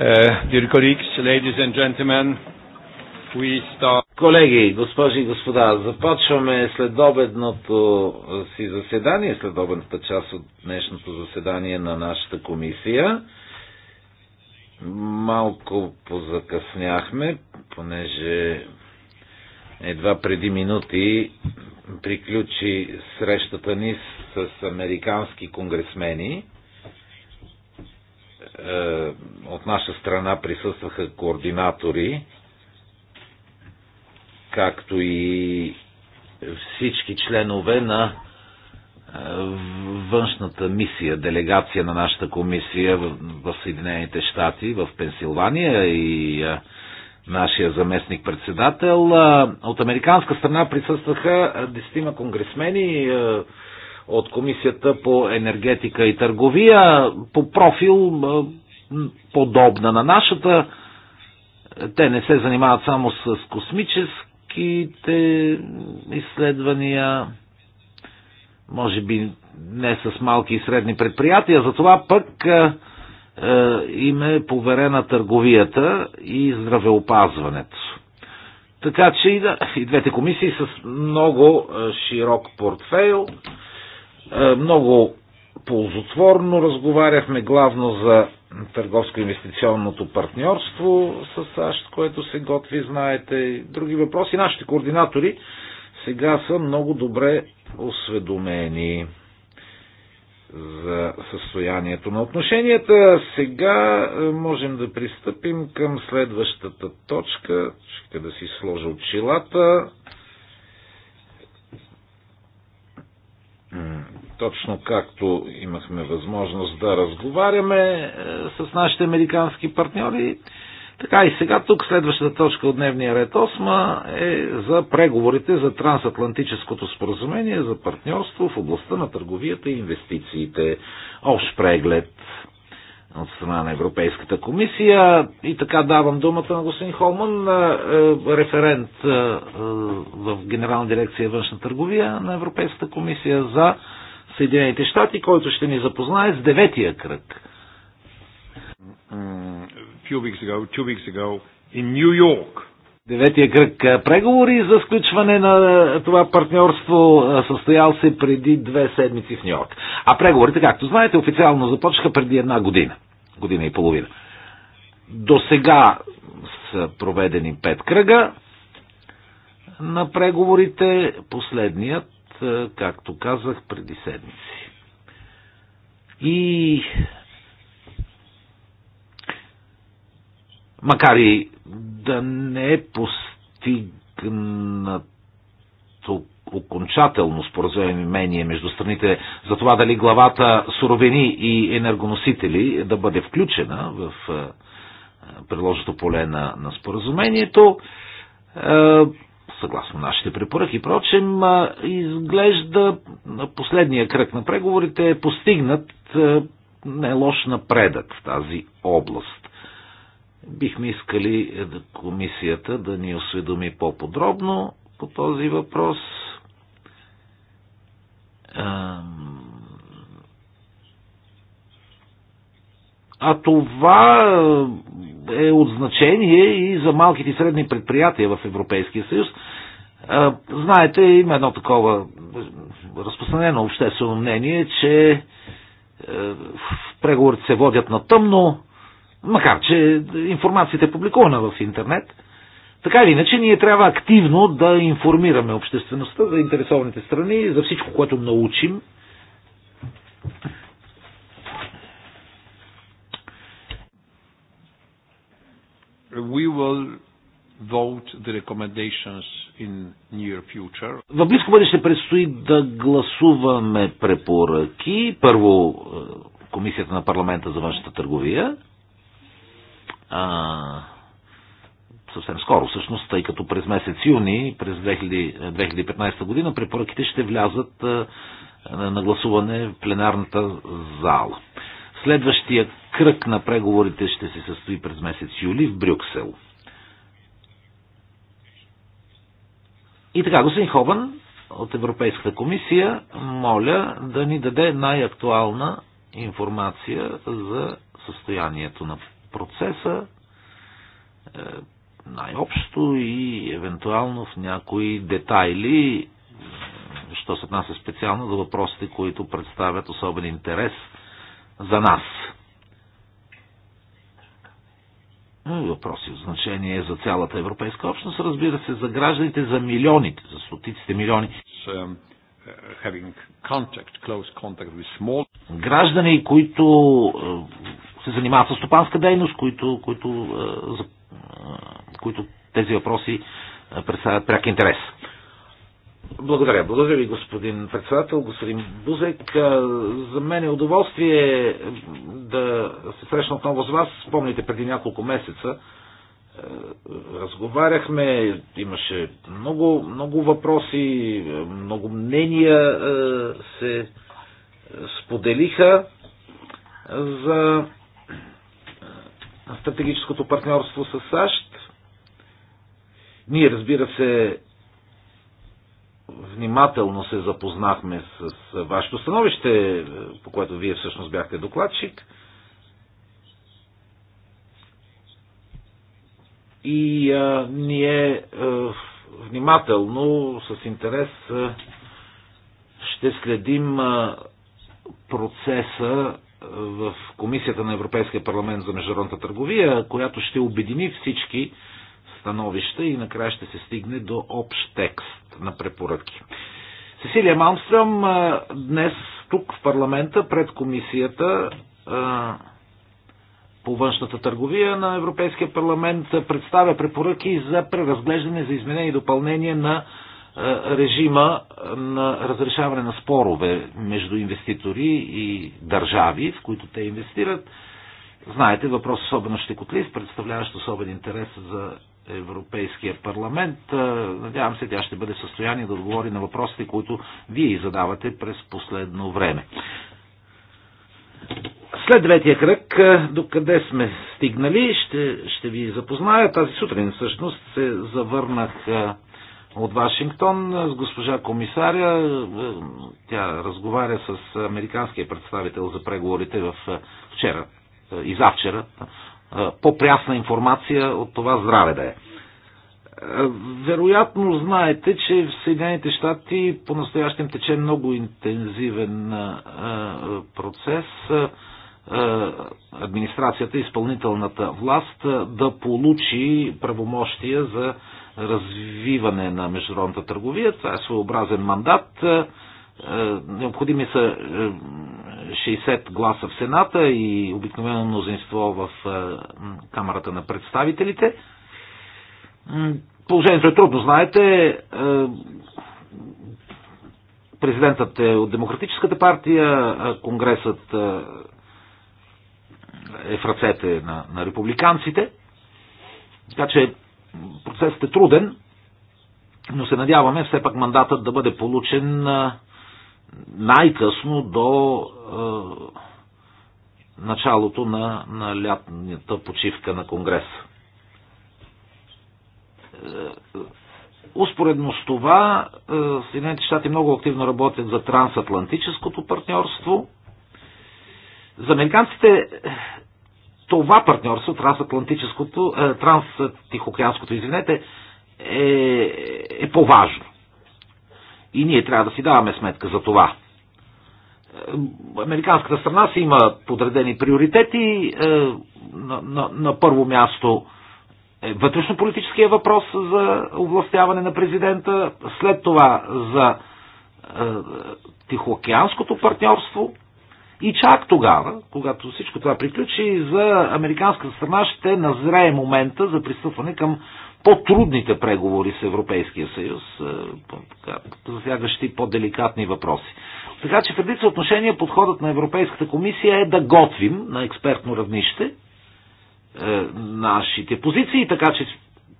Uh, dear colleagues, ladies and gentlemen, we start... Колеги, госпожи и господа, започваме след обедното си заседание, след обедната част от днешното заседание на нашата комисия. Малко позакъсняхме, понеже едва преди минути приключи срещата ни с американски конгресмени – е, от наша страна присъстваха координатори, както и всички членове на е, външната мисия, делегация на нашата комисия в Съединените щати, в Пенсилвания и е, нашия заместник-председател. От американска страна присъстваха десетима конгресмени, от Комисията по енергетика и търговия по профил подобна на нашата. Те не се занимават само с космическите изследвания, може би не с малки и средни предприятия, затова пък им е поверена търговията и здравеопазването. Така че и, да, и двете комисии с много широк портфейл е, много ползотворно разговаряхме главно за търговско-инвестиционното партньорство с САЩ, което се готви, знаете, и други въпроси. Нашите координатори сега са много добре осведомени за състоянието на отношенията. Сега е, можем да пристъпим към следващата точка. Ще да си сложа очилата. точно както имахме възможност да разговаряме е, с нашите американски партньори, така и сега тук следващата точка от дневния ред 8 е за преговорите за трансатлантическото споразумение за партньорство в областта на търговията и инвестициите. Общ преглед от страна на Европейската комисия. И така давам думата на господин Холман, е, е, референт в Генерална дирекция външна търговия на Европейската комисия за Съединените щати, който ще ни запознае с деветия кръг. Деветия кръг преговори за сключване на това партньорство състоял се преди две седмици в Нью-Йорк. А преговорите, както знаете, официално започнаха преди една година. Година и половина. До сега са проведени пет кръга на преговорите. Последният както казах, преди седмици. И макар и да не е постигнато окончателно споразумение между страните за това дали главата суровини и енергоносители да бъде включена в приложното поле на, на споразумението, съгласно нашите препоръки. Прочем, изглежда последния кръг на преговорите е постигнат не е лош напредък в тази област. Бихме искали е, комисията да ни осведоми по-подробно по този въпрос А това е, е от значение и за малките и средни предприятия в Европейския съюз. Знаете, има едно такова е, разпространено обществено мнение, че е, преговорите се водят на тъмно, макар че информацията е публикувана в интернет. Така или иначе, ние трябва активно да информираме обществеността, за интересованите страни, за всичко, което научим we will vote the recommendations in near future. В близко бъдеще предстои да гласуваме препоръки. Първо е, Комисията на парламента за външната търговия. А, съвсем скоро, всъщност, тъй като през месец юни, през 2000, 2015 година, препоръките ще влязат е, а, на гласуване в пленарната зала. Следващия кръг на преговорите ще се състои през месец юли в Брюксел. И така, господин Хобан от Европейската комисия, моля да ни даде най-актуална информация за състоянието на процеса, е, най-общо и евентуално в някои детайли, е, що се отнася специално за въпросите, които представят особен интерес – за нас. Е, въпроси от значение за цялата европейска общност, разбира се, за гражданите, за милионите, за стотиците милиони. Е, contact, contact small... Граждани, които е, се занимават с стопанска дейност, които, които, които тези въпроси представят пряк интерес. Благодаря. Благодаря ви, господин председател, господин Бузек. За мен е удоволствие е, да се срещна отново с вас. Спомните, преди няколко месеца е, разговаряхме, имаше много, много въпроси, много мнения е, се споделиха за стратегическото партньорство с САЩ. Ние, разбира се, внимателно се запознахме с вашето становище, по което вие всъщност бяхте докладчик. И а, ние а, внимателно, с интерес, а, ще следим а, процеса в Комисията на Европейския парламент за международната търговия, която ще обедини всички становища и накрая ще се стигне до общ текст на препоръки. Сесилия Малмстрам днес тук в парламента пред комисията по външната търговия на Европейския парламент представя препоръки за преразглеждане за изменение и допълнение на режима на разрешаване на спорове между инвеститори и държави, в които те инвестират. Знаете, въпрос особено щекотлив, представляващ особен интерес за Европейския парламент. Надявам се, тя ще бъде в състояние да отговори на въпросите, които вие и задавате през последно време. След деветия кръг, докъде сме стигнали, ще, ще ви запозная. Тази сутрин всъщност се завърнах от Вашингтон с госпожа комисаря. Тя разговаря с американския представител за преговорите в вчера и завчера по-прясна информация от това здраве да е. Вероятно знаете, че в Съединените щати по-настоящем тече много интензивен процес администрацията, изпълнителната власт да получи правомощия за развиване на международната търговия. Това е своеобразен мандат. Необходими са 60 гласа в Сената и обикновено мнозинство в е, Камерата на представителите. Положението е трудно, знаете. Е, президентът е от Демократическата партия, Конгресът е, е в ръцете на, на републиканците. Така че процесът е труден, но се надяваме все пак мандатът да бъде получен най-късно до е, началото на, на лятната почивка на Конгреса. Е, успоредно с това е, Съединените щати много активно работят за трансатлантическото партньорство. За американците това партньорство, трансатлантическото, е, транс извинете, е, е по-важно. И ние трябва да си даваме сметка за това. Е, американската страна си има подредени приоритети. Е, на, на, на първо място е вътрешно-политическия въпрос за овластяване на президента, след това за Тихоокеанското партньорство и чак тогава, когато всичко това приключи, за американската страна ще назрее момента за пристъпване към по-трудните преговори с Европейския съюз, е, засягащи по-деликатни въпроси. Така че в редица отношения подходът на Европейската комисия е да готвим на експертно равнище е, нашите позиции, така че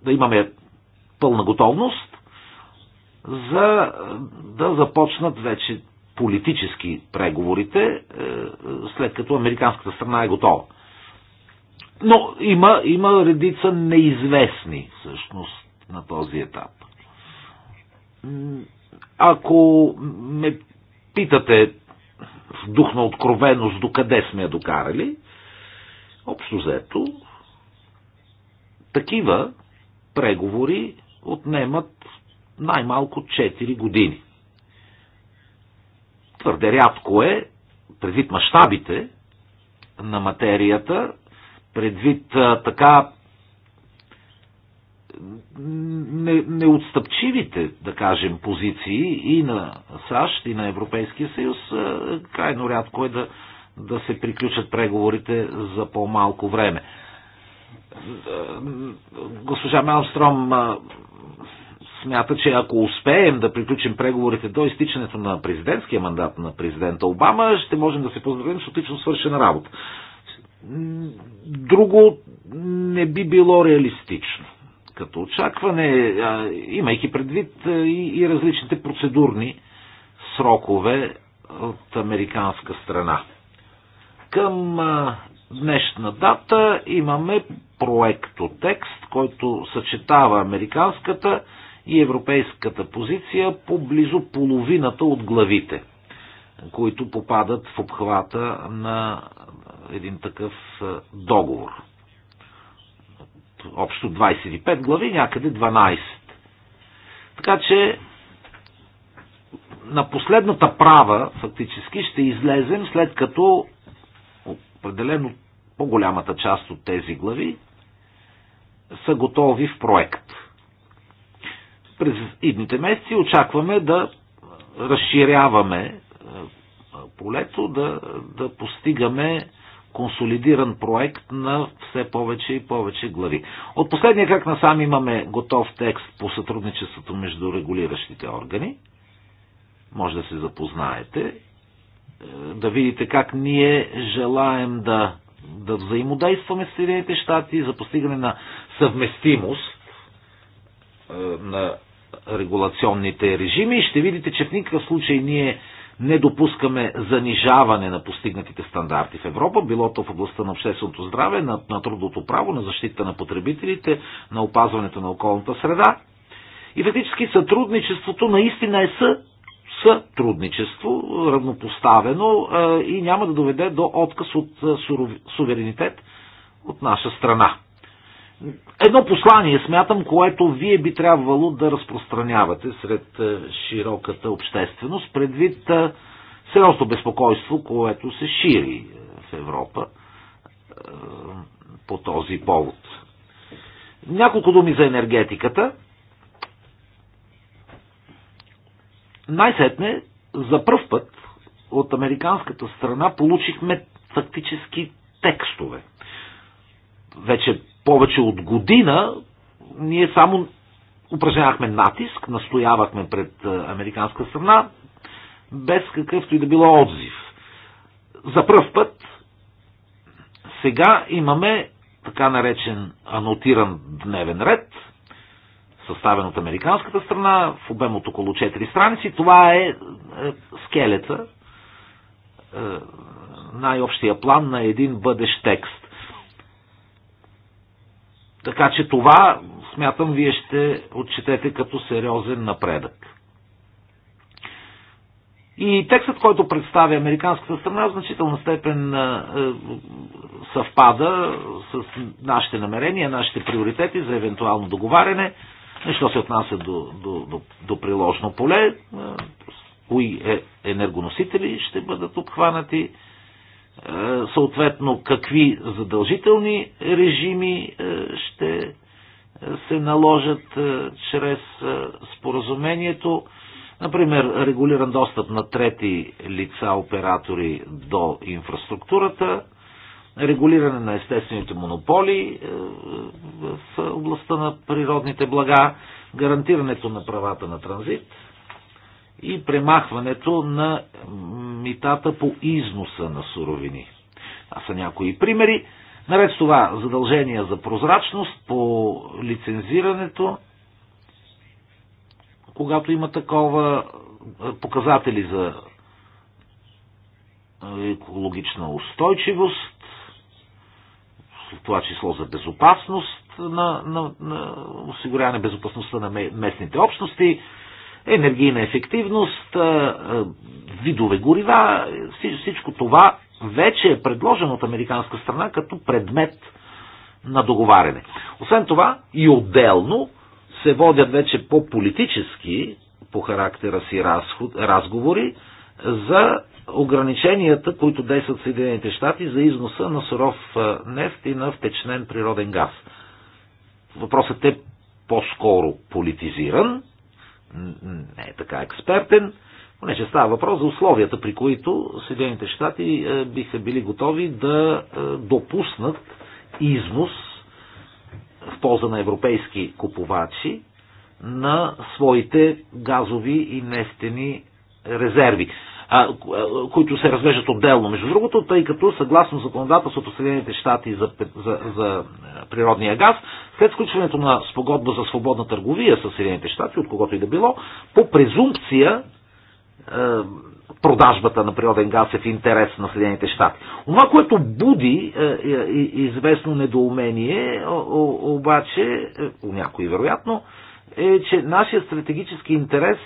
да имаме пълна готовност за е, да започнат вече политически преговорите, е, е, след като американската страна е готова. Но има, има редица неизвестни, всъщност, на този етап. Ако ме питате в дух на откровеност до къде сме я докарали, общо взето, такива преговори отнемат най-малко 4 години. Твърде рядко е, предвид мащабите на материята, предвид така неотстъпчивите, да кажем, позиции и на САЩ, и на Европейския съюз, крайно рядко е да, да се приключат преговорите за по-малко време. Госпожа Малстром смята, че ако успеем да приключим преговорите до изтичането на президентския мандат на президента Обама, ще можем да се поздравим с отлично свършена работа. Друго не би било реалистично като очакване, имайки предвид и, и различните процедурни срокове от американска страна. Към днешна дата имаме проектотекст, който съчетава американската и европейската позиция по близо половината от главите, които попадат в обхвата на един такъв е, договор. Общо 25 глави, някъде 12. Така че на последната права фактически ще излезем след като определено по-голямата част от тези глави са готови в проект. През идните месеци очакваме да разширяваме е, полето, да, да постигаме консолидиран проект на все повече и повече глави. От последния как насам имаме готов текст по сътрудничеството между регулиращите органи. Може да се запознаете, е, да видите как ние желаем да, да взаимодействаме с Съединените щати за постигане на съвместимост е, на регулационните режими ще видите, че в никакъв случай ние не допускаме занижаване на постигнатите стандарти в Европа, било то в областта на общественото здраве, на, на трудното право, на защита на потребителите, на опазването на околната среда. И фактически сътрудничеството наистина е съ, сътрудничество, равнопоставено и няма да доведе до отказ от суверенитет от наша страна едно послание, смятам, което вие би трябвало да разпространявате сред е, широката общественост, предвид е, сериозно безпокойство, което се шири е, в Европа по този повод. Няколко думи за енергетиката. Най-сетне, за пръв път от американската страна получихме фактически текстове. Вече повече от година ние само упражнявахме натиск, настоявахме пред е, американска страна, без какъвто и да било отзив. За пръв път сега имаме така наречен анотиран дневен ред, съставен от американската страна, в обем от около 4 страници. Това е, е скелета, е, най-общия план на един бъдещ текст. Така че това, смятам, вие ще отчетете като сериозен напредък. И текстът, който представя американската страна, в значителна степен съвпада с нашите намерения, нашите приоритети за евентуално договаряне. нещо се отнася до, до, до, до приложно поле, кои е енергоносители ще бъдат обхванати, е, съответно какви задължителни режими е, ще е, се наложат чрез споразумението. Например, регулиран достъп на трети лица оператори до инфраструктурата, регулиране на естествените монополи в областта на природните блага, гарантирането на правата на транзит и премахването на митата по износа на суровини. Това са някои примери. Наред с това задължения за прозрачност по лицензирането, когато има такова е, показатели за екологична устойчивост, в това число за безопасност на, на, на осигуряване безопасността на местните общности, енергийна ефективност, видове горива, всичко това вече е предложено от американска страна като предмет на договаряне. Освен това и отделно се водят вече по-политически по характера си разход, разговори за ограниченията, които действат Съединените щати за износа на суров нефт и на втечнен природен газ. Въпросът е по-скоро политизиран, не е така експертен, понеже става въпрос за условията, при които Съединените щати е, биха били готови да е, допуснат износ в полза на европейски купувачи на своите газови и нефтени резерви които се разглеждат отделно. Между другото, тъй като съгласно законодателството Съединените щати за, за, за природния газ, след сключването на спогодба за свободна търговия с Съединените щати, от когото и да било, по презумпция е, продажбата на природен газ е в интерес на Съединените щати. Това, което буди е, е, известно недоумение, обаче, у някои вероятно, е, че нашия стратегически интерес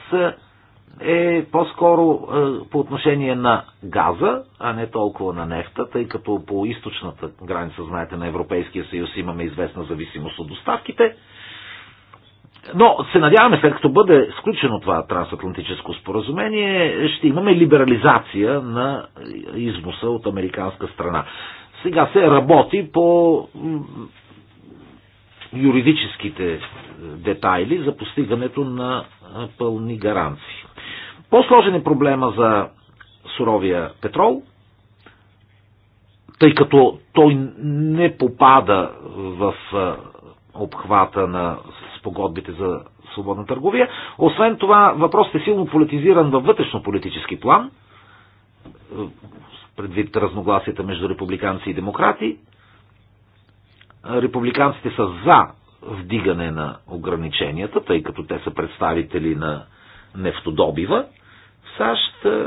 е по-скоро е, по отношение на газа, а не толкова на нефта, тъй като по източната граница, знаете, на Европейския съюз имаме известна зависимост от доставките. Но се надяваме, след като бъде сключено това трансатлантическо споразумение, ще имаме либерализация на износа от американска страна. Сега се работи по юридическите е, детайли за постигането на е, пълни гаранции. По-сложен е проблема за суровия петрол, тъй като той не попада в е, обхвата на спогодбите за свободна търговия. Освен това, въпросът е силно политизиран във вътрешно-политически план, предвид разногласията между републиканци и демократи. Републиканците са за вдигане на ограниченията, тъй като те са представители на нефтодобива. В САЩ е,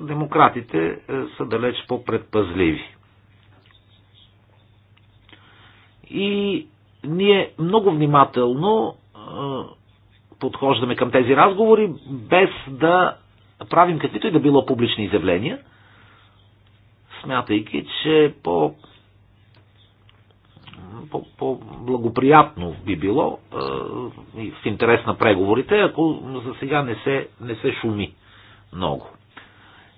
демократите е, са далеч по-предпазливи. И ние много внимателно е, подхождаме към тези разговори, без да правим каквито и да било публични изявления, смятайки, че по по-благоприятно би било е, в интерес на преговорите, ако за сега не се, не се шуми много.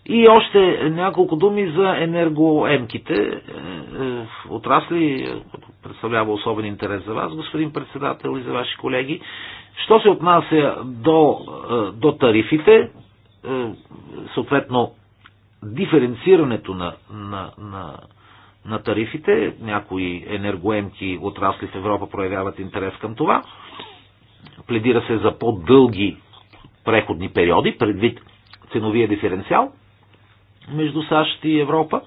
И още няколко думи за енергоемките е, е, отрасли, като представлява особен интерес за вас, господин председател и за ваши колеги. Що се отнася до, е, до тарифите, съответно диференцирането на, на, на на тарифите. Някои енергоемки отрасли в Европа проявяват интерес към това. Пледира се за по-дълги преходни периоди, предвид ценовия диференциал между САЩ и Европа.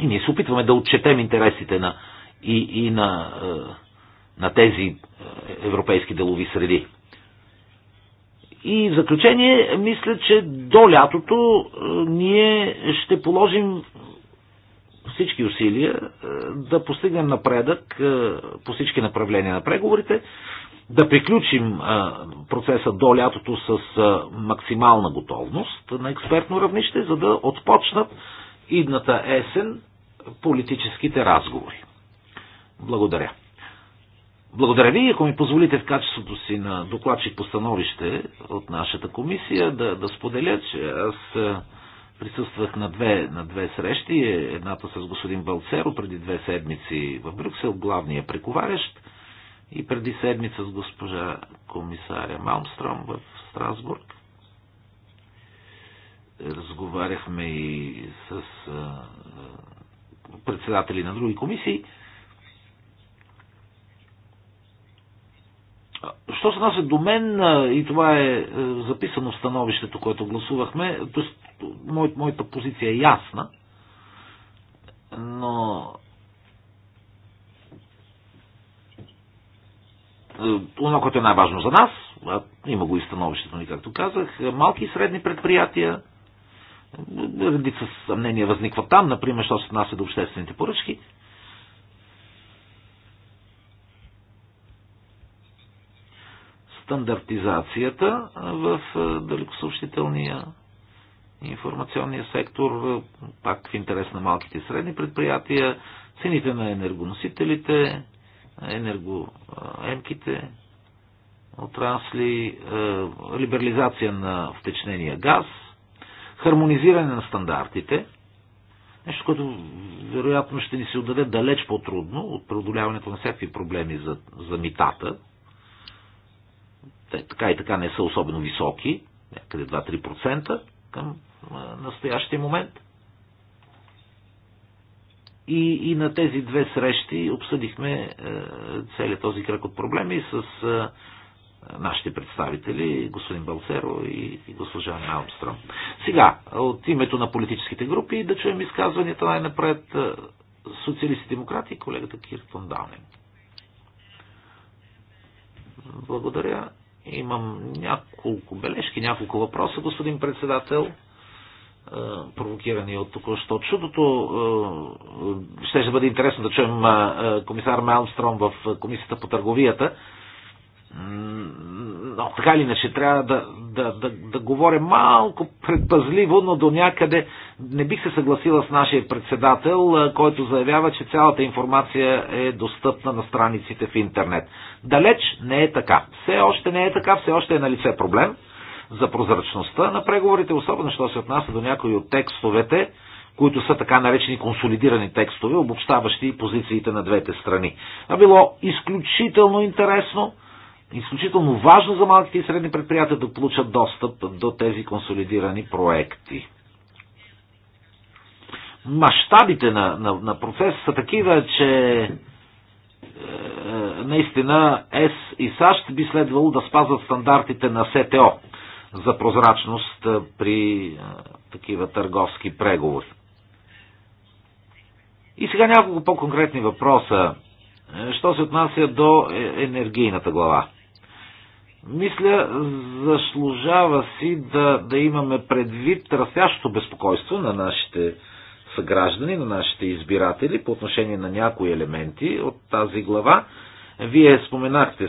И ние се опитваме да отчетем интересите на, и, и на, е, на тези е, европейски делови среди. И в заключение, мисля, че до лятото е, ние ще положим всички усилия е, да постигнем напредък е, по всички направления на преговорите, да приключим е, процеса до лятото с максимална готовност на експертно равнище, за да отпочнат идната есен политическите разговори. Благодаря. Благодаря ви. Ако ми позволите в качеството си на докладчик по становище от нашата комисия да, да споделя, че аз присъствах на две, на две срещи. Е, едната с господин Валцеро преди две седмици в Брюксел, главния преговарящ, и преди седмица с госпожа комисаря Малмстром в Страсбург. Разговаряхме и с председатели на други комисии. Що се нася до мен, и това е записано в становището, което гласувахме, т.е моята позиция е ясна, но това, е, което е най-важно за нас, има го и становището ни, както казах, е, малки и средни предприятия, е, редица съмнения възникват там, например, що се отнася до обществените поръчки. Стандартизацията в далекосъобщителния информационния сектор, е, пак в интерес на малките и средни предприятия, цените на енергоносителите, енергоемките е, отрасли, е, либерализация на втечнения газ, хармонизиране на стандартите, нещо, което вероятно ще ни се отдаде далеч по-трудно от преодоляването на всякакви проблеми за, за митата. Те така и така не са особено високи, някъде 2-3% към настоящия момент. И, и на тези две срещи обсъдихме е, целият този кръг от проблеми с е, нашите представители, господин Балцеро и, и госпожа Наумстрам. Сега, от името на политическите групи да чуем изказванията най-напред е, социалисти демократи и колегата Киртон Даунинг. Благодаря. Имам няколко бележки, няколко въпроса, господин председател, е, провокирани от току-що чудото. Е, ще ще бъде интересно да чуем е, комисар Малстром в Комисията по търговията. Но така или иначе трябва да, да, да, да говоря малко предпазливо, но до някъде не бих се съгласила с нашия председател, който заявява, че цялата информация е достъпна на страниците в интернет. Далеч не е така. Все още не е така, все още е на лице проблем за прозрачността на преговорите, особено що се отнася до някои от текстовете, които са така наречени консолидирани текстове, обобщаващи позициите на двете страни. А било изключително интересно, изключително важно за малките и средни предприятия да получат достъп до тези консолидирани проекти. Мащабите на, на, на процеса са такива, че е, е наистина ЕС и САЩ би следвало да спазват стандартите на СТО за прозрачност е, при е, такива търговски преговори. И сега няколко по-конкретни въпроса е, що се отнася до енергийната глава мисля, заслужава си да, да имаме предвид растящото безпокойство на нашите съграждани, на нашите избиратели по отношение на някои елементи от тази глава. Вие споменахте е,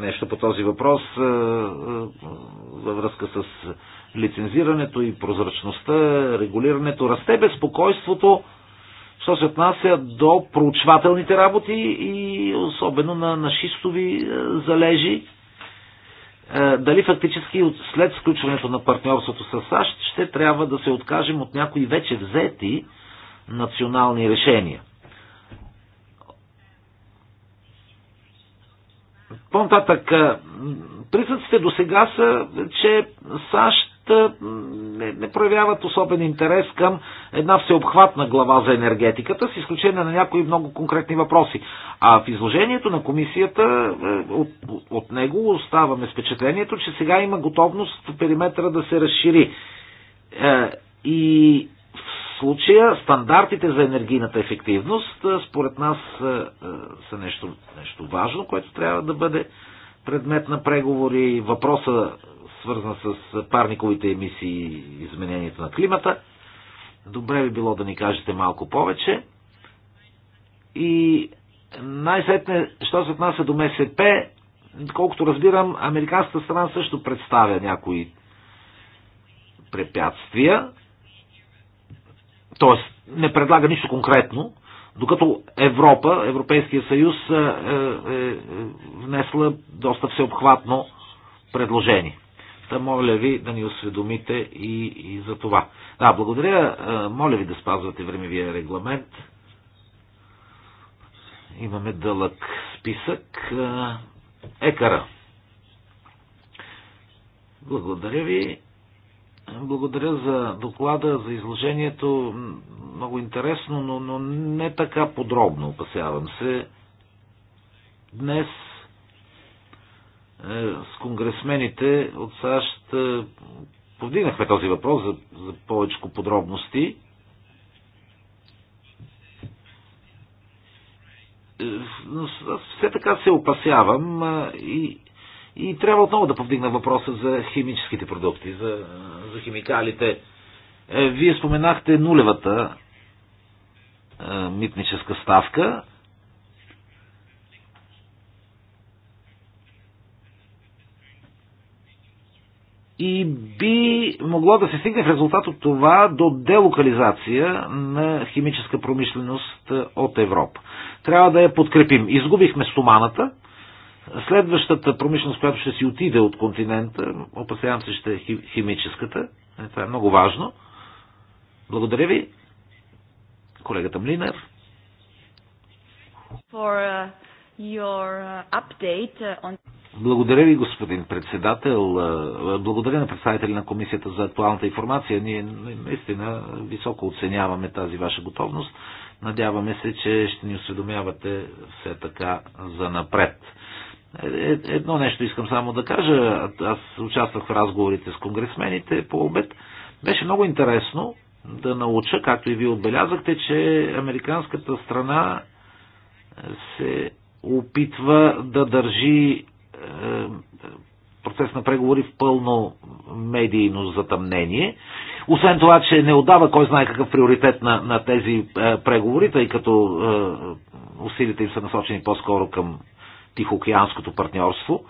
нещо по този въпрос е, е, във връзка с лицензирането и прозрачността, регулирането. Расте безпокойството що се отнася до проучвателните работи и особено на, на шистови е, залежи, е, дали фактически след сключването на партньорството с САЩ ще трябва да се откажем от някои вече взети национални решения. По-нататък, е, до сега са, че САЩ е, не, не проявяват особен интерес към една всеобхватна глава за енергетиката, с изключение на някои много конкретни въпроси. А в изложението на комисията е, от, от него оставаме с впечатлението, че сега има готовност периметъра да се разшири. Е, и в случая стандартите за енергийната ефективност, според нас, са нещо, нещо важно, което трябва да бъде предмет на преговори. Въпроса свързан с парниковите емисии и изменението на климата. Добре би било да ни кажете малко повече. И най-сетне, що се отнася до МСП, колкото разбирам, американската страна също представя някои препятствия, т.е. не предлага нищо конкретно, докато Европа, Европейския съюз е, е, е, е внесла доста всеобхватно предложение. Та моля ви да ни осведомите и, и за това. Да, благодаря. Моля ви да спазвате времевия регламент. Имаме дълъг списък. Екара. Благодаря ви. Благодаря за доклада, за изложението. Много интересно, но, но не така подробно, опасявам се. Днес е, с конгресмените от САЩ е, повдигнахме този въпрос за, за повече подробности. Е, но все така се опасявам и, и трябва отново да повдигна въпроса за химическите продукти, за, за химикалите. Вие споменахте нулевата митническа ставка. и би могло да се стигне в резултат от това до делокализация на химическа промишленост е, от Европа. Трябва да я подкрепим. Изгубихме стоманата. Следващата промишленост, която ще си отиде от континента, опасявам се, ще е химическата. Е, това е много важно. Благодаря ви, колегата Млинер. For, uh, your, uh, update uh, on... Благодаря ви, господин председател. Е, е, благодаря на представители на комисията за актуалната информация. Ние наистина високо оценяваме тази ваша готовност. Надяваме се, че ще ни осведомявате все така за напред. Е, едно нещо искам само да кажа. Аз участвах в разговорите с конгресмените по обед. Беше много интересно да науча, както и вие отбелязахте, че американската страна се опитва да държи е, е, процес на преговори в пълно медийно затъмнение. Освен това, че не отдава кой знае какъв приоритет на, на тези е, преговори, тъй като е, усилите им са насочени по-скоро към Тихоокеанското партньорство.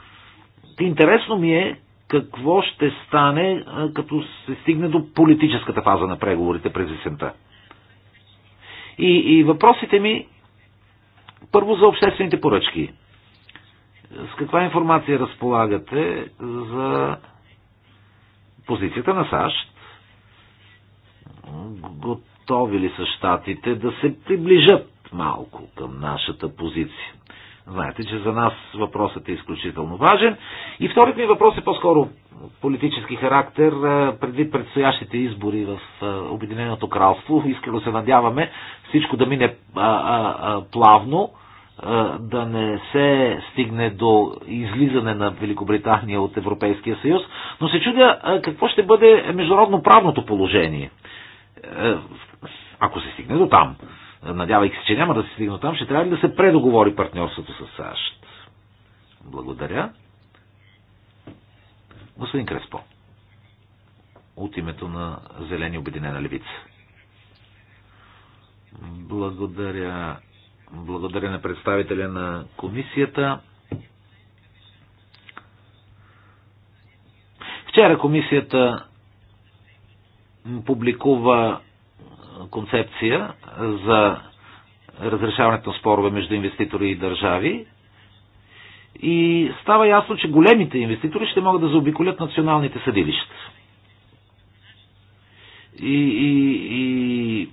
Интересно ми е какво ще стане, е, като се стигне до политическата фаза на преговорите през есента. И, и въпросите ми първо за обществените поръчки с каква информация разполагате за позицията на САЩ? Готови ли са щатите да се приближат малко към нашата позиция? Знаете, че за нас въпросът е изключително важен. И вторият ми въпрос е по-скоро политически характер, предвид предстоящите избори в Обединеното кралство. Искрено се надяваме всичко да мине а, а, а, плавно да не се стигне до излизане на Великобритания от Европейския съюз, но се чудя какво ще бъде международно правното положение. Е, ако се стигне до там, надявайки се, че няма да се стигне до там, ще трябва да се предоговори партньорството с САЩ. Благодаря. Господин Креспо, от името на Зелени Обединена левица. Благодаря, благодаря на представителя на комисията. Вчера комисията публикува концепция за разрешаването на спорове между инвеститори и държави. И става ясно, че големите инвеститори ще могат да заобиколят националните съдилища. И, и, и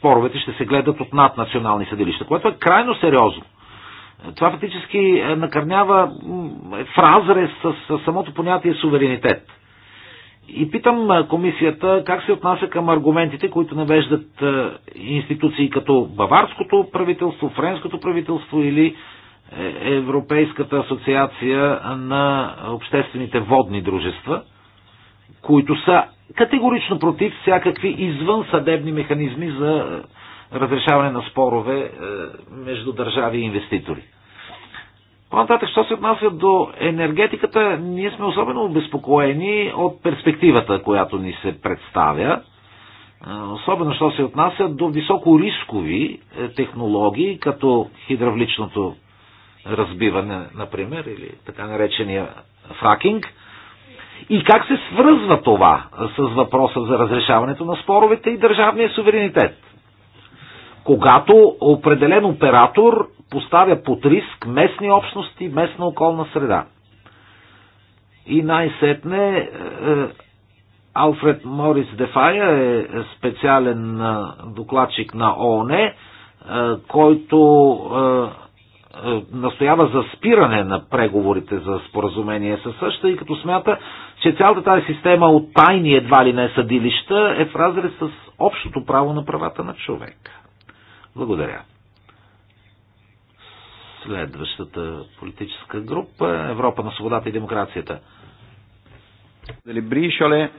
споровете ще се гледат от наднационални съдилища, което е крайно сериозно. Това фактически е, накърнява е, в разрез с, с самото понятие суверенитет. И питам е, комисията как се отнася към аргументите, които навеждат институции като баварското правителство, френското правителство или Европейската асоциация на обществените водни дружества, които са категорично против всякакви извънсъдебни механизми за е, разрешаване на спорове е, между държави и инвеститори. По-нататък, що се отнася до енергетиката, ние сме особено обезпокоени от перспективата, която ни се представя, е, особено що се отнася до високорискови технологии, като хидравличното разбиване, например, или така наречения фракинг – и как се свързва това с въпроса за разрешаването на споровете и държавния суверенитет? Когато определен оператор поставя под риск местни общности, местна околна среда. И най-сетне е, е, Алфред Морис Дефая е специален докладчик на ООН, е, който е, настоява за спиране на преговорите за споразумение със съща и като смята, че цялата тази система от тайни едва ли не съдилища е в разрез с общото право на правата на човека. Благодаря. Следващата политическа група е Европа на свободата и демокрацията. Дали бришоле,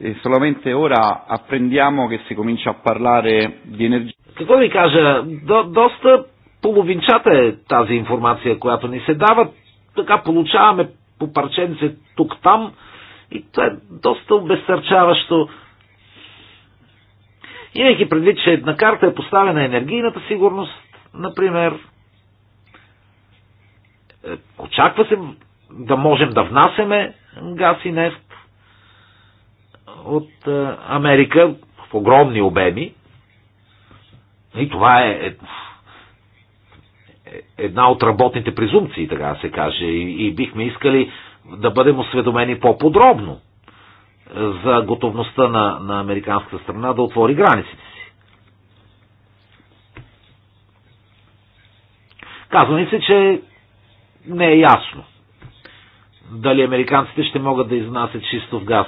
e solamente ora apprendiamo che si comincia a Какво ви кажа? До, доста половинчата е тази информация, която ни се дава. Така получаваме по парченце тук-там и това е доста обезсърчаващо. Имайки предвид, че една карта е поставена енергийната сигурност, например, е, очаква се да можем да внасеме газ и нефт от е, Америка в огромни обеми. И това е, е една от работните презумпции, така да се каже, и, и бихме искали да бъдем осведомени по-подробно за готовността на, на американската страна да отвори границите си. Казва ни се, че не е ясно дали американците ще могат да изнасят чистов газ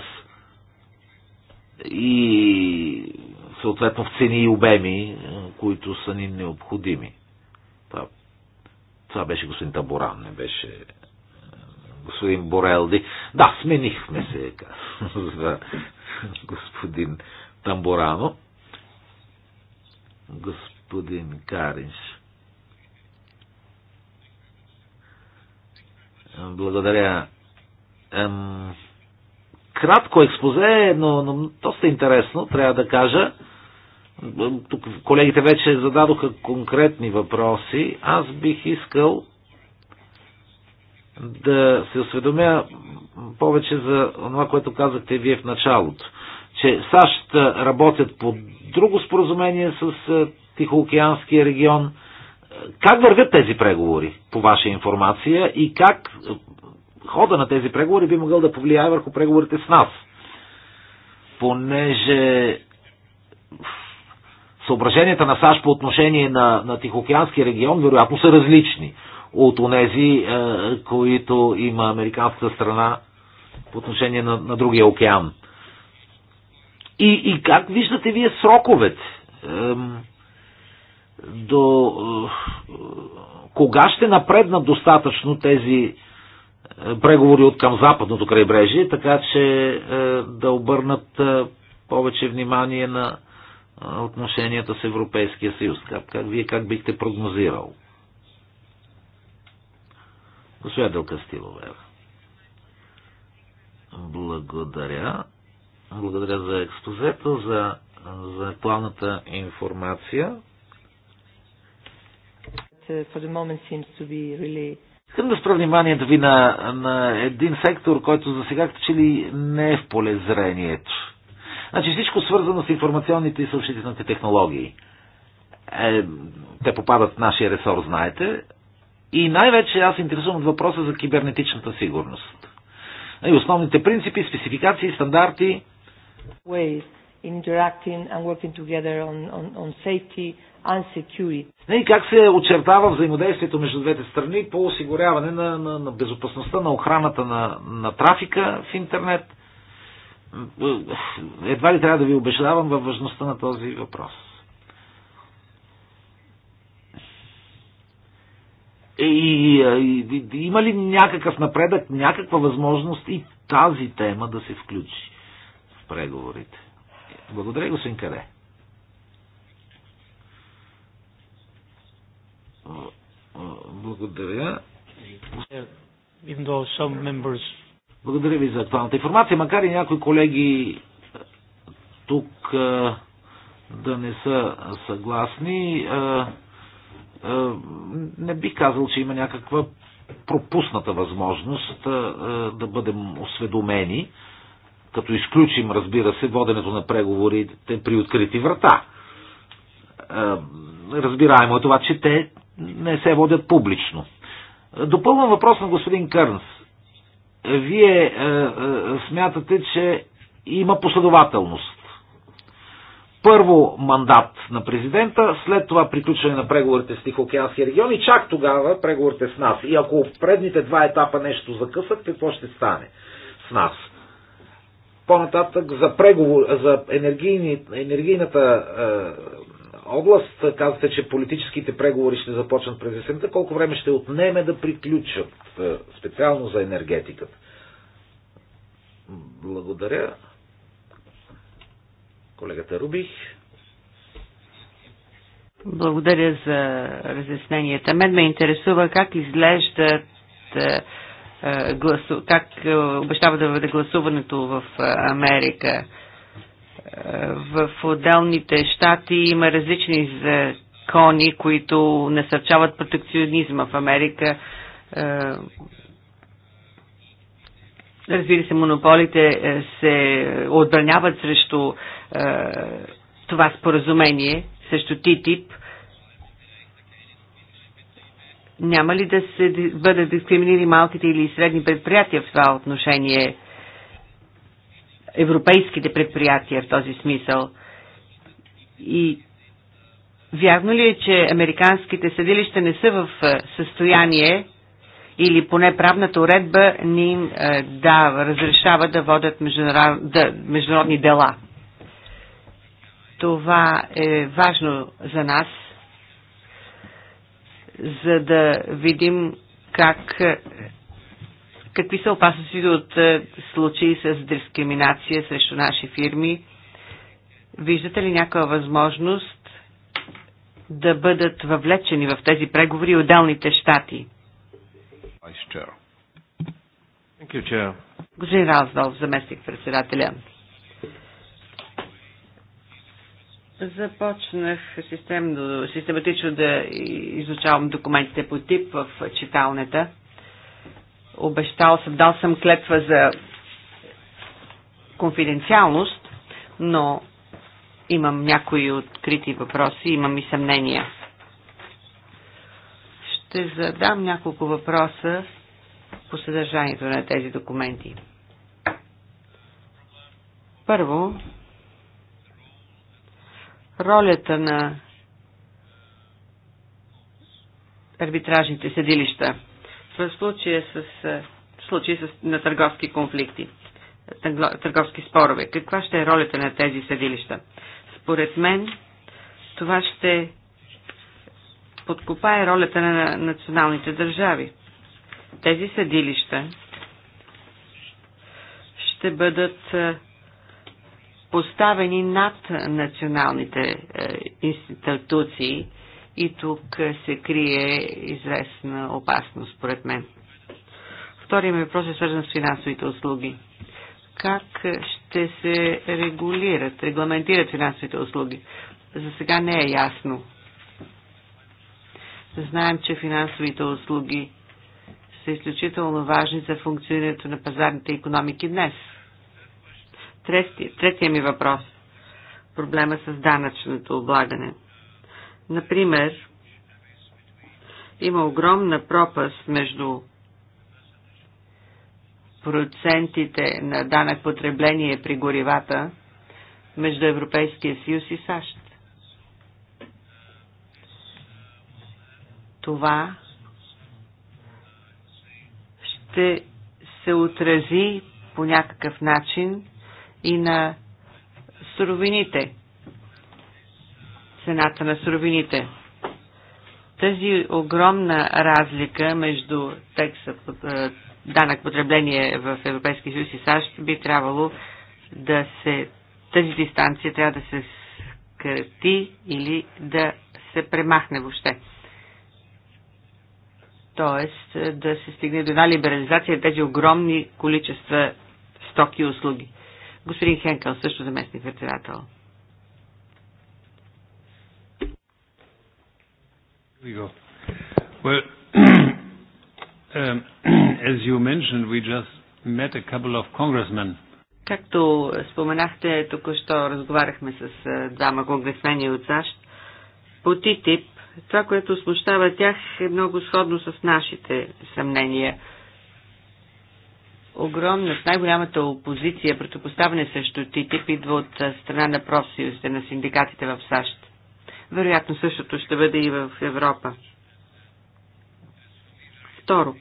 и съответно в цени и обеми, които са ни необходими. Това това беше господин Таборан, не беше е, господин Борелди. Да, сменихме се е, за господин Тамборано. Господин Каринш. Благодаря. Ем, кратко експозе, но, но доста интересно, трябва да кажа. Тук колегите вече зададоха конкретни въпроси. Аз бих искал да се осведомя повече за това, което казахте вие в началото. Че САЩ работят по друго споразумение с Тихоокеанския регион. Как вървят тези преговори, по ваша информация, и как хода на тези преговори би могъл да повлияе върху преговорите с нас? Понеже съображенията на САЩ по отношение на, на Тихоокеанския регион вероятно са различни от онези, е, които има американската страна по отношение на, на другия океан. И, и как виждате вие сроковете? Ем, до е, кога ще напреднат достатъчно тези е, преговори от към западното крайбрежие, така че е, да обърнат е, повече внимание на отношенията с Европейския съюз? Как, как вие как бихте прогнозирал? Госпожа Делка стилове. Благодаря. Благодаря за експозето, за, за актуалната информация. Really... Искам да спра вниманието ви на, на един сектор, който за сега че ли не е в поле зрението Значи всичко свързано с информационните и съобщителните технологии. Е, те попадат в нашия ресор, знаете. И най-вече аз интересувам от въпроса за кибернетичната сигурност. И основните принципи, спецификации, стандарти. Ways in interacting and working together on, on, on safety and security. И как се очертава взаимодействието между двете страни по осигуряване на, на, на безопасността, на охраната на, на трафика в интернет – едва ли трябва да ви убеждавам във важността на този въпрос. И, и, и има ли някакъв напредък, някаква възможност и тази тема да се включи в преговорите? Благодаря, господин Каре. Благодаря. Even though some members благодаря ви за актуалната информация, макар и някои колеги е, тук е, да не са съгласни. Е, не би казал, че има някаква пропусната възможност да бъдем осведомени, като изключим, разбира се, воденето на преговорите при открити врата. Разбираемо е това, че те не се водят публично. Допълвам въпрос на господин Кърнс вие е, е, смятате, че има последователност. Първо мандат на президента, след това приключване на преговорите с Тихоокеанския регион и чак тогава преговорите с нас. И ако в предните два етапа нещо закъсат, какво ще стане с нас? По-нататък за, преговор, за енергийни, енергийната е, област. Казвате, че политическите преговори ще започнат през есента. Колко време ще отнеме да приключат е, специално за енергетиката? Благодаря. Колегата Рубих. Благодаря за разясненията. Мен ме интересува как изглеждат е, е, как обещава да бъде гласуването в Америка в отделните щати има различни закони, които насърчават протекционизма в Америка. Е, разбира се, монополите е, се отбраняват срещу е, това споразумение, срещу ТИТИП. Няма ли да се бъдат дискриминирани малките или средни предприятия в това отношение? европейските предприятия в този смисъл. И вярно ли е, че американските съдилища не са в е, състояние или поне правната уредба ни им е, дава, разрешава да водят международни дела? Това е важно за нас, за да видим как е, Какви са опасностите от е, случаи с дискриминация срещу наши фирми? Виждате ли някаква възможност да бъдат въвлечени в тези преговори отделните щати? Господин Раздал, заместник председателя. Започнах системно, систематично да изучавам документите по тип в читалнета – обещал съм, дал съм клетва за конфиденциалност, но имам някои открити въпроси, имам и съмнения. Ще задам няколко въпроса по съдържанието на тези документи. Първо, ролята на арбитражните съдилища – в случая с, в случая с, на търговски конфликти, търговски спорове. Каква ще е ролята на тези съдилища? Според мен това ще подкопае ролята на националните държави. Тези съдилища ще бъдат поставени над националните институции и тук се крие известна опасност, според мен. Втория ми въпрос е свързан с финансовите услуги. Как ще се регулират, регламентират финансовите услуги? За сега не е ясно. Знаем, че финансовите услуги са изключително важни за функционирането на пазарните економики днес. Трети, третия ми въпрос. Проблема с данъчното облагане – Например, има огромна пропаст между процентите на данък потребление при горивата между Европейския съюз и САЩ. Това ще се отрази по някакъв начин и на суровините цената на суровините. Тази огромна разлика между текста данък потребление в Европейския съюз и САЩ би трябвало да се тази дистанция трябва да се скрати или да се премахне въобще. Тоест да се стигне до една либерализация на тези огромни количества стоки и услуги. Господин Хенкъл, също заместник председател. We go. Well, um, as you mentioned, we just met a couple of congressmen. Както споменахте, току-що разговаряхме с е, двама конгресмени от САЩ по ТИТИП. Това, което смущава тях е много сходно с нашите съмнения. Огромна, най-голямата опозиция, противопоставяне срещу ТИТИП идва от е, страна на профсъюзите, на синдикатите в САЩ. Вероятно същото ще бъде и в Европа. Второ.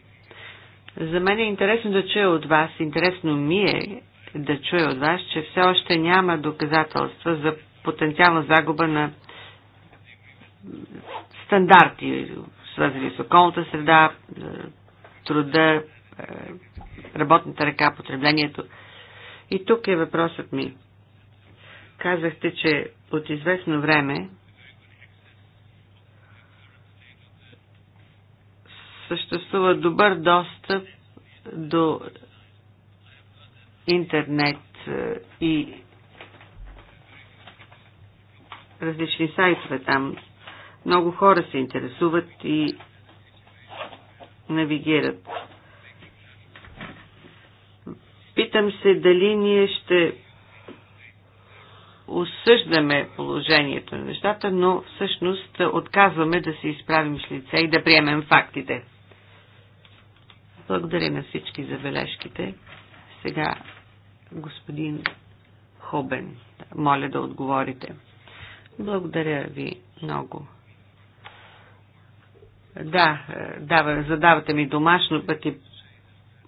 За мен е интересно да чуя от вас, интересно ми е да чуя от вас, че все още няма доказателства за потенциална загуба на стандарти, свързани с околната среда, труда, работната ръка, потреблението. И тук е въпросът ми. Казахте, че от известно време съществува добър достъп до интернет е, и различни сайтове там. Много хора се интересуват и навигират. Питам се дали ние ще осъждаме положението на нещата, но всъщност отказваме да се изправим с лице и да приемем фактите. Благодаря на всички за бележките. Сега господин Хобен, моля да отговорите. Благодаря ви много. Да, дава, задавате ми домашно пък и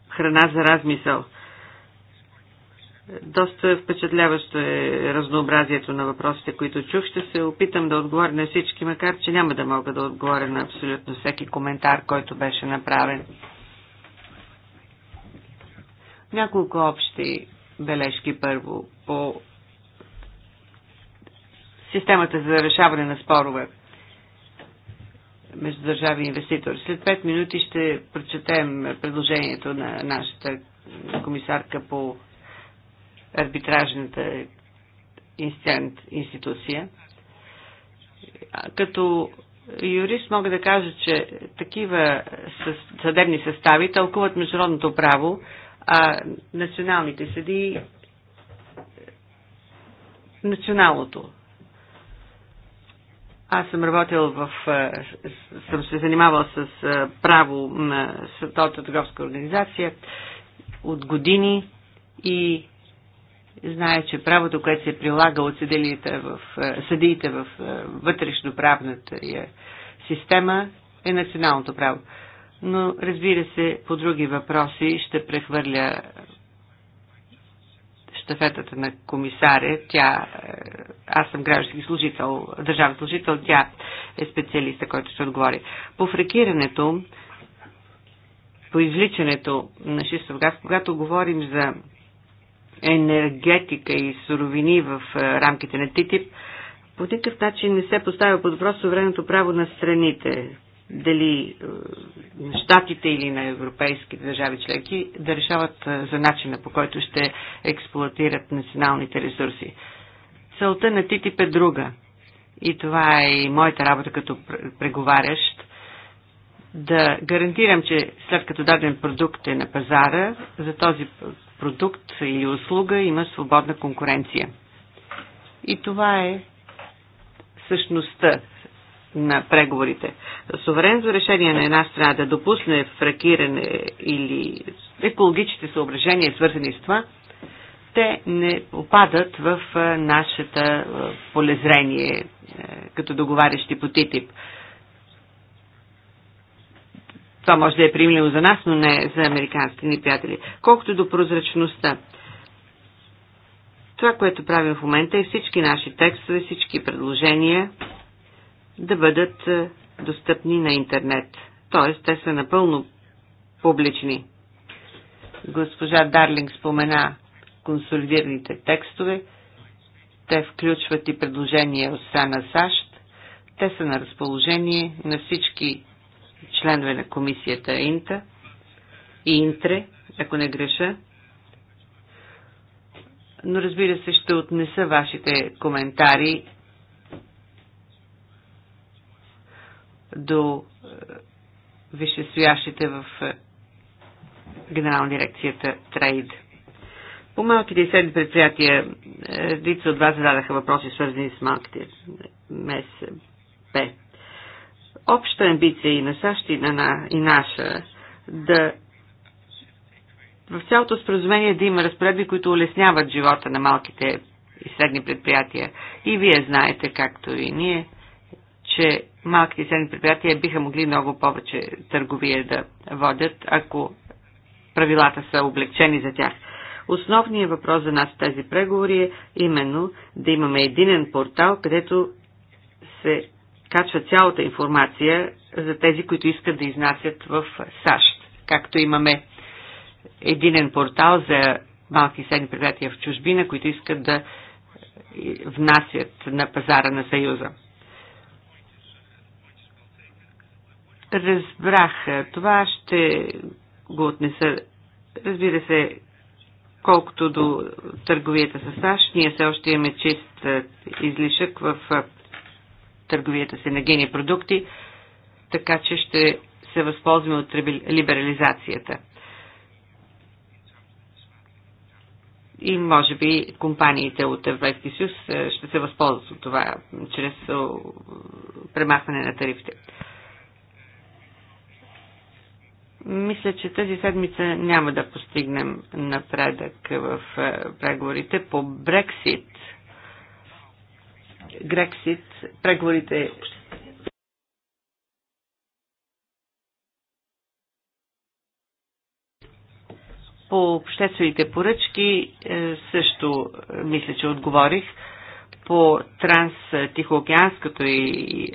храна за размисъл. Доста впечатляващо е разнообразието на въпросите, които чух. Ще се опитам да отговоря на всички, макар че няма да мога да отговоря на абсолютно всеки коментар, който беше направен. Няколко общи бележки първо по системата за решаване на спорове между държави и инвеститори. След 5 минути ще прочетем предложението на нашата комисарка по арбитражната институция. Като юрист мога да кажа, че такива съдебни състави тълкуват международното право а националните съди е, националното. Аз съм работил в... Е, съм се занимавал с е, право на Световната търговска организация от години и знае, че правото, което се прилага от съдиите в, съдиите в вътрешноправната система е националното право но разбира се, по други въпроси ще прехвърля щафетата на комисаря. Тя, е, аз съм граждански служител, държавен служител, тя е специалиста, който ще отговори. По фрекирането, по извличането на шистов газ, когато говорим за енергетика и суровини в е, рамките на ТИТИП, по никакъв начин не се поставя под въпрос суверенното право на страните, дали е, на щатите или на европейски държави членки, да решават е, за начина по който ще експлуатират националните ресурси. Целта на ТТИП е друга. И това е и моята работа като преговарящ да гарантирам, че след като даден продукт е на пазара, за този продукт или услуга има свободна конкуренция. И това е същността на преговорите. за решение на една страна да допусне фракиране или екологичните съображения, свързани с това, те не опадат в нашата полезрение като договарящи по ТИТИП. Това може да е приемливо за нас, но не за американските ни приятели. Колкото до прозрачността, това, което правим в момента е всички наши текстове, всички предложения, да бъдат е, достъпни на интернет. т.е. те са напълно публични. Госпожа Дарлинг спомена консолидираните текстове. Те включват и предложения от страна САЩ. Те са на разположение на всички членове на комисията Инта и Интре, ако не греша. Но разбира се, ще отнеса вашите коментари до е, висшестоящите в е, Генерална дирекцията Трейд. По малките и средни предприятия, е, редица от вас зададаха въпроси, свързани с малките МСП. Обща амбиция и на САЩ и, на, и наша да в цялото споразумение да има разпоредби, които улесняват живота на малките и средни предприятия. И вие знаете, както и ние, че малките и средни предприятия биха могли много повече търговия да водят, ако правилата са облегчени за тях. Основният въпрос за нас в тези преговори е именно да имаме единен портал, където се качва цялата информация за тези, които искат да изнасят в САЩ. Както имаме единен портал за малки и средни предприятия в чужбина, които искат да внасят на пазара на Съюза. разбрах. Това ще го отнеса. Разбира се, колкото до търговията с САЩ, ние все още имаме чист излишък в търговията с енергийни продукти, така че ще се възползваме от либерализацията. И може би компаниите от Европейския съюз ще се възползват от това чрез премахване на тарифите. Мисля, че тази седмица няма да постигнем напредък в е, преговорите по Брексит. Грексит, преговорите по обществените поръчки е, също е, мисля, че отговорих. По транс-тихоокеанското и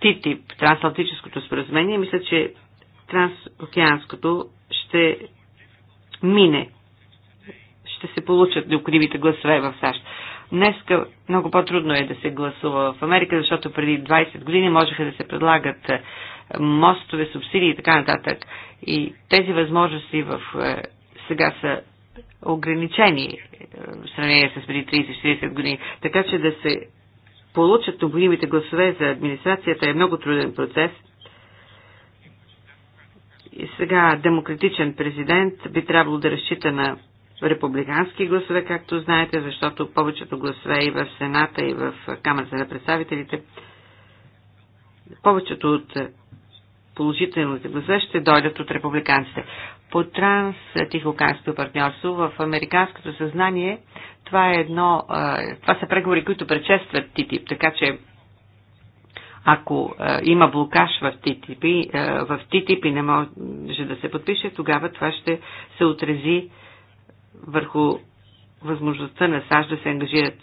ТИТИП, трансатлантическото споразумение, мисля, че трансокеанското ще мине. Ще се получат необходимите гласове в САЩ. Днеска много по-трудно е да се гласува в Америка, защото преди 20 години можеха да се предлагат е, мостове, субсидии и така нататък. И тези възможности в, е, сега са ограничени е, в сравнение с преди 30-40 години. Така че да се получат необходимите гласове за администрацията е много труден процес – и сега демократичен президент би трябвало да разчита на републикански гласове, както знаете, защото повечето гласове и в Сената, и в Камерата на представителите, повечето от положителните гласове ще дойдат от републиканците. По транс-тихоканското партньорство в американското съзнание това, е едно, това са преговори, които предшестват ТИТИП, така че ако а, е, има блокаж в TTP а, е, в ТТИП и не може да се подпише, тогава това ще се отрези върху възможността на САЩ да се ангажират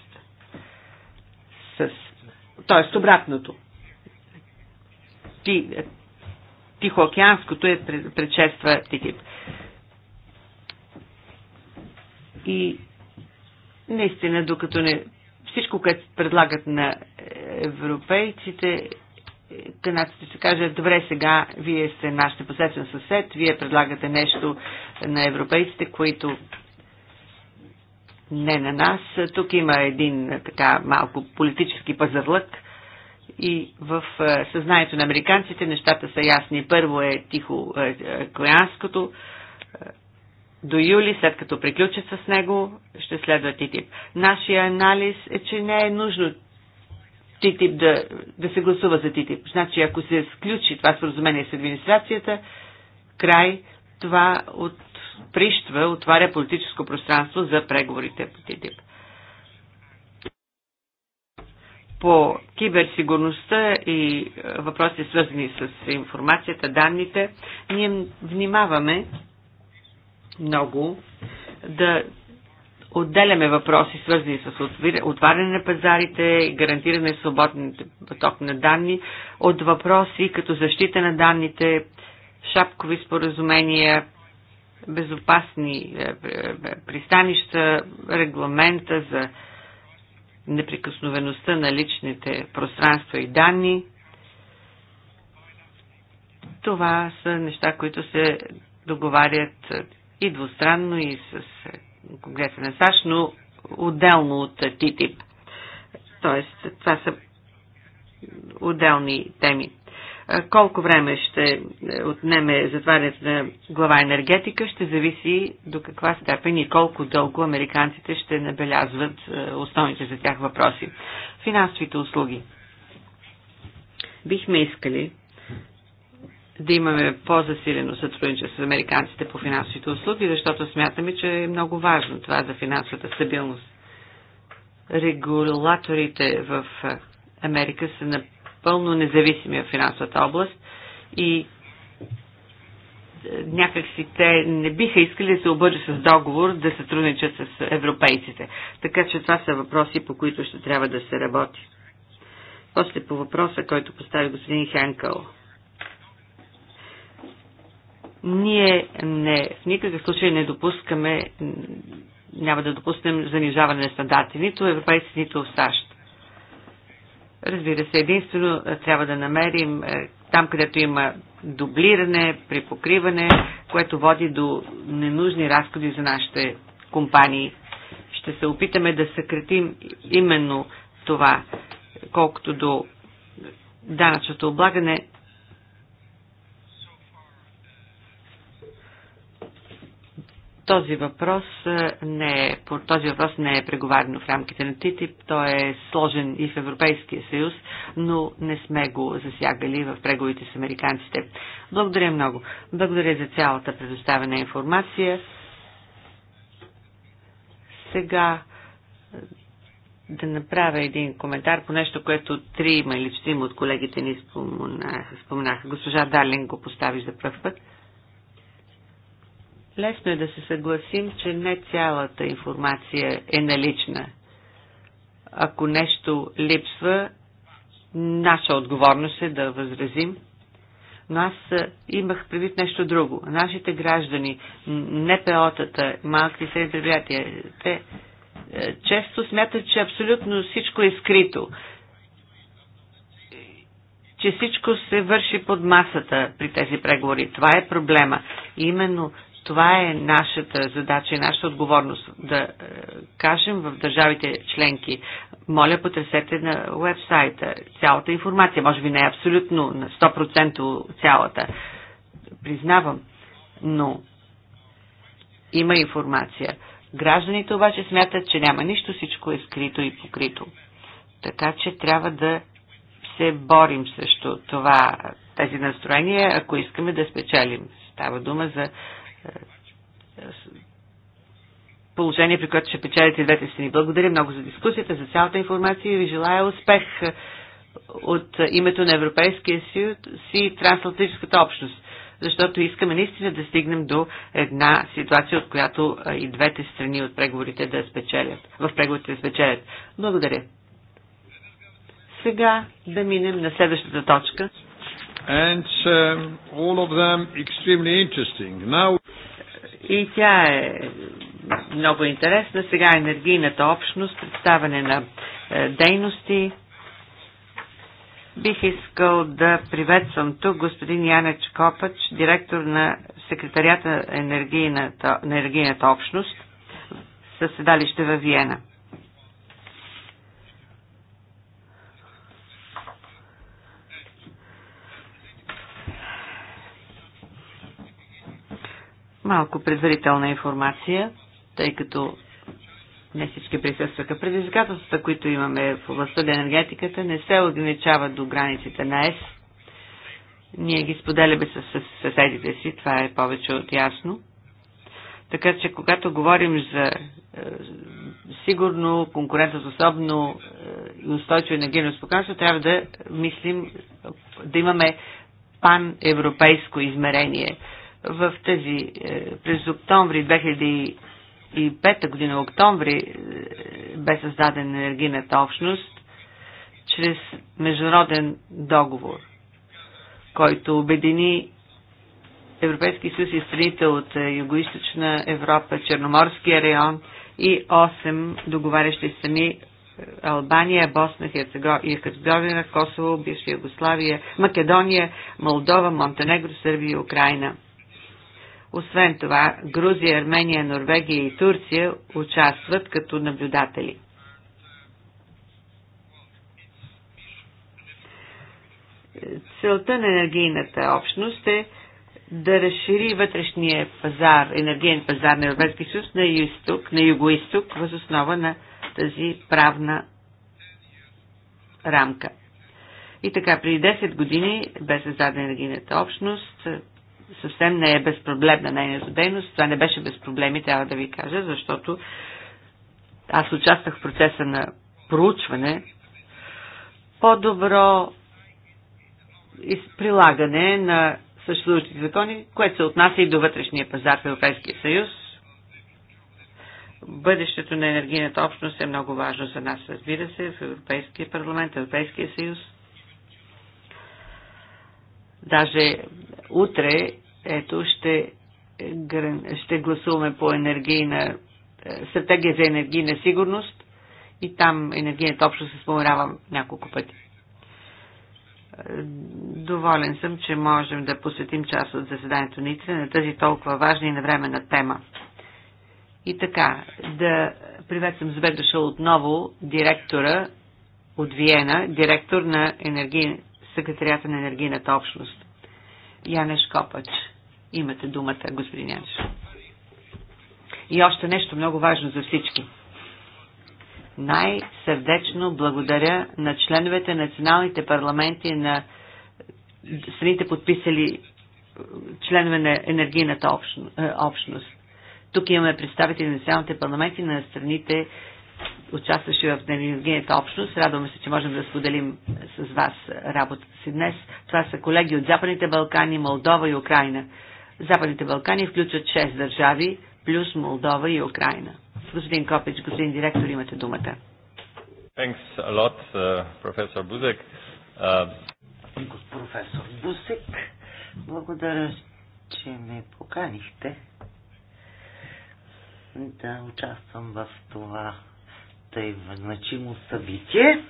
с... Тоест обратното. Е, Тихоокеанското е предшества ТТП. И наистина, докато не всичко, което предлагат на европейците, канадците ще кажат, добре, сега вие сте наш непосредствен съсед, вие предлагате нещо на европейците, които не на нас. Тук има един така малко политически пазарлък и в съзнанието на американците нещата са ясни. Първо е тихо е, е коянското, до юли, след като приключат с него, ще следва ТИТИП. Нашия анализ е, че не е нужно ТИТИП да, да се гласува за ТИТИП. Значи, ако се сключи това споразумение с администрацията, край, това отприщва, отваря политическо пространство за преговорите по ТИТИП. По киберсигурността и е, въпроси свързани с информацията, данните, ние внимаваме много да отделяме въпроси, свързани с отваряне на пазарите, гарантиране на свободен поток на данни, от въпроси като защита на данните, шапкови споразумения, безопасни е, е, е, пристанища, регламента за неприкосновеността на личните пространства и данни. Това са неща, които се договарят и двустранно, и с Конгреса на САЩ, но отделно от ТТИП. Тоест, това са отделни теми. Колко време ще е, отнеме затварянето на глава енергетика, ще зависи до каква степен и колко дълго американците ще набелязват е, основните за тях въпроси. Финансовите услуги. Бихме искали да имаме по-засилено сътрудничество с американците по финансовите услуги, защото смятаме, че е много важно това за финансовата стабилност. Регулаторите в Америка са напълно независими в финансовата област и е, някакси те не биха искали да се обържат с договор да сътрудничат с европейците. Така че това са въпроси, по които ще трябва да се работи. После по въпроса, който постави господин Хенкъл – ние не, в никакъв случай не допускаме, няма да допуснем занижаване на стандарти нито европейски, нито в САЩ. Разбира се, единствено е, трябва да намерим е, там, където има дублиране, припокриване, което води до ненужни разходи за нашите компании. Ще се опитаме да съкретим именно това, колкото до данъчното облагане. Този въпрос не е, този въпрос не е преговарено в рамките на ТТИП. Той е сложен и в Европейския съюз, но не сме го засягали в преговорите с американците. Благодаря много. Благодаря за цялата предоставена информация. Сега да направя един коментар по нещо, което трима или четирима от колегите ни споменаха. Госпожа Дарлин го постави за пръв път. Лесно е да се съгласим, че не цялата информация е налична. Ако нещо липсва, наша отговорност е да възразим. Но аз имах предвид нещо друго. Нашите граждани, НПО-тата, малките и средни предприятия, те е, често смятат, че абсолютно всичко е скрито че всичко се върши под масата при тези преговори. Това е проблема. И именно това е нашата задача и нашата отговорност да е, кажем в държавите членки. Моля, потресете на вебсайта цялата информация. Може би не е абсолютно на 100% цялата. Признавам, но има информация. Гражданите обаче смятат, че няма нищо, всичко е скрито и покрито. Така че трябва да се борим срещу това, тези настроения, ако искаме да спечелим. Става дума за положение, при което ще печелите двете страни. Благодаря много за дискусията, за цялата информация и ви желая успех от името на Европейския съюз и трансатлантическата общност, защото искаме наистина да стигнем до една ситуация, от която и двете страни от преговорите да спечелят, в преговорите да спечелят. Благодаря. Сега да минем на следващата точка. And um, all of them extremely interesting. Now и тя е много интересна. Сега енергийната общност, представане на е, дейности. Бих искал да приветствам тук господин Янеч Копач, директор на секретарията на енергийната, на енергийната общност със седалище във Виена. Малко предварителна информация, тъй като не всички присъстваха. Предизвикателствата, които имаме в областта на енергетиката, не се ограничават до границите на ЕС. Ние ги споделяме с съседите си, това е повече от ясно. Така че, когато говорим за е, сигурно, конкурентоспособно е, и е, устойчиво енергийно спокойствие, трябва да мислим, да имаме паневропейско измерение в тези, е, през октомври 2005 година, октомври, е, бе създадена енергийната общност чрез международен договор, който обедини Европейски съюз и страните от е, Юго-Источна Европа, Черноморския район и 8 договарящи сами Албания, Босна и Херцеговина, Косово, бивша Югославия, Македония, Молдова, Монтенегро, Сърбия и Украина – освен това, Грузия, Армения, Норвегия и Турция участват като наблюдатели. Целта на енергийната общност е да разшири вътрешния пазар, енергиен пазар на Европейски съюз на, юсток, на юго-исток, въз основа на тази правна рамка. И така, преди 10 години бе създадена енергийната общност, съвсем не е безпроблемна нейната дейност. Това не беше без проблеми, трябва да ви кажа, защото аз участвах в процеса на проучване. По-добро прилагане на съществуващите закони, което се отнася и до вътрешния пазар в Европейския съюз. Бъдещето на енергийната общност е много важно за нас, разбира се, в Европейския парламент, Европейския съюз – Даже утре, ето, ще, ще гласуваме по енергийна е, стратегия за енергийна сигурност и там енергийната общо се споменава няколко пъти. Е, доволен съм, че можем да посветим част от заседанието ни на тази толкова важна и навременна тема. И така, да приветствам с дошъл отново директора от Виена, директор на енергийната секретарията на енергийната общност. Янеш Копач. Имате думата, господин Янеш. И още нещо много важно за всички. Най-сърдечно благодаря на членовете на националните парламенти на страните подписали е, членове на енергийната е, общност. Тук имаме представители на националните парламенти на страните участваше в енергийната общност. Радваме се, че можем да споделим с вас работата си днес. Това са колеги от Западните Балкани, Молдова и Украина. Западните Балкани включват 6 държави, плюс Молдова и Украина. Господин Копич, господин директор, имате думата. Thanks a lot, uh, професор Бузек. Uh... Професор Бузек, благодаря, че ме поканихте да участвам в това тъй е значимо събитие.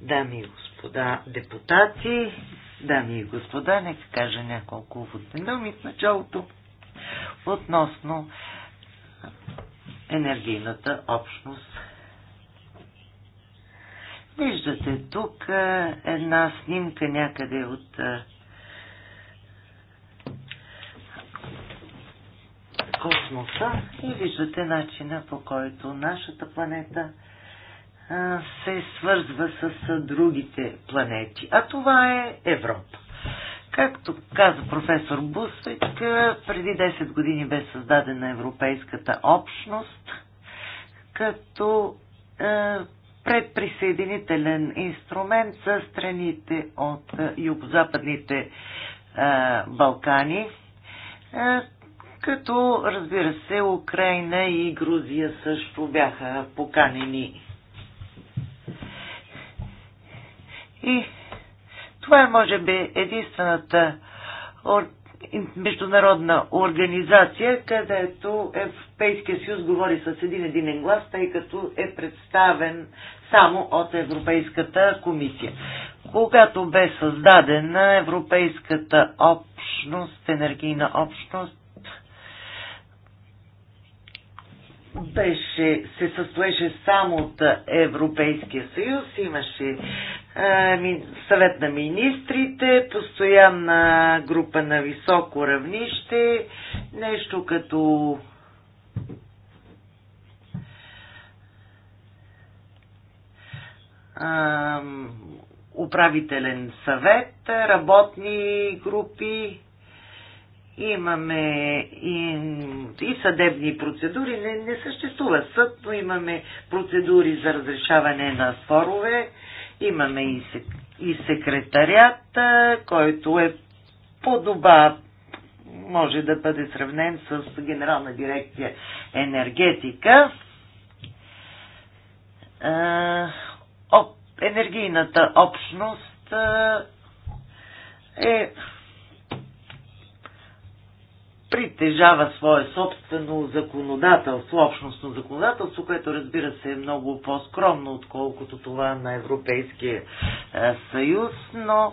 Дами и господа депутати, дами и господа, нека кажа няколко водни думи в началото относно енергийната общност. Виждате тук една снимка някъде от космоса и виждате начина по който нашата планета се свързва с другите планети. А това е Европа. Както каза професор Бусвик, преди 10 години бе създадена Европейската общност като е, предприсъединителен инструмент за страните от е, югозападните е, Балкани. Е, като, разбира се, Украина и Грузия също бяха поканени. И това е, може би, единствената международна организация, където Европейския съюз говори с един единен глас, тъй като е представен само от Европейската комисия. Когато бе създадена Европейската общност, енергийна общност, беше, се състоеше само от Европейския съюз. Имаше е, съвет на министрите, постоянна група на високо равнище, нещо като е, управителен съвет, работни групи, имаме и, и съдебни процедури, не, не съществува съд, но имаме процедури за разрешаване на спорове, имаме и, сек, и секретарят, който е подоба, може да бъде сравнен с Генерална дирекция енергетика. енергийната общност е притежава свое собствено законодателство, общностно законодателство, което разбира се е много по-скромно, отколкото това на Европейския е, съюз, но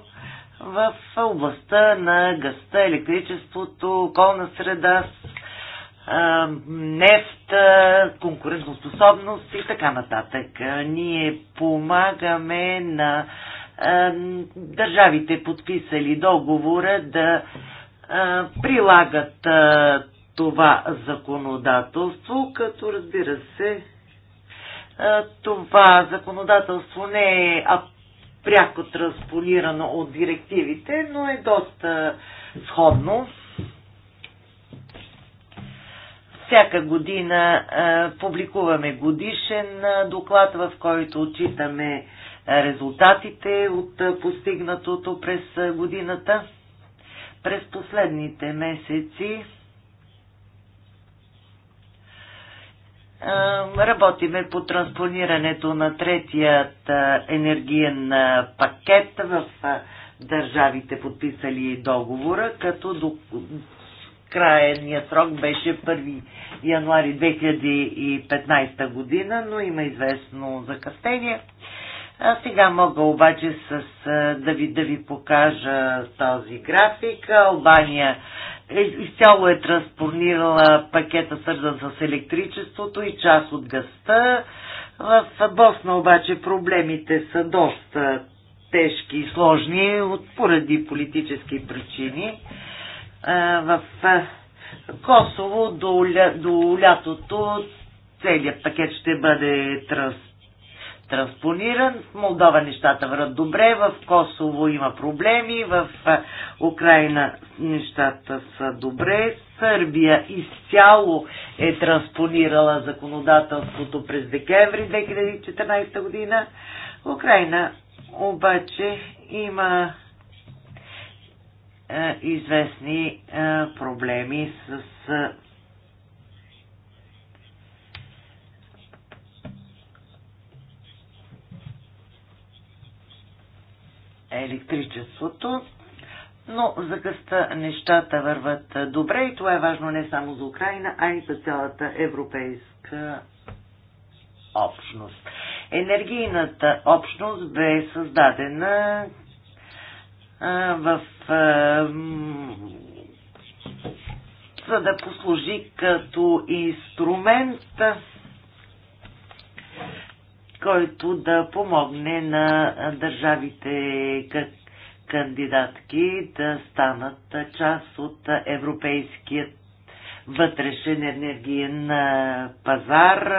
в областта на гъста, електричеството, околна среда, е, нефт, конкурентоспособност и така нататък. Е, ние помагаме на държавите, подписали договора, да прилагат това законодателство, като разбира се, това законодателство не е пряко транспонирано от директивите, но е доста сходно. Всяка година публикуваме годишен доклад, в който отчитаме резултатите от постигнатото през годината. През последните месеци работиме по транспонирането на третият енергиен пакет в държавите подписали договора, като до крайният срок беше 1 януари 2015 година, но има известно закъстение. А сега мога обаче с, да, ви, да ви покажа този график. Албания е, изцяло е транспонирала пакета свързан с електричеството и част от гъста. В Босна обаче проблемите са доста тежки и сложни от поради политически причини. В Косово до, ля, до лятото целият пакет ще бъде транс, транспониран. В Молдова нещата върват добре, в Косово има проблеми, в Украина нещата са добре. Сърбия изцяло е транспонирала законодателството през декември 2014 година. Украина обаче има известни проблеми с електричеството, но за къста нещата върват добре и това е важно не само за Украина, а и за цялата европейска общност. Енергийната общност бе създадена а, в а, за да послужи като инструмент който да помогне на държавите кандидатки да станат част от европейският вътрешен енергиен пазар,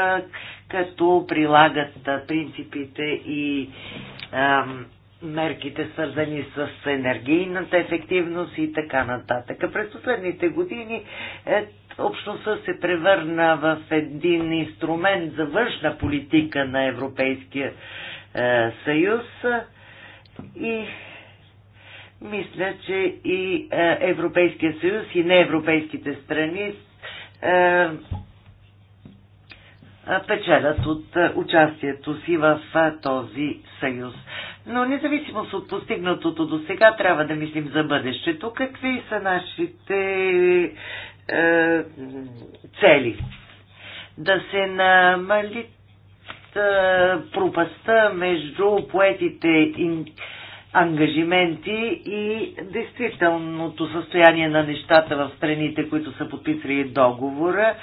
като прилагат принципите и мерките свързани с енергийната ефективност и така нататък. През последните години е, общността се превърна в един инструмент за външна политика на Европейския е, съюз и мисля, че и е, Европейския съюз и неевропейските страни е, е печелят от е, участието си в е, този съюз. Но независимо от постигнатото до сега, трябва да мислим за бъдещето. Какви са нашите е, цели. Да се намали е, пропаста между поетите ангажименти и действителното състояние на нещата в страните, които са подписали договора,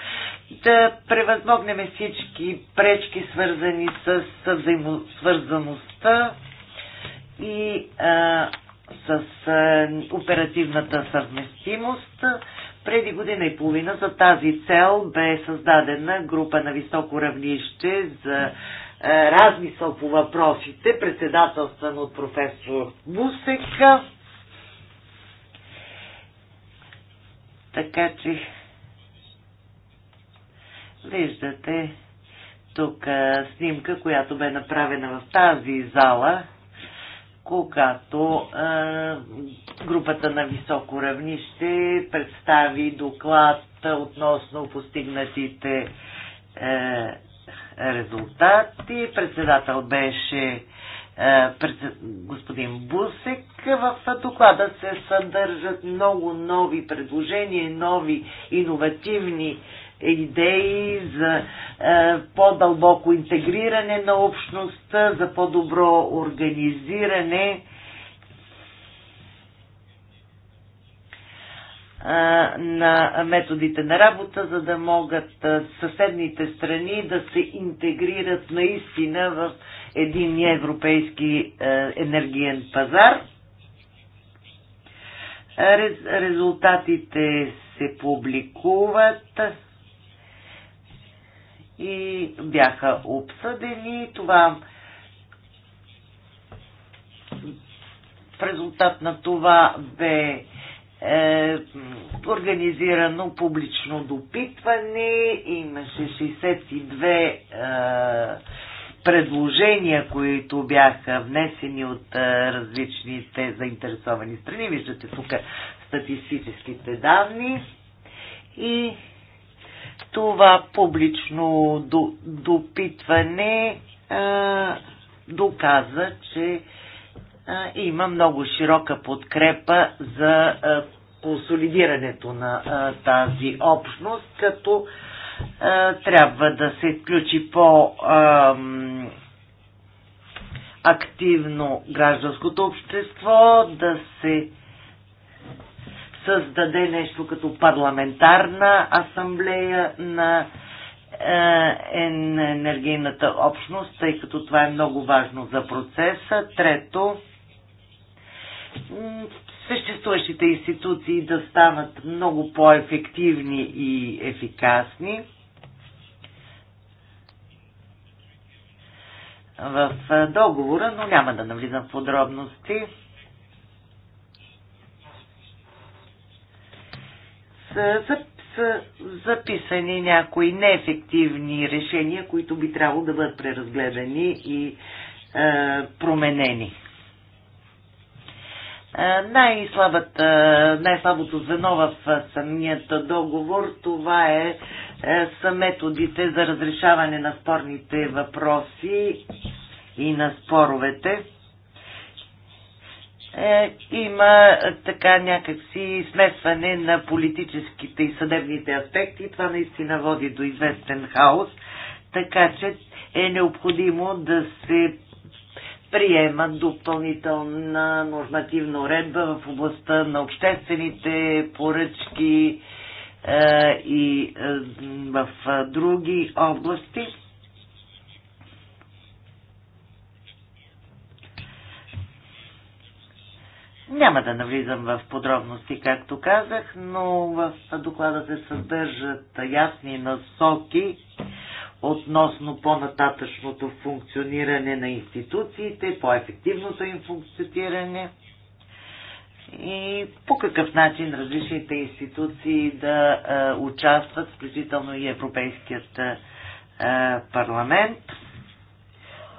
да превъзмогнем всички пречки, свързани с взаимосвързаността и а, е, с а, оперативната съвместимост, преди година и половина за тази цел бе създадена група на високо равнище за е, размисъл по въпросите, председателстван от професор Бусека. Така че виждате тук е, снимка, която бе направена в тази зала когато а, групата на високо равнище представи доклад относно постигнатите а, е, резултати. Председател беше а, е, пред, господин Бусек. В доклада се съдържат много нови предложения, нови иновативни идеи за е, по-дълбоко интегриране на общността, за по-добро организиране е, на методите на работа, за да могат е, съседните страни да се интегрират наистина в един европейски енергиен пазар. Резултатите се публикуват и бяха обсъдени. Това в резултат на това бе е, организирано публично допитване. Имаше 62 е, предложения, които бяха внесени от е, различните заинтересовани страни. Виждате тук статистическите данни. И това публично допитване а, доказа, че а, има много широка подкрепа за а, консолидирането на а, тази общност, като а, трябва да се включи по активно гражданското общество, да се а, създаде нещо като парламентарна асамблея на е, енергийната общност, тъй като това е много важно за процеса. Трето, съществуващите институции да станат много по-ефективни и ефикасни. в е, договора, но няма да навлизам в подробности. са, записани някои неефективни решения, които би трябвало да бъдат преразгледани и е, променени. Е, най-слабата, най-слабото звено в самият договор, това е, е, са методите за разрешаване на спорните въпроси и на споровете е, има е, така някакси смесване на политическите и съдебните аспекти. Това наистина води до известен хаос, така че е необходимо да се приема допълнителна нормативна уредба в областта на обществените поръчки е, и е, в е, други области Няма да навлизам в подробности, както казах, но в доклада се съдържат ясни насоки относно по-нататъчното функциониране на институциите, по-ефективното им функциониране и по какъв начин различните институции да а, е, участват, включително и Европейският а, е, парламент.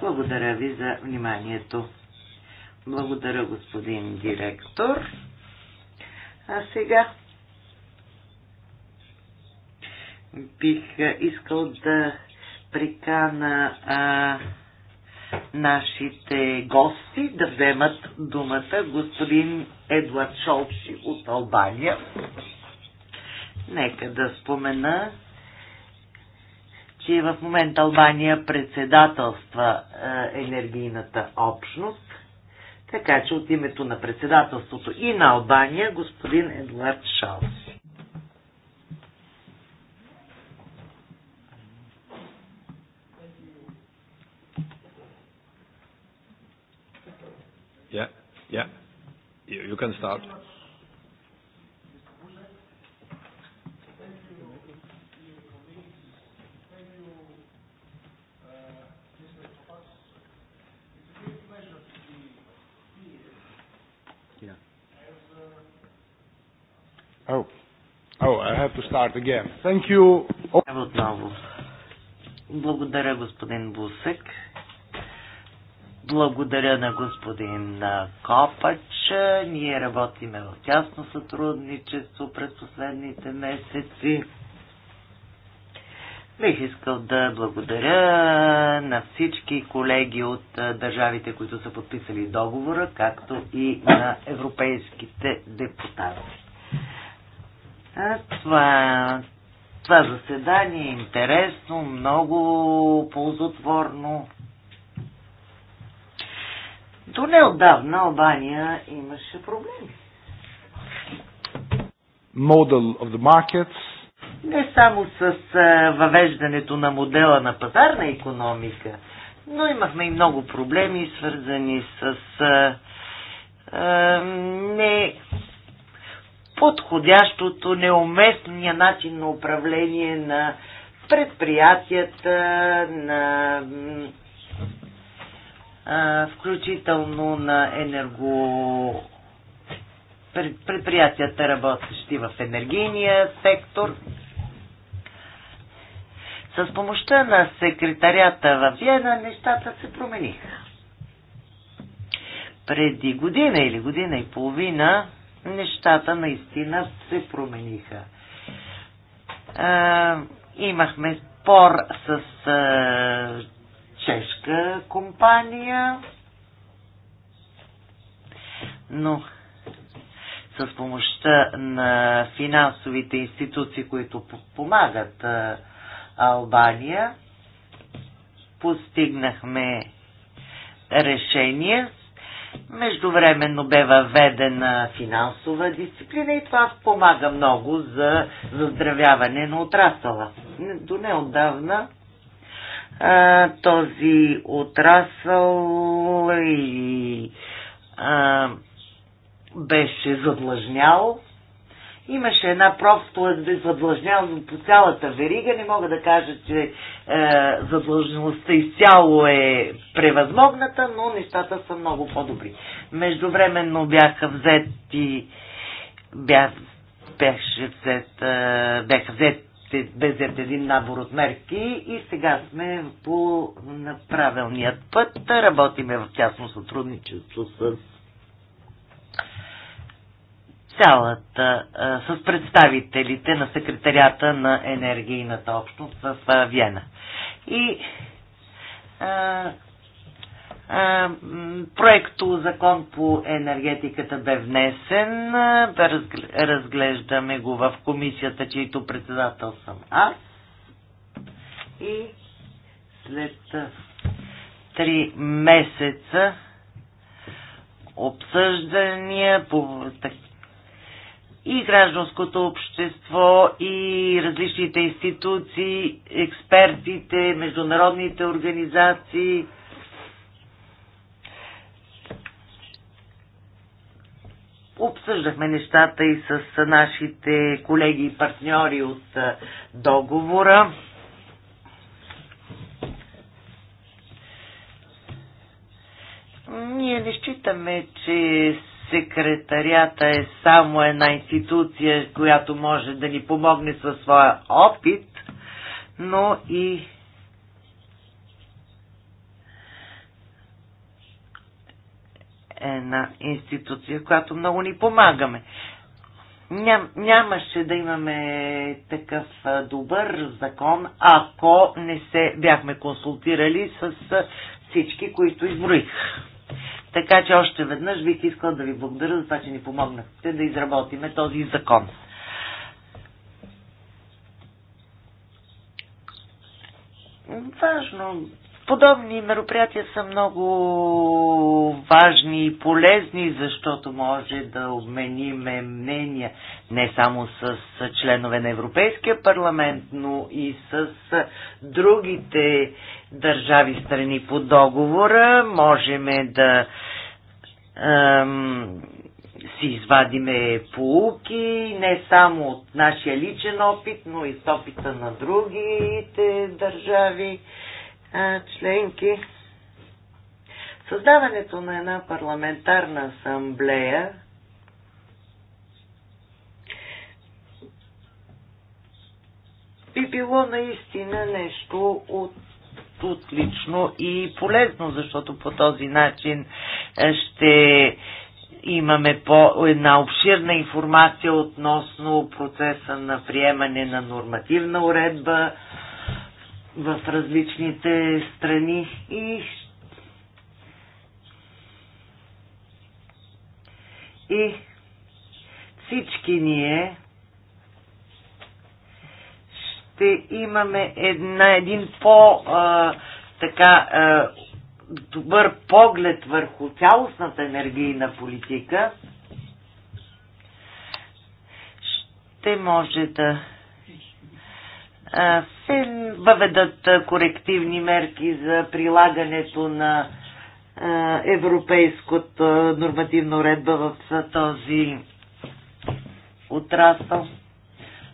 Благодаря ви за вниманието. Благодаря, господин директор. А сега бих искал да прикана а, нашите гости да вземат думата господин Едуард Шолчи от Албания. Нека да спомена, че в момента Албания председателства а, енергийната общност – така че от името на председателството и на Албания, господин Едуард Шалс. Yeah, yeah. You, you can start. Oh. Oh, I have to start again. Thank you. Oh. Отново. Благодаря, господин Бусек. Благодаря на господин Копач. Ние работиме в тясно сътрудничество през последните месеци. Бих искал да благодаря на всички колеги от държавите, които са подписали договора, както и на европейските депутати. Това, това заседание е интересно, много ползотворно. До неодавна Албания имаше проблеми. Model of the markets. Не само с въвеждането на модела на пазарна економика, но имахме и много проблеми, свързани с а, а, не подходящото, неуместния начин на управление на предприятията, на а, включително на енерго предприятията, работещи в енергийния сектор. С помощта на секретарята в Виена нещата се промениха. Преди година или година и половина нещата наистина се промениха. А, имахме спор с а, чешка компания, но с помощта на финансовите институции, които помагат а, Албания, постигнахме решение Междувременно бе въведена финансова дисциплина и това помага много за заздравяване на отрасъла. До неотдавна а, този отрасъл и а, беше задлъжнял Имаше една просто задлъжнялост по цялата верига. Не мога да кажа, че е, задлъжнялостта изцяло е превъзмогната, но нещата са много по-добри. Междувременно бяха взети бях, беше взет, е, бяха взети бе взет един набор от мерки и сега сме по на правилният път. Работиме в тясно сътрудничество с цялата, с представителите на секретарията на енергийната общност в Виена. И а, а, проекто закон по енергетиката бе внесен, разглеждаме го в комисията, чието председател съм аз. И след три месеца обсъждания, по, и гражданското общество, и различните институции, експертите, международните организации. Обсъждахме нещата и с нашите колеги и партньори от договора. Ние не считаме, че секретарията е само една институция, която може да ни помогне със своя опит, но и една институция, която много ни помагаме. Ням, нямаше да имаме такъв добър закон, ако не се бяхме консултирали с всички, които изброих. Така че още веднъж бих искал да ви благодаря за това, че ни помогнахте да изработиме този закон. Важно Подобни мероприятия са много важни и полезни, защото може да обмениме мнения не само с членове на Европейския парламент, но и с другите държави страни по договора. Можеме да ем, си извадиме полуки не само от нашия личен опит, но и с опита на другите държави членки. Създаването на една парламентарна асамблея би било наистина нещо от отлично и полезно, защото по този начин е, ще имаме по една обширна информация относно процеса на приемане на нормативна уредба, в различните страни и и всички ние ще имаме една, един по а, така а, добър поглед върху цялостната енергийна политика ще може да се въведат корективни мерки за прилагането на Европейското нормативно редба в този отрасъл.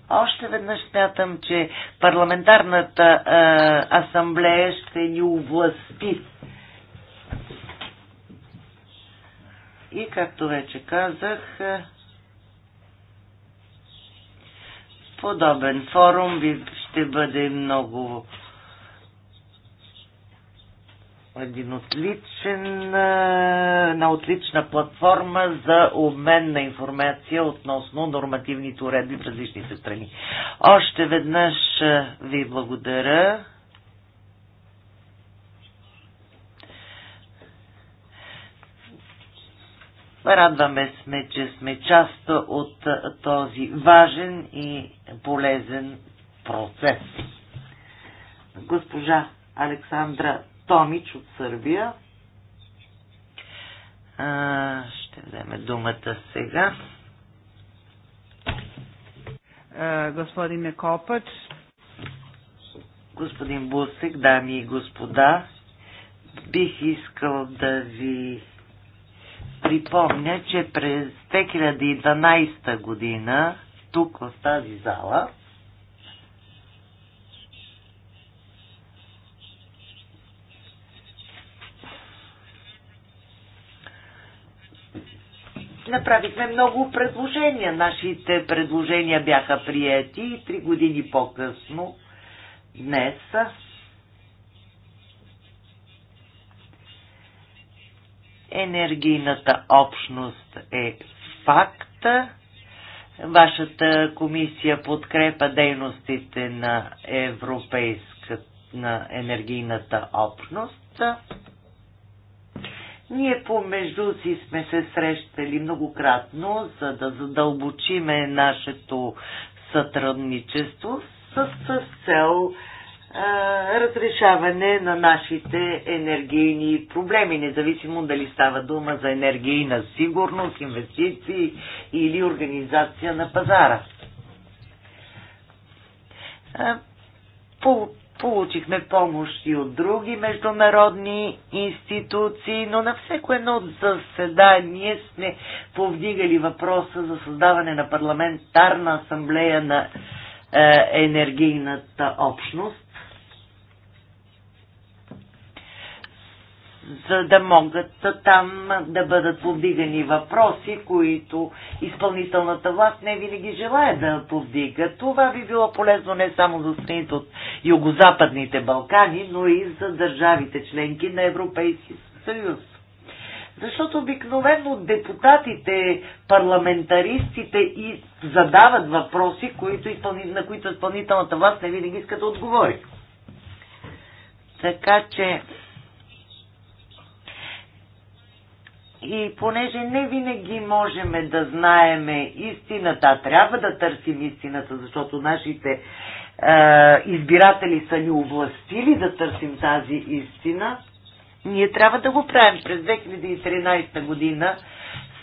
Още веднъж смятам, че парламентарната асамблея ще ни увласти. И както вече казах, подобен форум ще бъде много един отличен, на отлична платформа за обмен на информация относно нормативните уредби в различните страни. Още веднъж ви благодаря. Радваме сме, че сме част от този важен и полезен процес. Госпожа Александра Томич от Сърбия а, ще вземе думата сега. А, господине Копач. Господин Бусик, дами и господа, бих искал да ви припомня, че през 2012 година тук в тази зала направихме много предложения. Нашите предложения бяха прияти и три години по-късно днес енергийната общност е факта. Вашата комисия подкрепа дейностите на Европейската на енергийната общност. Ние помежду си сме се срещали многократно, за да задълбочиме нашето сътрудничество с, с цел разрешаване на нашите енергийни проблеми, независимо дали става дума за енергийна сигурност, инвестиции или организация на пазара. По Получихме помощ и от други международни институции, но на всяко едно заседание сме повдигали въпроса за създаване на парламентарна асамблея на е, енергийната общност. за да могат там да бъдат повдигани въпроси, които изпълнителната власт не винаги желая да повдига. Това би било полезно не само за страните от югозападните Балкани, но и за държавите членки на Европейския съюз. Защото обикновено депутатите, парламентаристите и задават въпроси, които изпълни... на които изпълнителната власт не винаги иска да отговори. Така че И понеже не винаги можем да знаеме истината, трябва да търсим истината, защото нашите е, избиратели са ни овластили да търсим тази истина, ние трябва да го правим. През 2013 година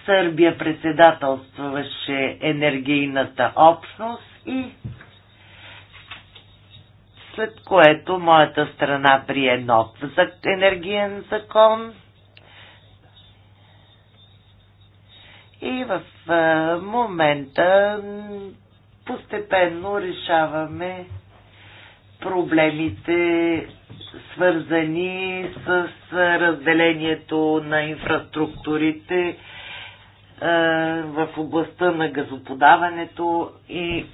Сърбия председателстваше енергийната общност и след което моята страна прие нов енергиен закон – И в момента постепенно решаваме проблемите, свързани с разделението на инфраструктурите в областта на газоподаването и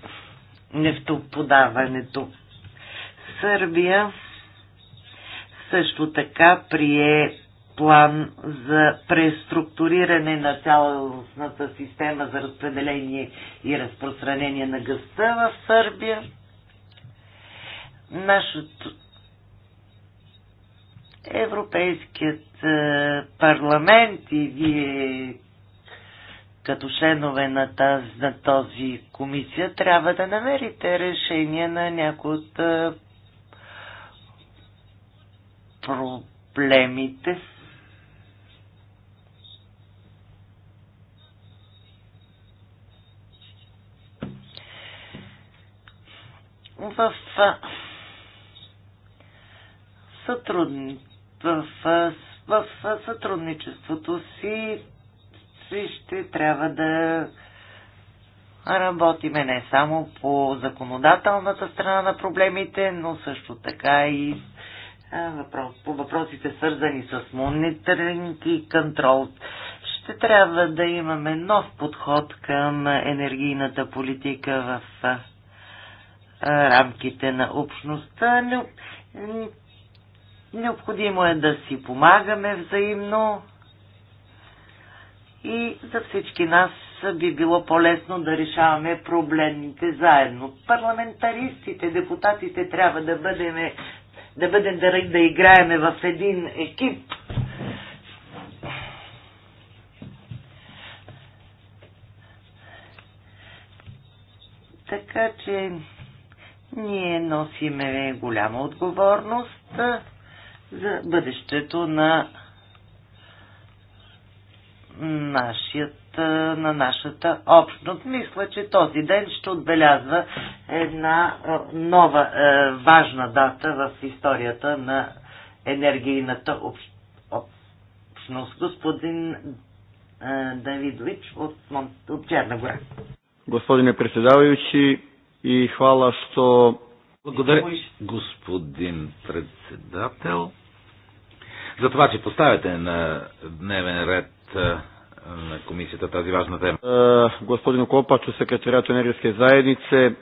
нефтоподаването. Сърбия също така прие план за преструктуриране на цялостната система за разпределение и разпространение на гъста в Сърбия. Нашето Европейският е, парламент и вие като членове на, таз, на този комисия трябва да намерите решение на някои от е, проблемите с. в сътрудни, в, в, в сътрудничеството си, си ще трябва да работиме не само по законодателната страна на проблемите, но също така и въпрос, по въпросите свързани с мониторинг и контрол. Ще трябва да имаме нов подход към енергийната политика в рамките на общността. Необходимо е да си помагаме взаимно и за всички нас би било по-лесно да решаваме проблемите заедно. Парламентаристите, депутатите трябва да бъдем да, бъдем, да, да играеме в един екип. Така че ние носиме голяма отговорност за бъдещето на нашият, на нашата общност. Мисля, че този ден ще отбелязва една нова важна дата в историята на енергийната общност. Господин Давидович от, от Черна гора. Господине председавајучи, и хвала, що... Благодаря, господин председател, за това, че поставяте на дневен ред на комисията тази важна тема. Господин Копачу, секретарят енергетски заеднице,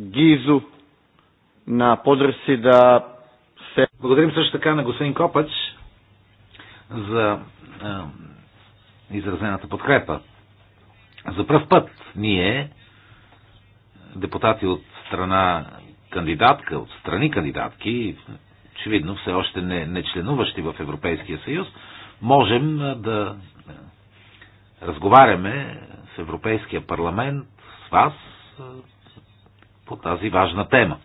Гизу на подръси да се... Благодарим също така на господин Копач за изразената подкрепа. За пръв път ние депутати от страна кандидатка, от страни кандидатки, очевидно все още не, не членуващи в Европейския съюз, можем да разговаряме с Европейския парламент, с вас, по тази важна тема.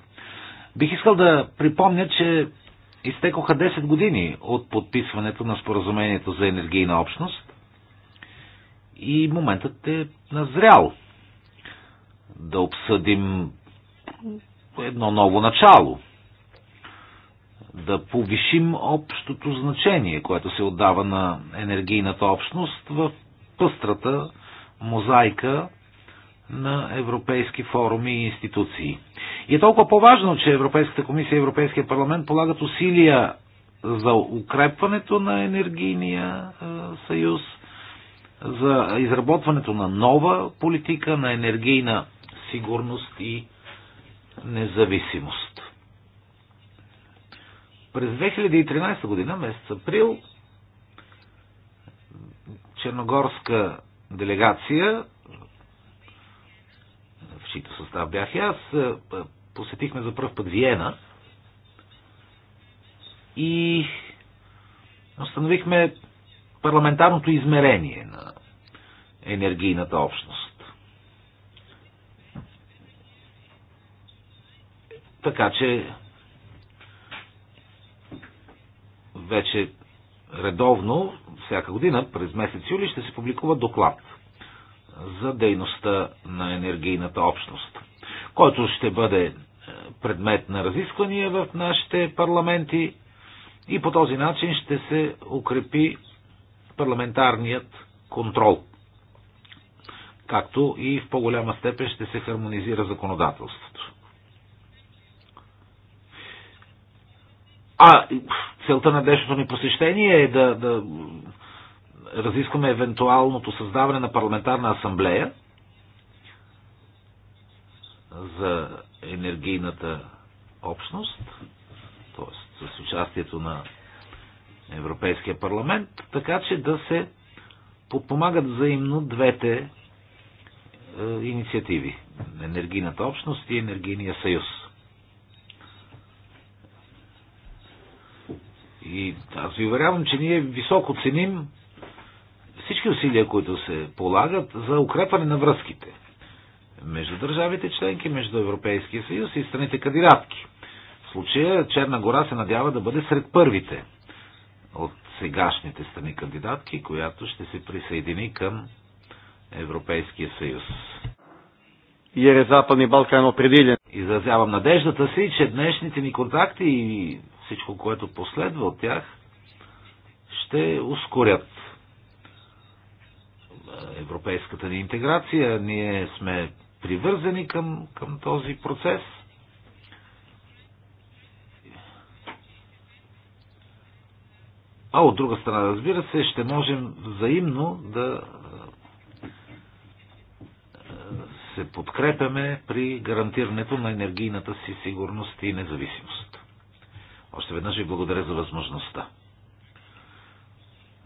Бих искал да припомня, че изтекоха 10 години от подписването на споразумението за енергийна общност и моментът е назрял да обсъдим едно ново начало. Да повишим общото значение, което се отдава на енергийната общност в пъстрата мозайка на европейски форуми и институции. И е толкова по-важно, че Европейската комисия и Европейския парламент полагат усилия за укрепването на енергийния е, съюз, за изработването на нова политика на енергийна сигурност и независимост. През 2013 година, месец април, черногорска делегация, в чийто състав бях и аз, е, посетихме за първ път Виена и установихме парламентарното измерение на енергийната общност. Така че вече редовно, всяка година, през месец юли, ще се публикува доклад за дейността на енергийната общност, който ще бъде е, предмет на разисквания в нашите парламенти и по този начин ще се укрепи парламентарният контрол, както и в по-голяма степен ще се хармонизира законодателството. А целта на днешното ни посещение е да, да разискваме евентуалното създаване на парламентарна асамблея за енергийната общност, т.е. с участието на Европейския парламент, така че да се подпомагат взаимно двете е, инициативи енергийната общност и енергийния съюз. И аз ви уверявам, че ние високо ценим всички усилия, които се полагат за укрепване на връзките между държавите членки, между Европейския съюз и страните кандидатки. В случая Черна гора се надява да бъде сред първите от сегашните страни кандидатки, която ще се присъедини към Европейския съюз. Jer е и Балкан определен. Изразявам надеждата си, че днешните ни контакти и всичко, което последва от тях, ще ускорят европейската ни интеграция. Ние сме привързани към, към този процес. А от друга страна, разбира се, ще можем взаимно да се подкрепяме при гарантирането на енергийната си сигурност и независимост. Още веднъж ви благодаря за възможността.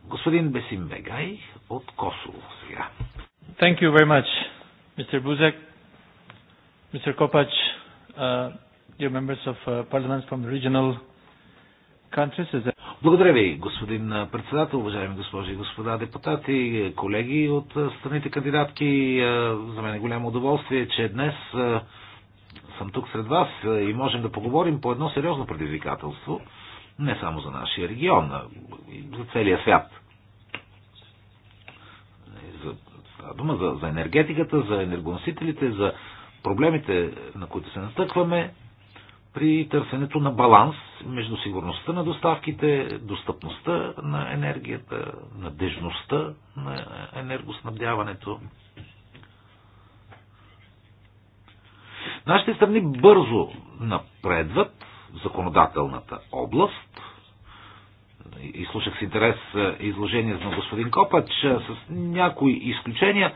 Господин Бесим Бегай от Косово сега. Thank you very much, Mr. Buzek, Mr. Kopac, uh, dear members of uh, parliament from the regional countries. Благодаря ви, господин uh, председател, уважаеми госпожи и господа депутати, колеги от uh, страните кандидатки. За мен е голямо удоволствие, че днес uh, съм тук сред вас и можем да поговорим по едно сериозно предизвикателство, не само за нашия регион, а и за целия свят. За, дума за, за енергетиката, за енергоносителите, за проблемите, на които се натъкваме при търсенето на баланс между сигурността на доставките, достъпността на енергията, надежността на енергоснабдяването. Нашите страни бързо напредват в законодателната област. И слушах с интерес е, изложение на господин Копач. Е, с някои изключения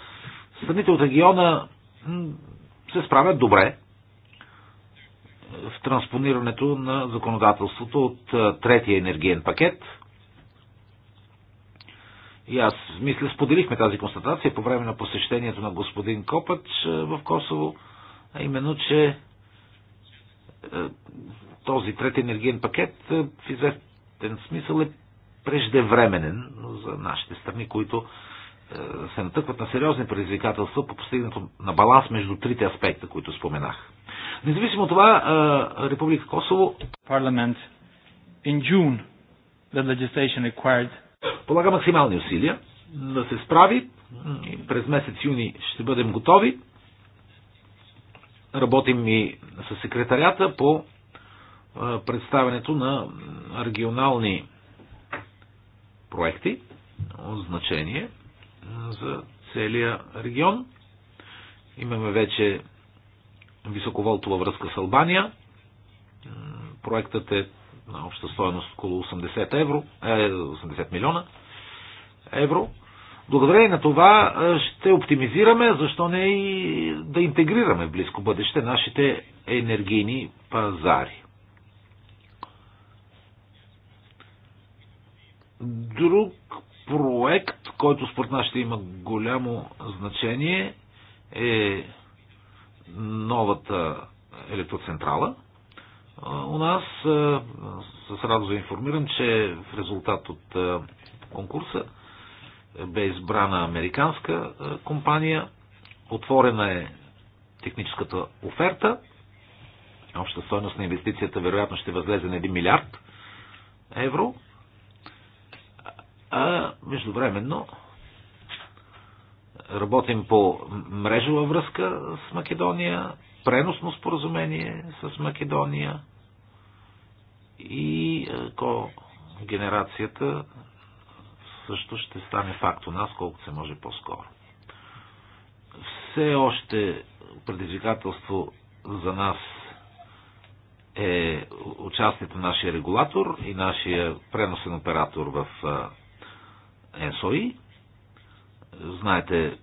страните от региона се справят добре в транспонирането на законодателството от е, третия енергиен пакет. И аз, мисля, споделихме тази констатация по време на посещението на господин Копач в Косово а именно, че е, този трети енергиен пакет е, в известен смисъл е преждевременен за нашите страни, които е, се натъкват на сериозни предизвикателства по постигнато на баланс между трите аспекта, които споменах. Независимо от това, Република Косово парламент in June the legislation required полага максимални усилия да се справи. През месец юни ще бъдем готови Работим и с секретарята по представянето на регионални проекти от значение за целия регион. Имаме вече високоволтова връзка с Албания. Проектът е на обща стоеност около 80, евро, 80 е, милиона евро. Благодарение на това ще оптимизираме, защо не и да интегрираме в близко бъдеще нашите енергийни пазари. Друг проект, който според нас ще има голямо значение е новата електроцентрала. У нас с радост информирам, че в резултат от конкурса бе избрана американска компания. Отворена е техническата оферта. Обща стойност на инвестицията вероятно ще възлезе на 1 милиард евро. А междувременно работим по мрежова връзка с Македония, преносно споразумение с Македония и генерацията също ще стане факт у нас, колкото се може по-скоро. Все още предизвикателство за нас е участието на нашия регулатор и нашия преносен оператор в НСОИ. Знаете,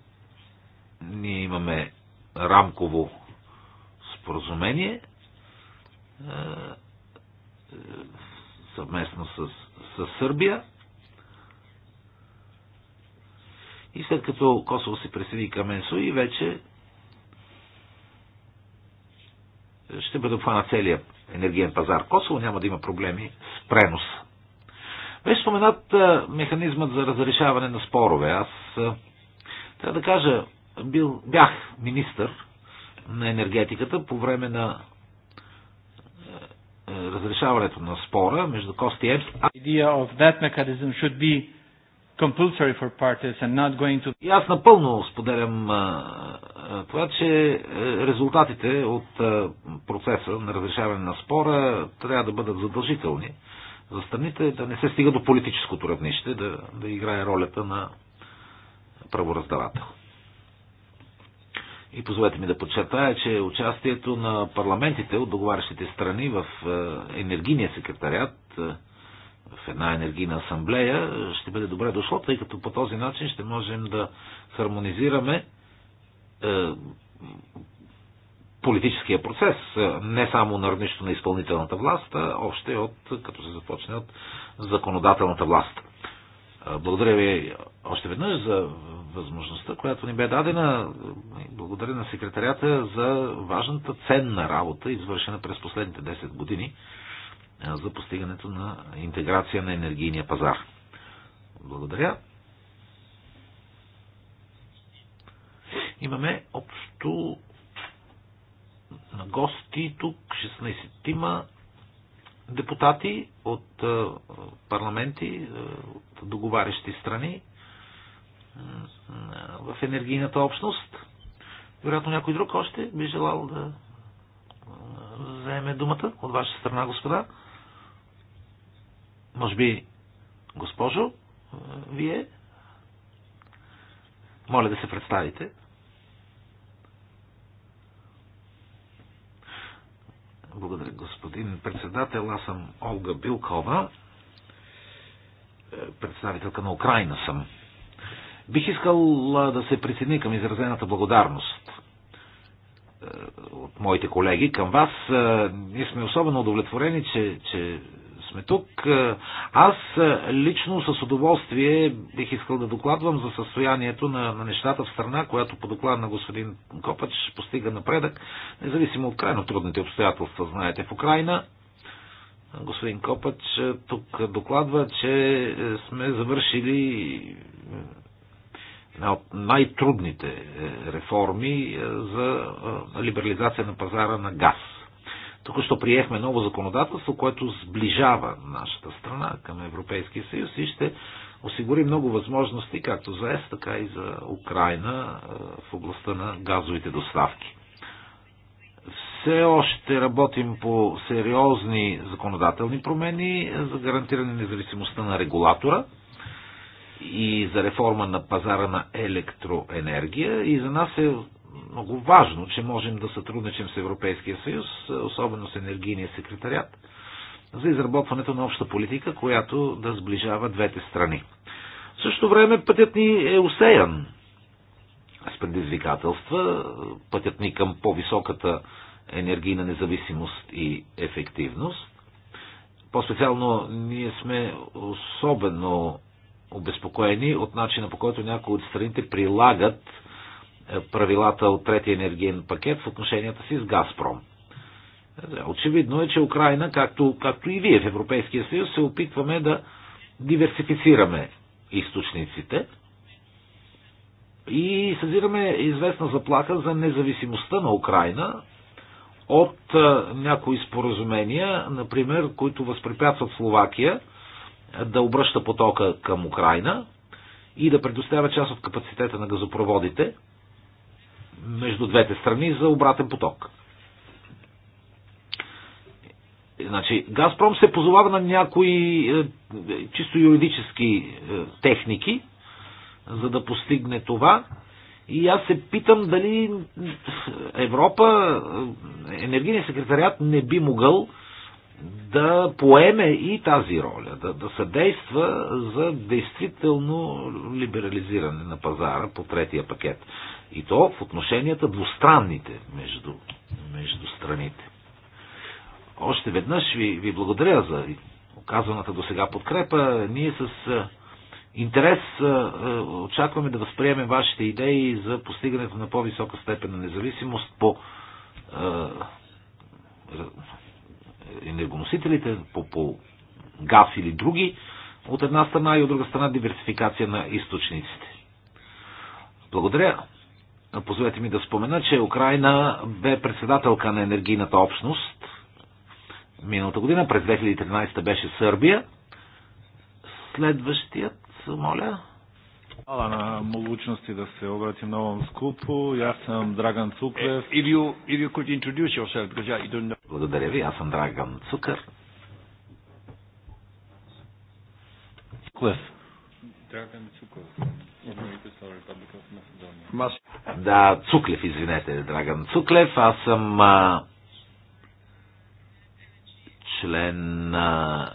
ние имаме рамково споразумение съвместно с, с Сърбия И след като Косово се присъедини към и вече ще бъде обхванат целият енергиен пазар. Косово няма да има проблеми с пренос. Беше споменат механизмът за разрешаване на спорове. Аз трябва да кажа, бил, бях министър на енергетиката по време на разрешаването на спора между Кости и Епс compulsory for parties and not going to... И аз напълно споделям това, че е, резултатите от процеса на разрешаване на спора трябва да бъдат задължителни за страните, да не се стига до политическото равнище, да, да играе ролята на правораздавател. И позволете ми да подчертая, че участието на парламентите от договарящите страни в енергийния секретарят в една енергийна асамблея ще бъде добре дошло, тъй като по този начин ще можем да хармонизираме е, политическия процес, е, не само на равнището на изпълнителната власт, а още от, като се започне от законодателната власт. Е, благодаря ви още веднъж за възможността, която ни бе дадена. Благодаря на секретарята за важната ценна работа, извършена през последните 10 години за постигането на интеграция на енергийния пазар. Благодаря. Имаме общо на гости тук 16-тима депутати от парламенти, от договарящи страни в енергийната общност. Вероятно някой друг още би желал да вземе думата от ваша страна, господа. Може би, госпожо, вие? Моля да се представите. Благодаря, господин председател. Аз съм Олга Билкова. Представителка на Украина съм. Бих искал да се присъедини към изразената благодарност от моите колеги към вас. Ние сме особено удовлетворени, че, че сме тук. Е, аз е, лично с удоволствие бих искал да докладвам за състоянието на, на нещата в страна, която по доклад на господин Копач постига напредък, независимо от крайно трудните обстоятелства, знаете, в Украина. Господин Копач е, тук докладва, че сме завършили една от най-трудните реформи за либерализация на пазара на газ – Току-що приехме ново законодателство, което сближава нашата страна към Европейския съюз и ще осигури много възможности, както за ЕС, така и за Украина е, в областта на газовите доставки. Все още работим по сериозни законодателни промени за гарантиране независимостта на регулатора и за реформа на пазара на електроенергия. И за нас е много важно, че можем да сътрудничим с Европейския съюз, особено с енергийния секретарят, за изработването на обща политика, която да сближава двете страни. В същото време пътят ни е усеян с предизвикателства, пътят ни към по-високата енергийна независимост и ефективност. По-специално ние сме особено обезпокоени от начина по който някои от страните прилагат правилата от третия енергиен пакет в отношенията си с Газпром. Очевидно е, че Украина, както, както и вие в Европейския съюз, се опитваме да диверсифицираме източниците и съзираме известна заплаха за независимостта на Украина от някои споразумения, например, които възпрепятстват Словакия да обръща потока към Украина и да предоставя част от капацитета на газопроводите – между двете страни за обратен поток. Значи, Газпром се позовава на някои е, чисто юридически е, техники, за да постигне това. И аз се питам дали Европа, е, енергийният секретариат не би могъл да поеме и тази роля, да, да съдейства за действително либерализиране на пазара по третия пакет. И то в отношенията двустранните между, между страните. Още веднъж ви, ви благодаря за оказаната до сега подкрепа. Ние с е, интерес е, е, очакваме да възприемем вашите идеи за постигането на по-висока степен на независимост по енергоносителите, по, по газ или други, от една страна и от друга страна диверсификация на източниците. Благодаря. Позволете ми да спомена, че Украина бе председателка на енергийната общност миналата година. През 2013 беше Сърбия. Следващият, моля. Hvala на mogućnosti да се обрати много скупо. Аз съм Драган Dragan If you, if you could introduce yourself, because I don't know. Благодаря ви, аз съм Драган Цукър. Драган Цукър. Да, Цуклев, извинете, Драган Цуклев. Аз съм а, член на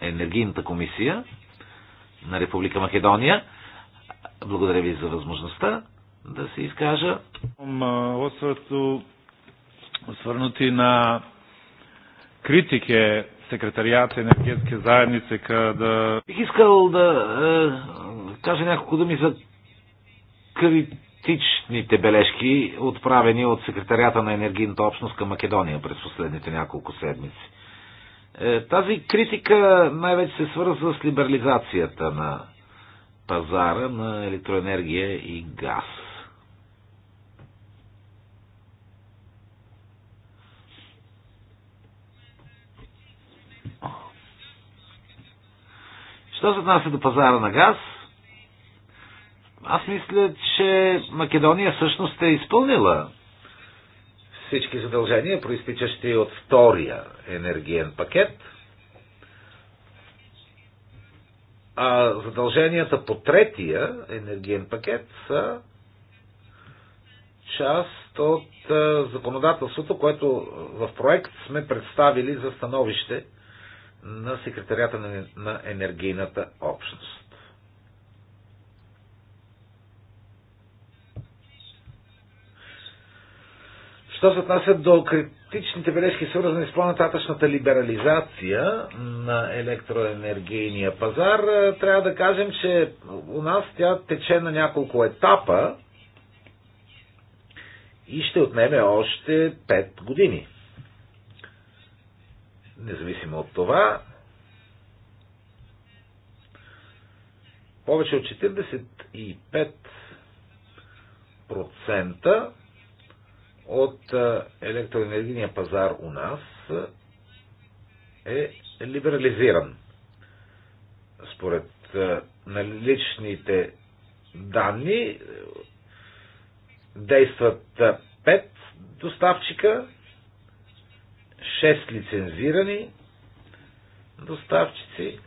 Енергийната комисия на Република Македония. Благодаря ви за възможността да се изкажа. Освърто свърнати на критике секретарията енергетски заедници къде... Бих искал да е, кажа няколко думи за критичните бележки, отправени от секретарията на енергийната общност към Македония през последните няколко седмици. Е, тази критика най-вече се свързва с либерализацията на пазара на електроенергия и газ. Що се отнася до пазара на газ, аз мисля, че Македония всъщност е изпълнила всички задължения, проистичащи от втория енергиен пакет. А задълженията по третия енергиен пакет са част от законодателството, което в проект сме представили за становище на секретарията на енергийната общност. Що се отнася до критичните бележки, свързани с по-нататъчната либерализация на електроенергийния пазар, е, трябва да кажем, че у нас тя тече на няколко етапа и ще отнеме още 5 години. Независимо от това, повече от 45% от електроенергийния пазар у нас е либерализиран. Според наличните данни действат 5 доставчика, 6 лицензирани доставчици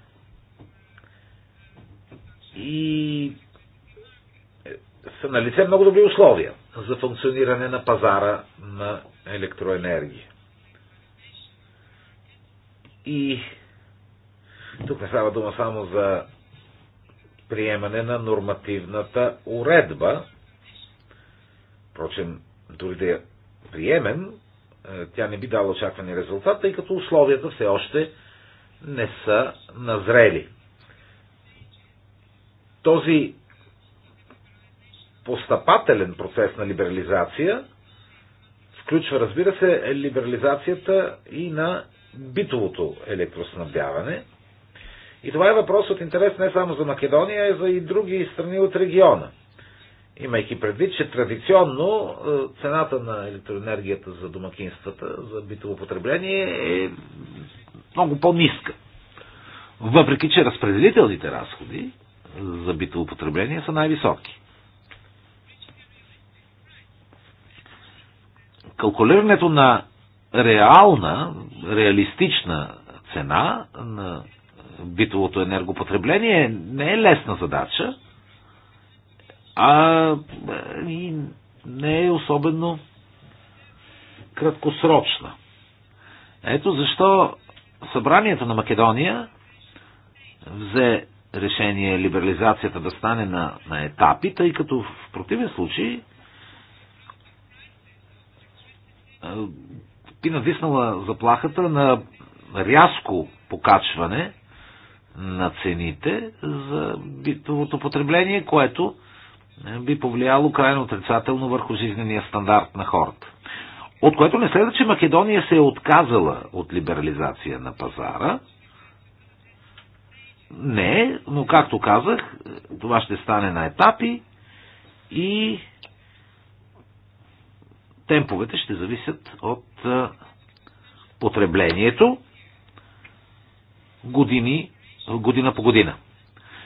и е, са на лице много добри условия за функциониране на пазара на електроенергия. И тук не става дума само за приемане на нормативната уредба. Впрочем, дори да я приемем, е, тя не би дала очаквани резултат, тъй като условията все още не са назрели. Този постъпателен процес на либерализация, включва, разбира се, либерализацията и на битовото електроснабдяване. И това е въпрос от интерес не само за Македония, а за и други страни от региона. Имайки предвид, че традиционно е, цената на електроенергията за домакинствата, за битово потребление е много по-ниска. Въпреки, че разпределителните разходи за битово потребление са най-високи. калкулирането на реална, реалистична цена на битовото енергопотребление не е лесна задача, а и не е особено краткосрочна. Ето защо събранието на Македония взе решение либерализацията да стане на, на етапи, тъй като в противен случай би надиснала заплахата на рязко покачване на цените за битовото потребление, което е, би повлияло крайно отрицателно върху жизнения стандарт на хората. От което не следва, че Македония се е отказала от либерализация на пазара. Не, но както казах, това ще стане на етапи и темповете ще зависят от потреблението години, година по година.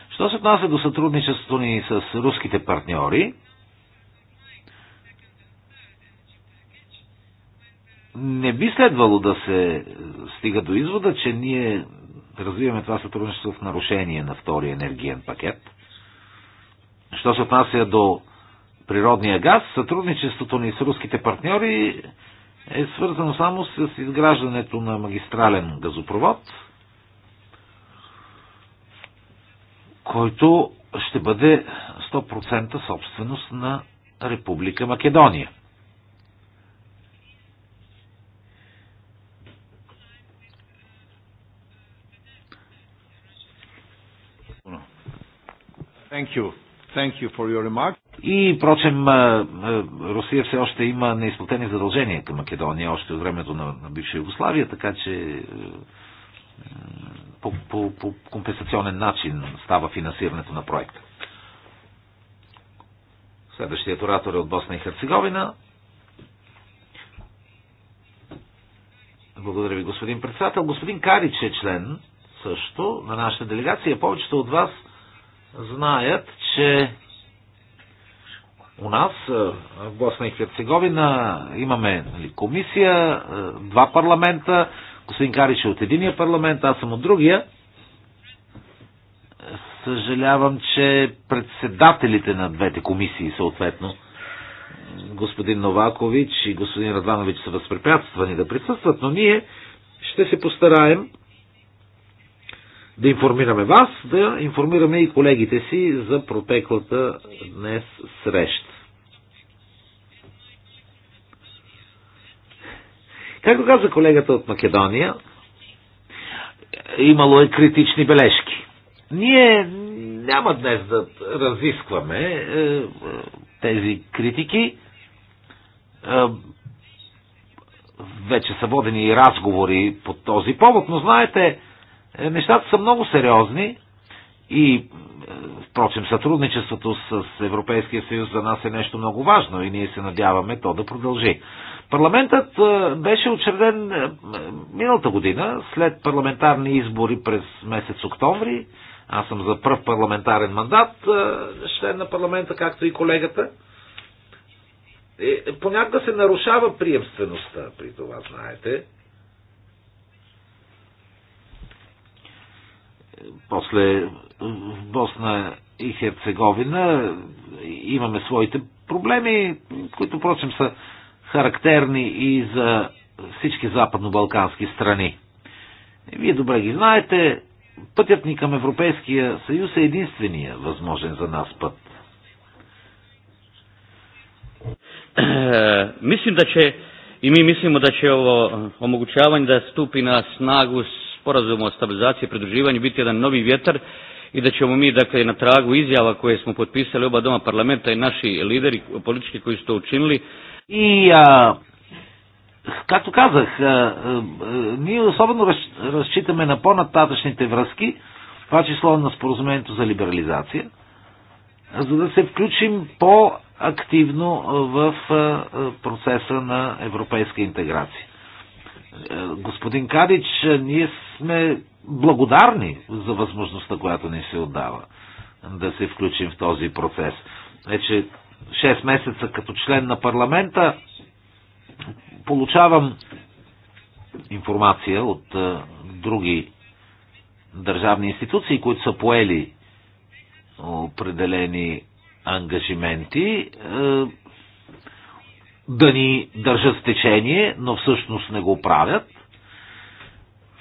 Що се отнася до сътрудничеството ни с руските партньори, не би следвало да се стига до извода, че ние развиваме това сътрудничество в нарушение на втория енергиен пакет. Що се отнася до природния газ, сътрудничеството ни с руските партньори е свързано само с изграждането на магистрален газопровод, който ще бъде 100% собственост на Република Македония. Thank you. Thank you for your remarks. И, впрочем, Русия все още има неизплатени задължения към Македония, още от времето на, на бивша Югославия, така че по, по, по компенсационен начин става финансирането на проекта. Следващият оратор е от Босна и Херцеговина. Благодаря ви, господин председател. Господин Карич е член също на нашата делегация. Повечето от вас знаят, че у нас, е, в Босна и Херцеговина, имаме нали, комисия, е, два парламента, господин Карич е от единия парламент, аз съм от другия. Съжалявам, че председателите на двете комисии, съответно, господин Новакович и господин Радванович са възпрепятствани да присъстват, но ние ще се постараем да информираме вас, да информираме и колегите си за протеклата днес среща. Както каза колегата от Македония, имало е критични бележки. Ние няма днес да разискваме е, тези критики. Е, вече са водени и разговори по този повод, но знаете, е, нещата са много сериозни и е, Впрочем, сътрудничеството с Европейския съюз за нас е нещо много важно и ние се надяваме то да продължи. Парламентът е, беше учреден е, миналата година, след парламентарни избори през месец октомври. Аз съм за първ парламентарен мандат, член на парламента, както и колегата. Понякога се нарушава приемствеността при това, знаете. После в Босна и Херцеговина имаме своите проблеми, които, впрочем, са характерни и за всички западно-балкански страни. Вие добре ги знаете, пътят ни към Европейския съюз е единствения възможен за нас път. Мислим да че и ми мислимо да че ово да ступи на снагу sporazumu o stabilizaciji i pridruživanju biti jedan novi vjetar i da ćemo mi, dakle, na tragu izjava koje smo potpisali oba doma parlamenta i naši lideri politički koji su to učinili. I, а, както казах, а, а, ние особено раз, разчитаме на по-нататъчните връзки, това число на споразумението за либерализация, за да се включим по-активно в процеса на европейска интеграция господин Кадич, ние сме благодарни за възможността, която ни се отдава да се включим в този процес. Вече 6 месеца като член на парламента получавам информация от други държавни институции, които са поели определени ангажименти да ни държат в течение, но всъщност не го правят.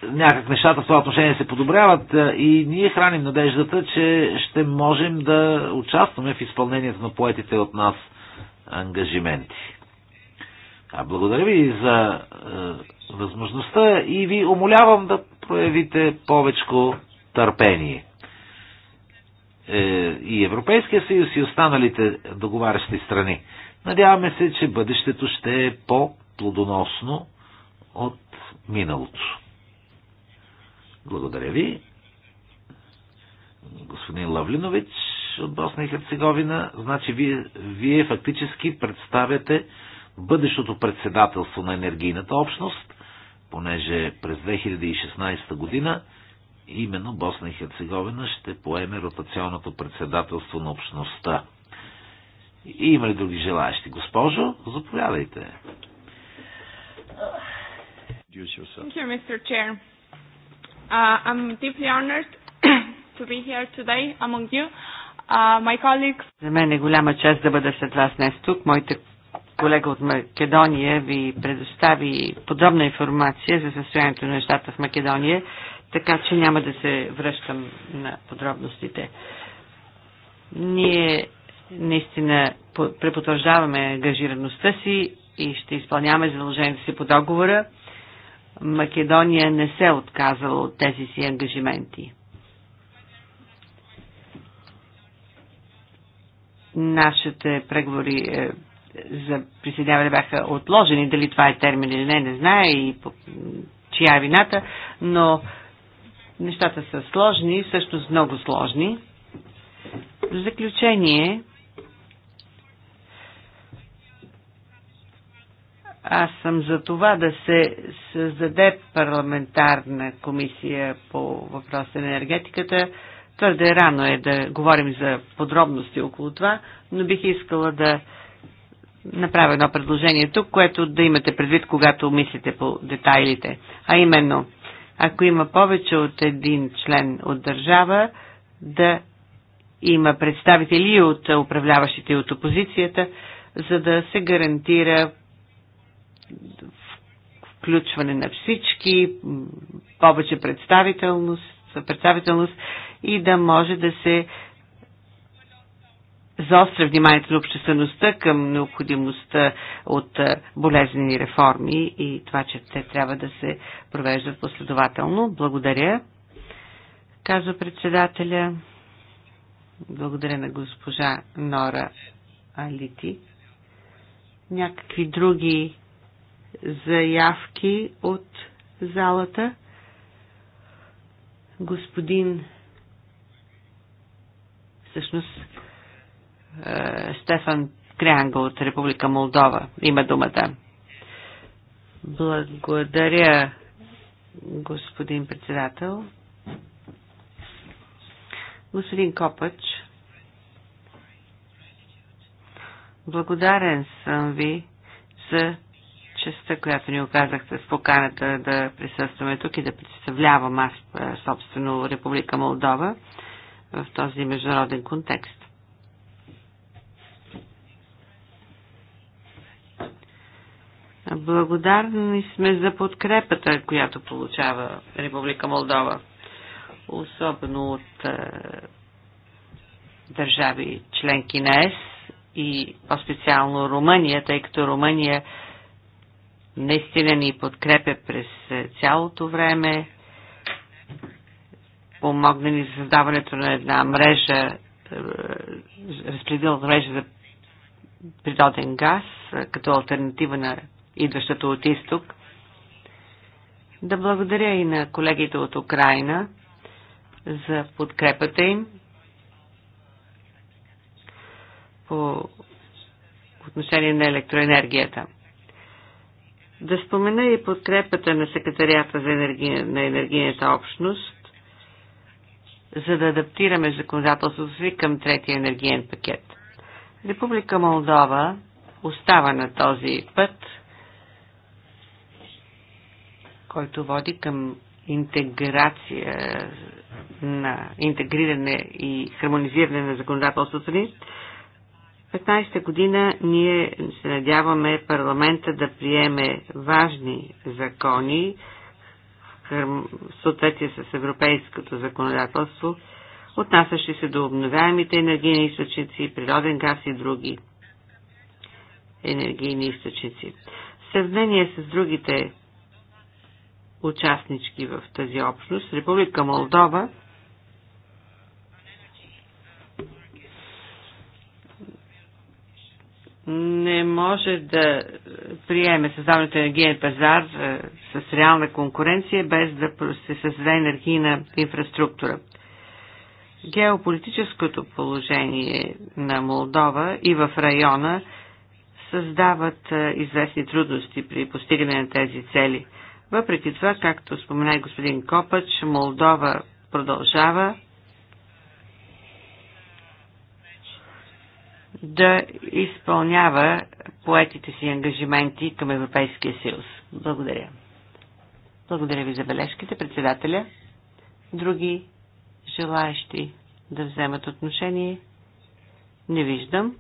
Някак нещата в това отношение се подобряват и ние храним надеждата, че ще можем да участваме в изпълнението на поетите от нас ангажименти. А благодаря ви за е, възможността и ви умолявам да проявите повече търпение. Е, и Европейския съюз и останалите договарящи страни. Надяваме се, че бъдещето ще е по-плодоносно от миналото. Благодаря ви. Господин Лавлинович от Босна и Херцеговина, значи вие, вие фактически представяте бъдещото председателство на енергийната общност, понеже през 2016 година именно Босна и Херцеговина ще поеме ротационното председателство на общността. Има ли други желаящи? Госпожо, заповядайте. Thank you, Mr. Chair. Uh, I'm deeply honored to be here today among you. Uh, my colleagues... За мен е голяма чест да бъда след вас днес тук. Моите колега от Македония ви предостави подробна информация за състоянието на нещата в Македония, така че няма да се връщам на подробностите. Ние Наистина препотвърждаваме ангажираността си и ще изпълняваме задълженията си по договора. Македония не се е отказала от тези си ангажименти. Нашите преговори е, за присъединяване бяха отложени, дали това е термин или не, не знае и по, чия е вината, но нещата са сложни, всъщност много сложни. В заключение, Аз съм за това да се създаде парламентарна комисия по въпроса на енергетиката. Твърде рано е да говорим за подробности около това, но бих искала да направя едно предложение тук, което да имате предвид, когато мислите по детайлите. А именно, ако има повече от един член от държава, да има представители от управляващите и от опозицията, за да се гарантира включване на всички, повече представителност, представителност и да може да се заостря вниманието на обществеността към необходимостта от болезнени реформи и това, че те трябва да се провеждат последователно. Благодаря, казва председателя. Благодаря на госпожа Нора Алити. Някакви други заявки от залата. Господин всъщност е, Стефан Крянга от Република Молдова има думата. Благодаря, господин председател. Господин Копач, благодарен съм ви за частта, която ни оказахте с поканата да присъстваме тук и да представлявам аз е, собствено Република Молдова в този международен контекст. Благодарни сме за подкрепата, която получава Република Молдова, особено от е, държави членки на ЕС и по-специално Румъния, тъй като Румъния наистина ни подкрепя през е, цялото време, помогна ни за създаването на една мрежа, е, разпределена мрежа за природен газ, е, като альтернатива на идващата от изток. Да благодаря и на колегите от Украина за подкрепата им по отношение на електроенергията. Да спомена и подкрепата на секретарията за енергия, на енергийната общност, за да адаптираме законодателството си към третия енергиен пакет. Република Молдова остава на този път, който води към интеграция на интегриране и хармонизиране на законодателството ни 2015 година ние се надяваме парламента да приеме важни закони в съответствие с европейското законодателство, отнасящи се до обновяемите енергийни източници, природен газ и други енергийни източници. В сравнение с другите участнички в тази общност, Република Молдова – не може да приеме създаването на енергиен пазар е, с реална конкуренция, без да се създаде енергийна инфраструктура. Геополитическото положение на Молдова и в района създават е, известни трудности при постигане на тези цели. Въпреки това, както спомена и господин Копач, Молдова продължава да изпълнява поетите си ангажименти към Европейския съюз. Благодаря. Благодаря ви за бележките, председателя. Други желаящи да вземат отношение? Не виждам.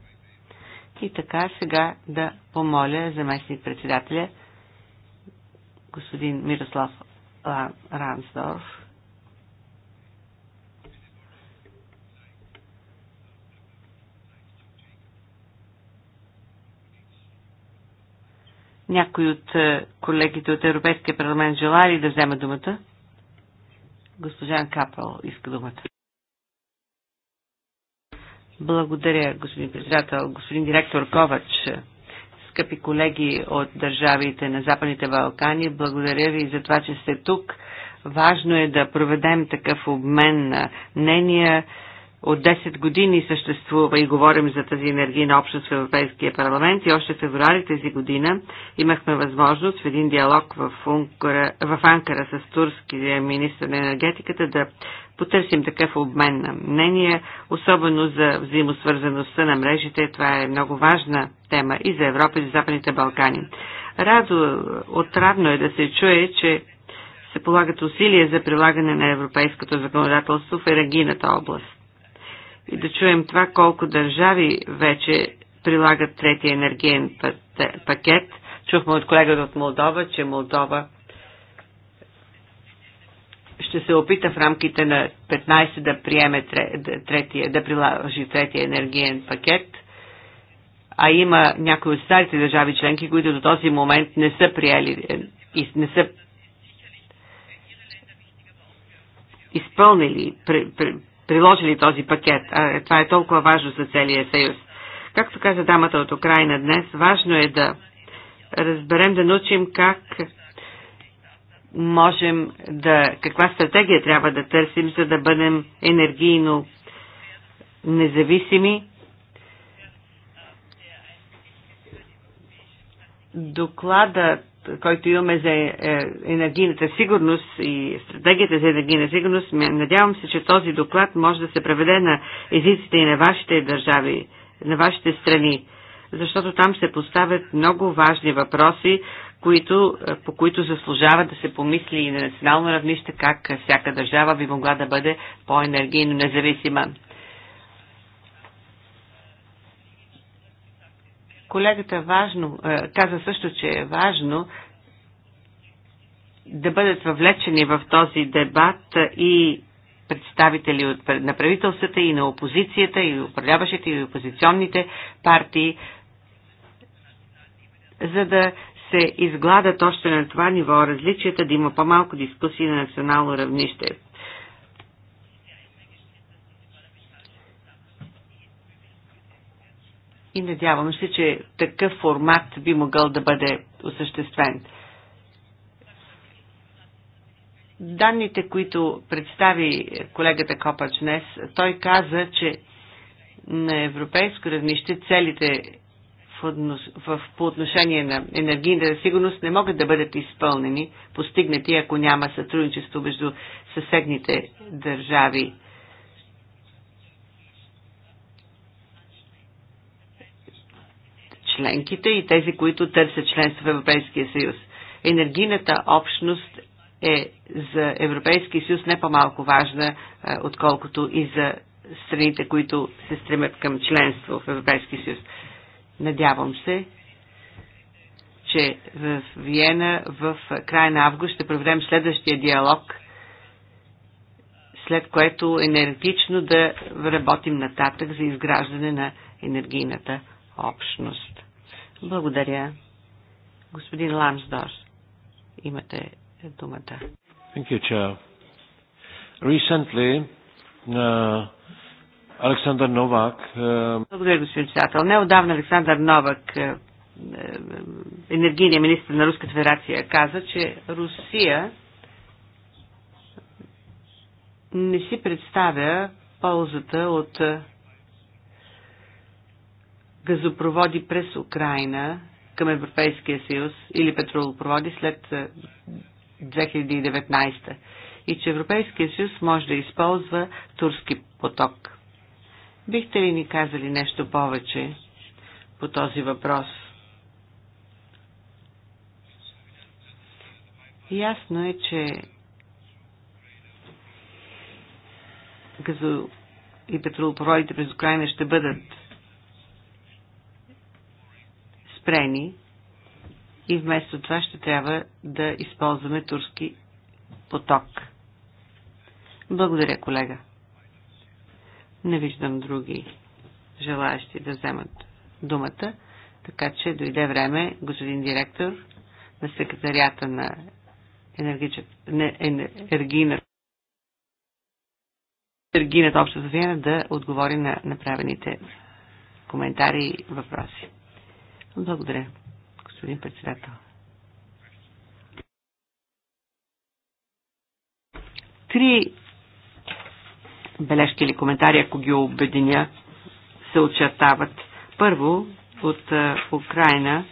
И така сега да помоля заместник председателя господин Мирослав Рансдорф Някой от е, колегите от Европейския парламент желая ли да вземе думата? Госпожан Капел иска думата. Благодаря, господин председател, господин директор Ковач, скъпи колеги от държавите на Западните Балкани. Благодаря ви за това, че сте тук. Важно е да проведем такъв обмен на мнения от 10 години съществува и говорим за тази енергийна общност в Европейския парламент и още в февруари тази година имахме възможност в един диалог в, Ункара, в Анкара с турския министр на енергетиката да потърсим такъв обмен на мнения, особено за взаимосвързаността на мрежите. Това е много важна тема и за Европа и за Западните Балкани. Радо, отрадно е да се чуе, че се полагат усилия за прилагане на европейското законодателство в енергийната област и да чуем това колко държави вече прилагат третия енергиен пакет. Чухме от колегата от Молдова, че Молдова ще се опита в рамките на 15 да приеме третия, да приложи третия енергиен пакет, а има някои от старите държави членки, които до този момент не са приели е, и не са изпълнили приложили този пакет. А, това е толкова важно за целия съюз. Както каза дамата от Украина днес, важно е да разберем, да научим как можем да, каква стратегия трябва да търсим, за да бъдем енергийно независими. Докладът който имаме за е, енергийната сигурност и стратегията за енергийна сигурност, надявам се, че този доклад може да се преведе на езиците и на вашите държави, на вашите страни, защото там се поставят много важни въпроси, които, е, по които заслужава да се помисли и на национално равнище как всяка държава би могла да бъде по-енергийно независима. Колегата важно, е, каза също, че е важно да бъдат въвлечени в този дебат и представители от, на правителствата и на опозицията, и управляващите, и опозиционните партии, за да се изгладат още на това ниво различията, да има по-малко дискусии на национално равнище. и надявам се, че такъв формат би могъл да бъде осъществен. Данните, които представи колегата Копач днес, той каза, че на европейско равнище целите в, по отношение на енергийната сигурност не могат да бъдат изпълнени, постигнати, ако няма сътрудничество между съседните държави членките и тези, които търсят членство в Европейския съюз. Енергийната общност е за Европейския съюз не по-малко важна, е, отколкото и за страните, които се стремят към членство в Европейския съюз. Надявам се, че в Виена в края на август ще проведем следващия диалог, след което енергично да работим нататък за изграждане на енергийната общност. Благодаря. Господин Ламсдорс, имате думата. Thank you, Chair. Recently, uh, Новак. Uh... Благодаря, господин председател. Неодавна Александър Новак, uh, uh, енергийният министр на Руската федерация, каза, че Русия не си представя ползата от uh, газопроводи през Украина към Европейския съюз или петролопроводи след 2019 и че Европейския съюз може да използва турски поток. Бихте ли ни казали нещо повече по този въпрос? Ясно е, че газо и петролопроводите през Украина ще бъдат спрени и вместо това ще трябва да използваме турски поток. Благодаря, колега. Не виждам други желаящи да вземат думата, така че дойде време господин директор на секретарията на енергийната енергийната обща да отговори на направените коментари и въпроси. Благодаря, господин председател. Три бележки или коментари, ако ги обединя, се очертават. Първо, от Украина.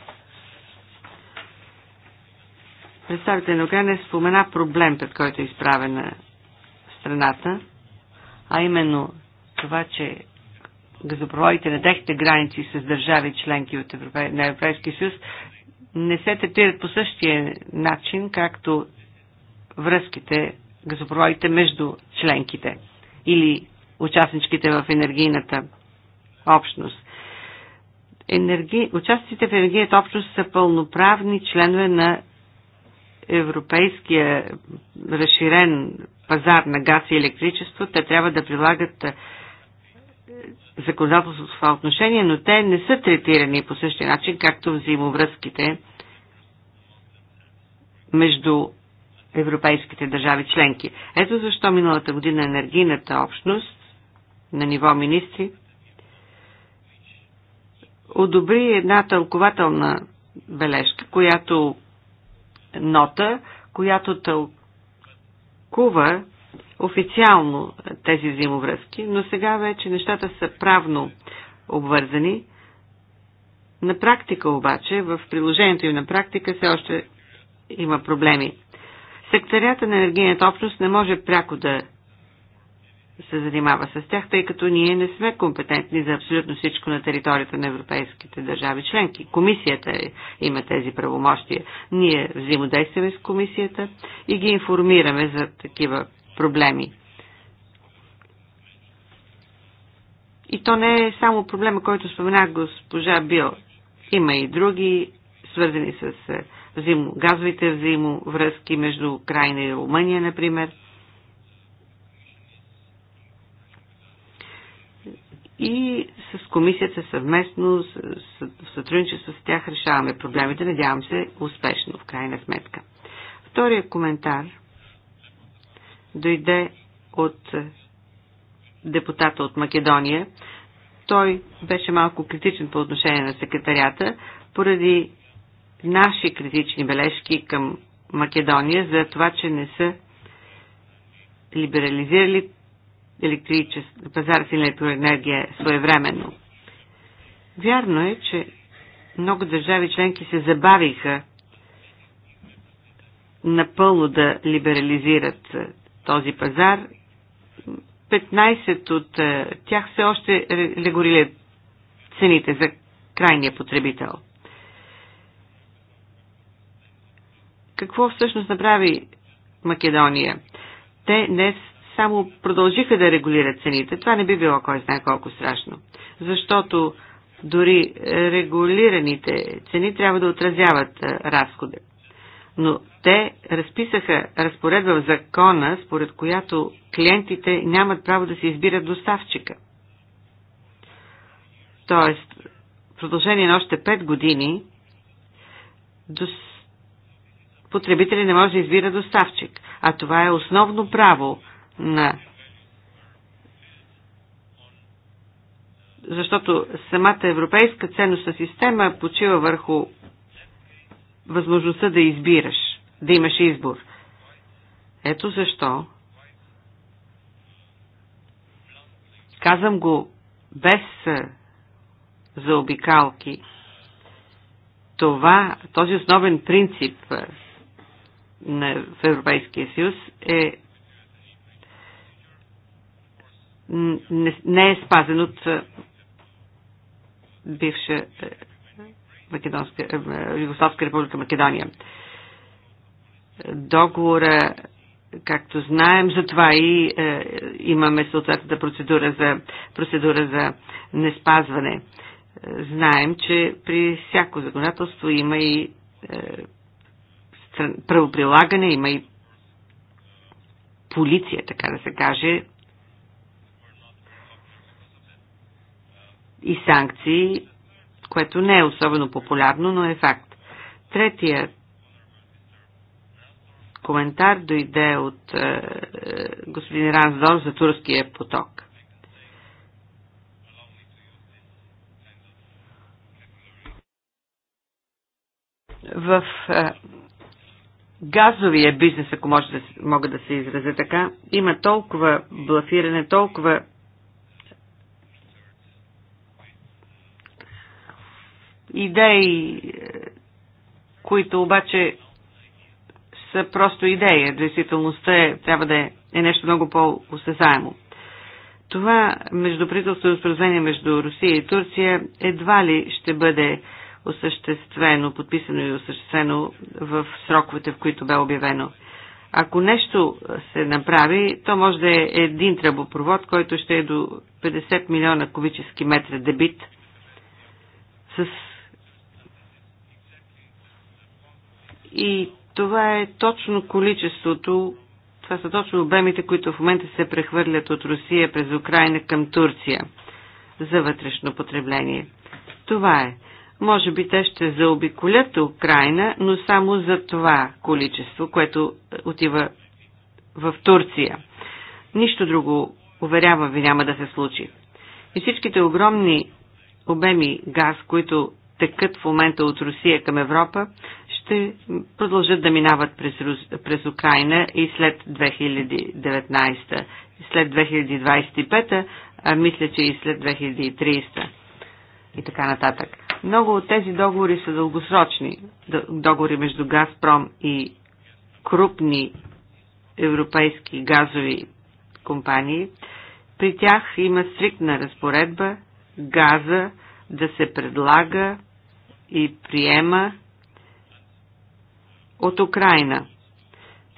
Представите на Украина спомена проблем, пред който е изправена страната, а именно това, че газопроводите на техните граници с държави членки от Европей... на Европейския съюз не се третират по същия начин, както връзките, газопроводите между членките или участничките в енергийната общност. Енерги... Участниците в енергийната общност са пълноправни членове на европейския разширен пазар на газ и електричество. Те трябва да прилагат законодателство в това отношение, но те не са третирани по същия начин, както взаимовръзките между европейските държави членки. Ето защо миналата година енергийната общност на ниво министри одобри една тълкователна бележка, която нота, която тълкува официално тези взаимовръзки, но сега вече нещата са правно обвързани. На практика обаче, в приложението им на практика все още има проблеми. Секретарията на енергийната общност не може пряко да се занимава с тях, тъй като ние не сме компетентни за абсолютно всичко на територията на европейските държави членки. Комисията е, има тези правомощия. Ние взаимодействаме с комисията и ги информираме за такива проблеми. И то не е само проблема, който спомена госпожа Бил. Има и други, свързани с е, взаимо, газовите взаимовръзки между Украина и Румъния, например. И с комисията съвместно, в сътрудничество с тях решаваме проблемите, надявам се, успешно, в крайна сметка. Втория коментар – дойде от депутата от Македония. Той беше малко критичен по отношение на секретарията, поради наши критични бележки към Македония за това, че не са либерализирали електричество, пазар с електроенергия своевременно. Вярно е, че много държави членки се забавиха напълно да либерализират този пазар. 15 от е, тях все още регулират цените за крайния потребител. Какво всъщност направи Македония? Те днес само продължиха да регулират цените. Това не би било кой знае колко страшно. Защото дори регулираните цени трябва да отразяват е, разходите но те разписаха разпоредба в закона, според която клиентите нямат право да се избират доставчика. Тоест, в продължение на още 5 години дос... потребители не може да избира доставчик, а това е основно право на защото самата европейска ценностна система почива върху възможността да избираш, да имаш избор. Ето защо казвам го без заобикалки. Това, този основен принцип на, в Европейския съюз е не, не е спазен от бивша Македонска, е, Югославска република Македония. Договора, както знаем, затова и е, имаме съответната процедура за, процедура за неспазване. Знаем, че при всяко законодателство има и е, правоприлагане, има и полиция, така да се каже, и санкции, което не е особено популярно, но е факт. Третия коментар дойде от е, е господин Ранзон за турския поток. В е, газовия бизнес, ако може да, мога да се изразя така, има толкова блафиране, толкова идеи, които обаче са просто идея. Действителността е, трябва да е, е нещо много по-осезаемо. Това и споразумение между Русия и Турция едва ли ще бъде осъществено, подписано и осъществено в сроковете, в които бе обявено. Ако нещо се направи, то може да е един тръбопровод, който ще е до 50 милиона кубически метра дебит, с И това е точно количеството, това са точно обемите, които в момента се прехвърлят от Русия през Украина към Турция за вътрешно потребление. Това е. Може би те ще заобиколят Украина, но само за това количество, което е, отива в Турция. Нищо друго, уверява ви, няма да се случи. И всичките огромни обеми газ, които текат в момента от Русия към Европа, ще продължат да минават през, през Украина и след 2019, след 2025, а мисля, че и след 2030 и така нататък. Много от тези договори са дългосрочни. Договори между Газпром и крупни европейски газови компании. При тях има стриктна разпоредба газа да се предлага и приема от Украина.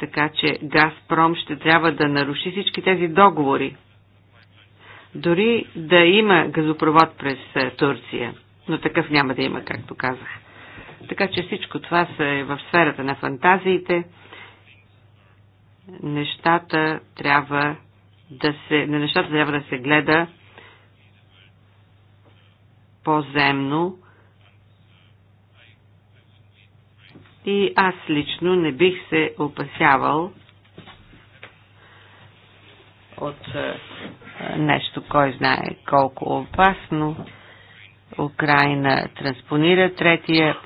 Така че Газпром ще трябва да наруши всички тези договори. Дори да има газопровод през е, Турция, но такъв няма да има, както казах. Така че всичко това са е в сферата на фантазиите. Нещата трябва да се, на нещата трябва да се гледа по-земно, и аз лично не бих се опасявал от е, нещо, кой знае колко опасно. Украина транспонира третия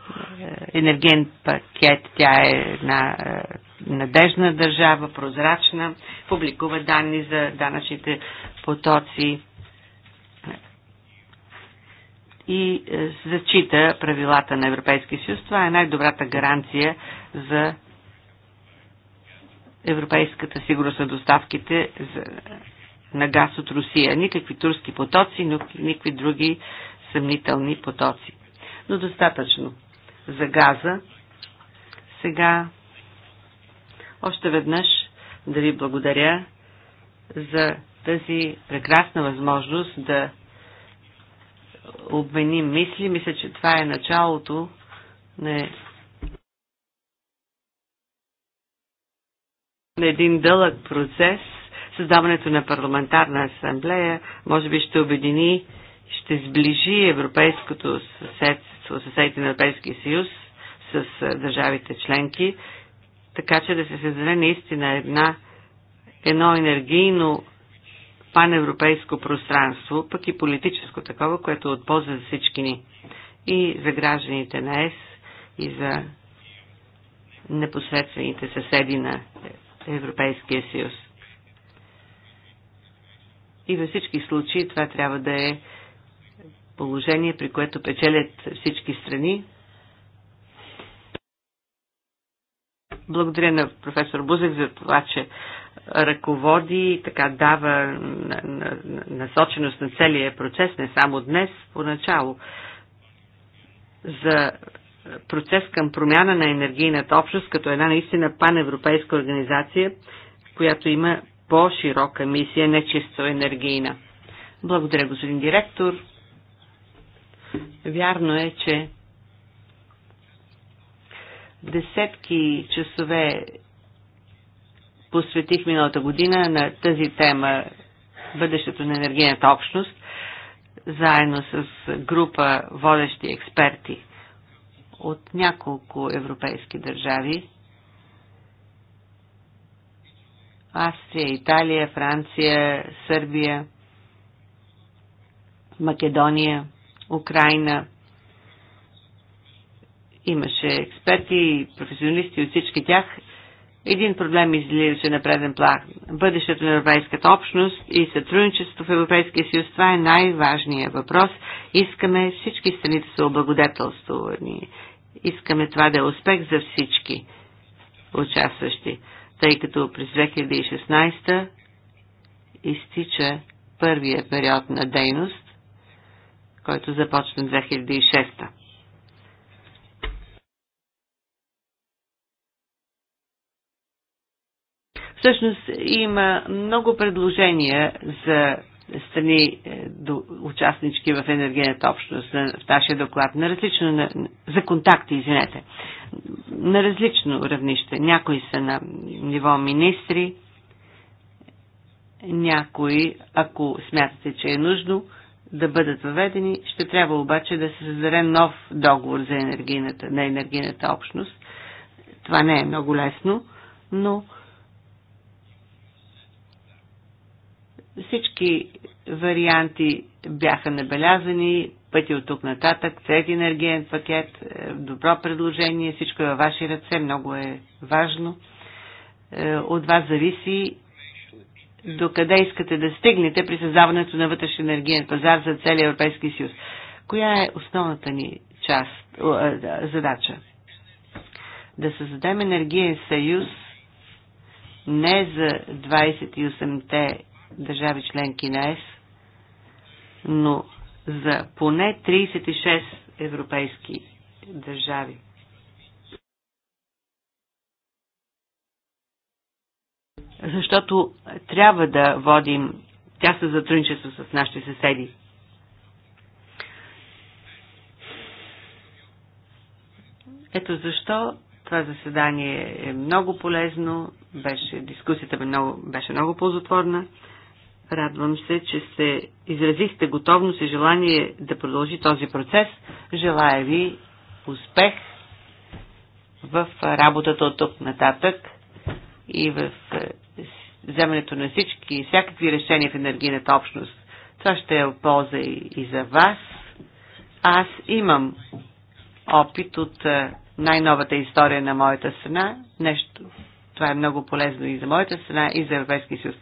е, енерген пакет. Тя е една е, надежна държава, прозрачна, публикува данни за данъчните потоци и е, зачита правилата на Европейския съюз. Това е най-добрата гаранция за европейската сигурност на доставките на газ от Русия. Никакви турски потоци, но никакви други съмнителни потоци. Но достатъчно за газа. Сега още веднъж да ви благодаря за тази прекрасна възможност да обменим мисли. Мисля, че това е началото на на един дълъг процес. Създаването на парламентарна асамблея може би ще обедини, ще сближи европейското съседство, съседите на Европейския съюз с държавите членки, така че да се създаде наистина една, едно енергийно паневропейско пространство, пък и политическо такова, което е от полза за всички ни. И за гражданите на ЕС, и за непосредствените съседи на Европейския съюз. И във всички случаи това трябва да е положение, при което печелят всички страни. Благодаря на професор Бузек за това, че ръководи и така дава насоченост на целия процес, не само днес, поначало. За процес към промяна на енергийната общност като една наистина паневропейска организация, която има по-широка мисия, не чисто енергийна. Благодаря, господин директор. Вярно е, че десетки часове посветих миналата година на тази тема бъдещето на енергийната общност, заедно с група водещи експерти от няколко европейски държави. Австрия, Италия, Франция, Сърбия, Македония, Украина. Имаше експерти и професионалисти от всички тях един проблем излиза е на преден план. Бъдещето на Европейската общност и сътрудничество в Европейския съюз, това е най-важният въпрос. Искаме всички страни да са облагодетелствани. Искаме това да е успех за всички участващи, тъй като през 2016 изтича първия период на дейност, който започна 2006. -та. Всъщност има много предложения за страни е, участнички в енергийната общност в нашия доклад, на различно, на, за контакти, извинете, на различно равнище. Някои са на ниво министри, някои, ако смятате, че е нужно, да бъдат въведени, ще трябва обаче да се създаде нов договор за енергийната, на енергийната общност. Това не е много лесно, но Всички варианти бяха набелязани, пъти от тук нататък, трети енергиен пакет, е, добро предложение, всичко е във ваши ръце, много е важно. Е, от вас зависи до къде искате да стигнете при създаването на вътрешен енергиен пазар за целия Европейски съюз. Коя е основната ни част, е, задача? Да създадем енергиен съюз не за 28-те държави членки на ЕС, но за поне 36 европейски държави. Защото трябва да водим тя се с нашите съседи. Ето защо това заседание е много полезно, беше, дискусията беше много, беше много ползотворна. Радвам се, че се, изразихте готовност и желание да продължи този процес. Желая ви успех в работата от тук нататък и в е, вземането на всички и всякакви решения в енергийната общност. Това ще е полза и, и за вас. Аз имам опит от е, най-новата история на моята страна. Нещо. Това е много полезно и за моята страна, и за Европейския съюз.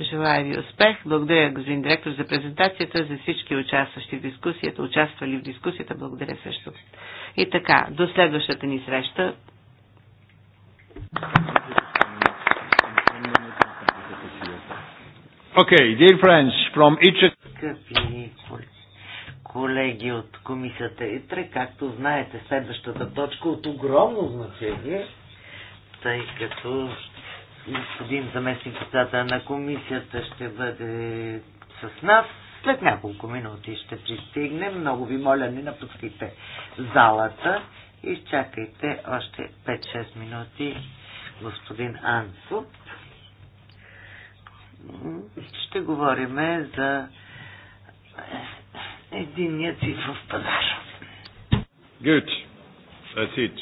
Желая ви успех. Благодаря, господин директор, за презентацията, за всички участващи в дискусията, участвали в дискусията. Благодаря също. И така, до следващата ни среща. Okay, dear friends, from each... Скъпи колеги от комисията ИТРЕ, както знаете, следващата точка е от огромно значение, тъй като господин заместник председател на комисията ще бъде с нас. След няколко минути ще пристигне. Много ви моля, не напускайте залата. Изчакайте още 5-6 минути господин Ансуп. Ще говорим за единия цифров пазар. Good. That's it.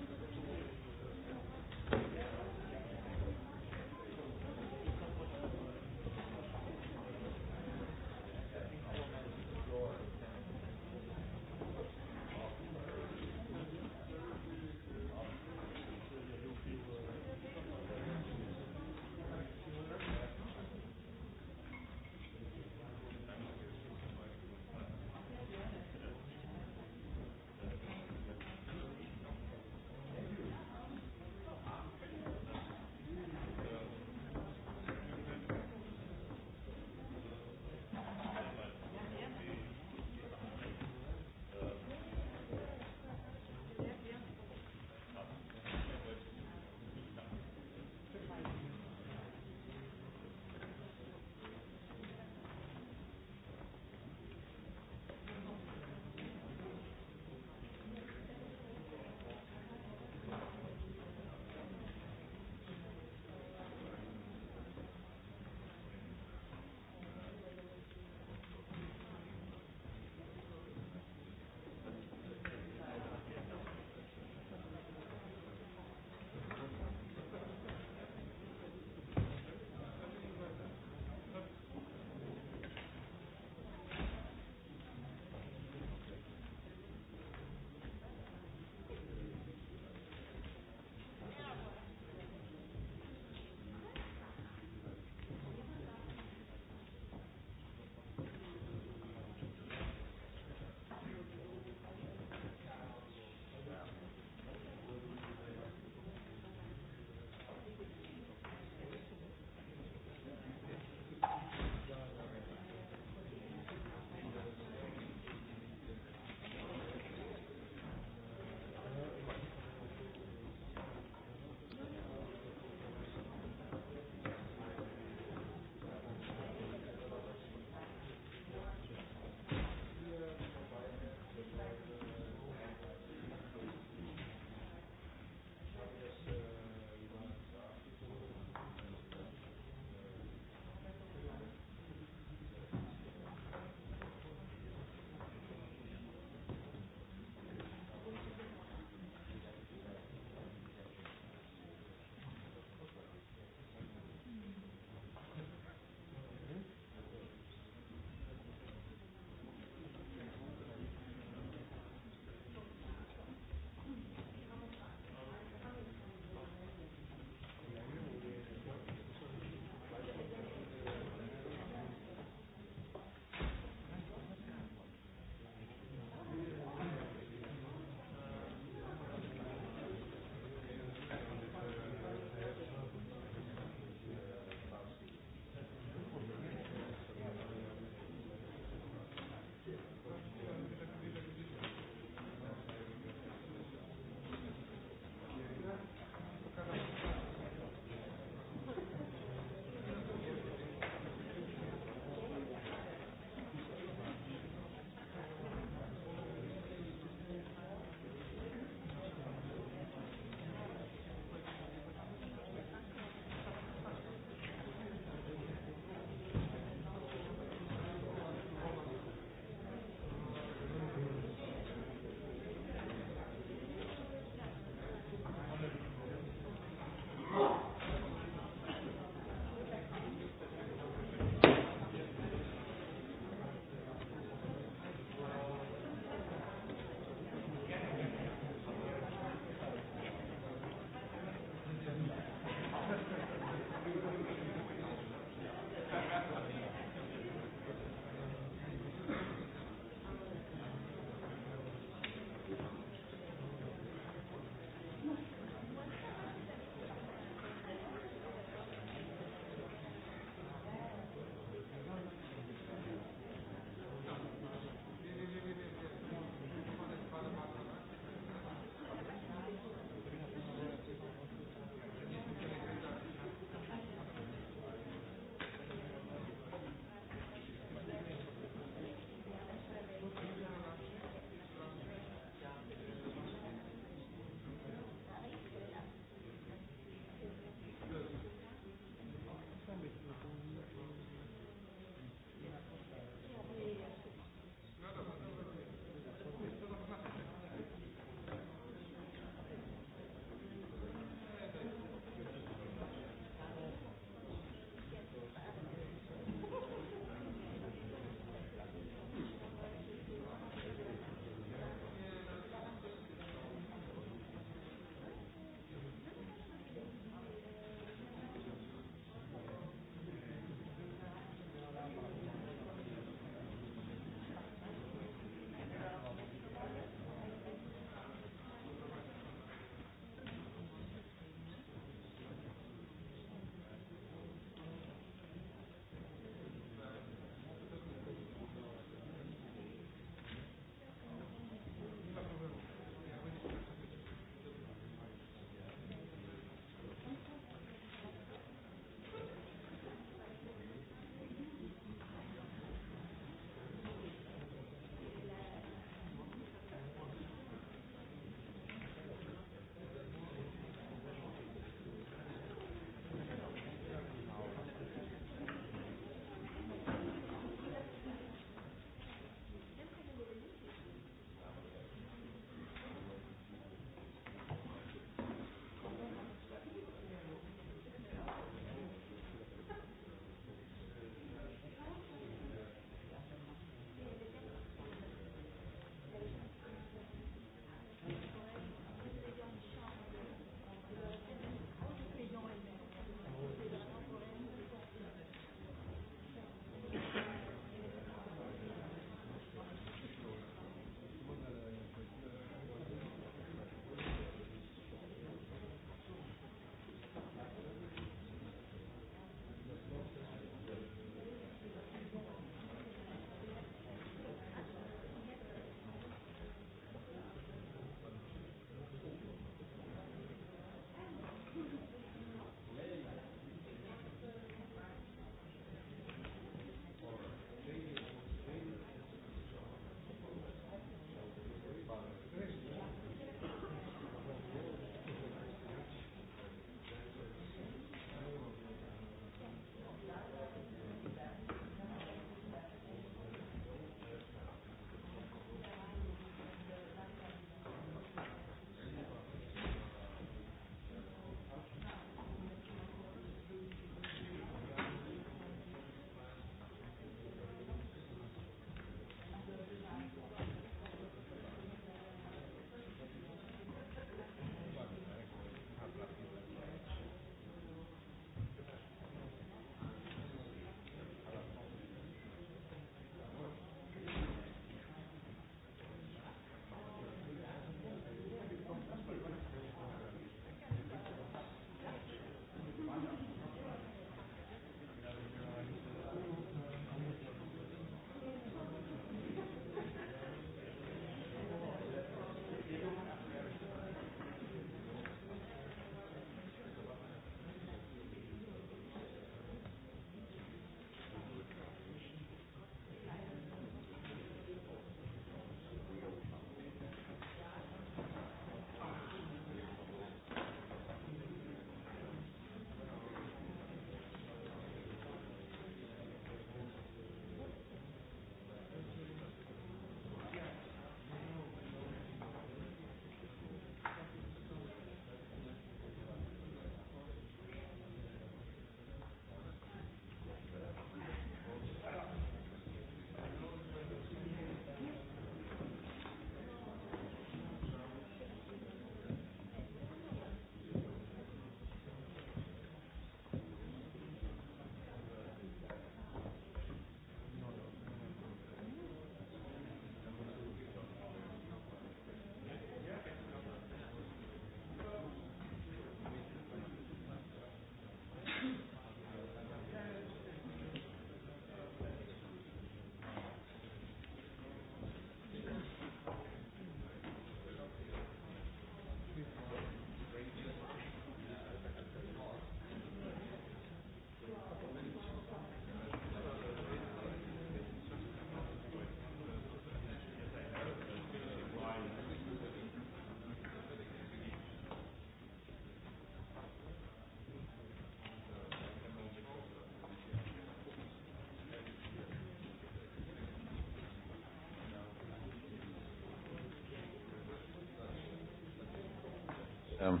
um,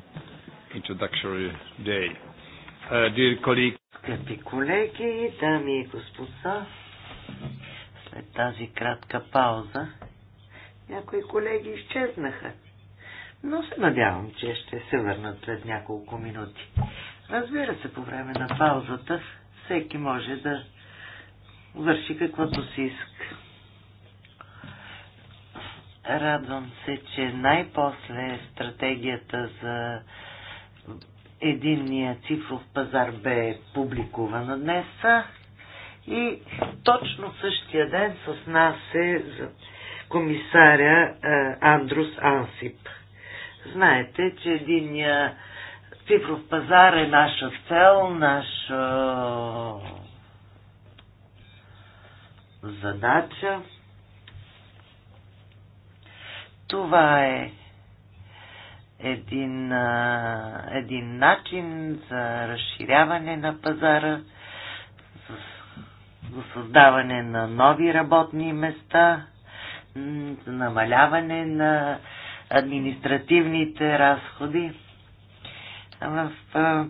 introductory day. Uh, dear Скъпи колеги, дами и господа, след тази кратка пауза, някои колеги изчезнаха, но се надявам, че ще се върнат след няколко минути. Разбира се, по време на паузата всеки може да върши каквото си иска. Радвам се, че най-после стратегията за единния цифров пазар бе публикувана днес и точно същия ден с нас е комисаря е, Андрус Ансип. Знаете, че единния цифров пазар е наша цел, наша е, задача. Това е един, един начин за разширяване на пазара, за създаване на нови работни места, за намаляване на административните разходи в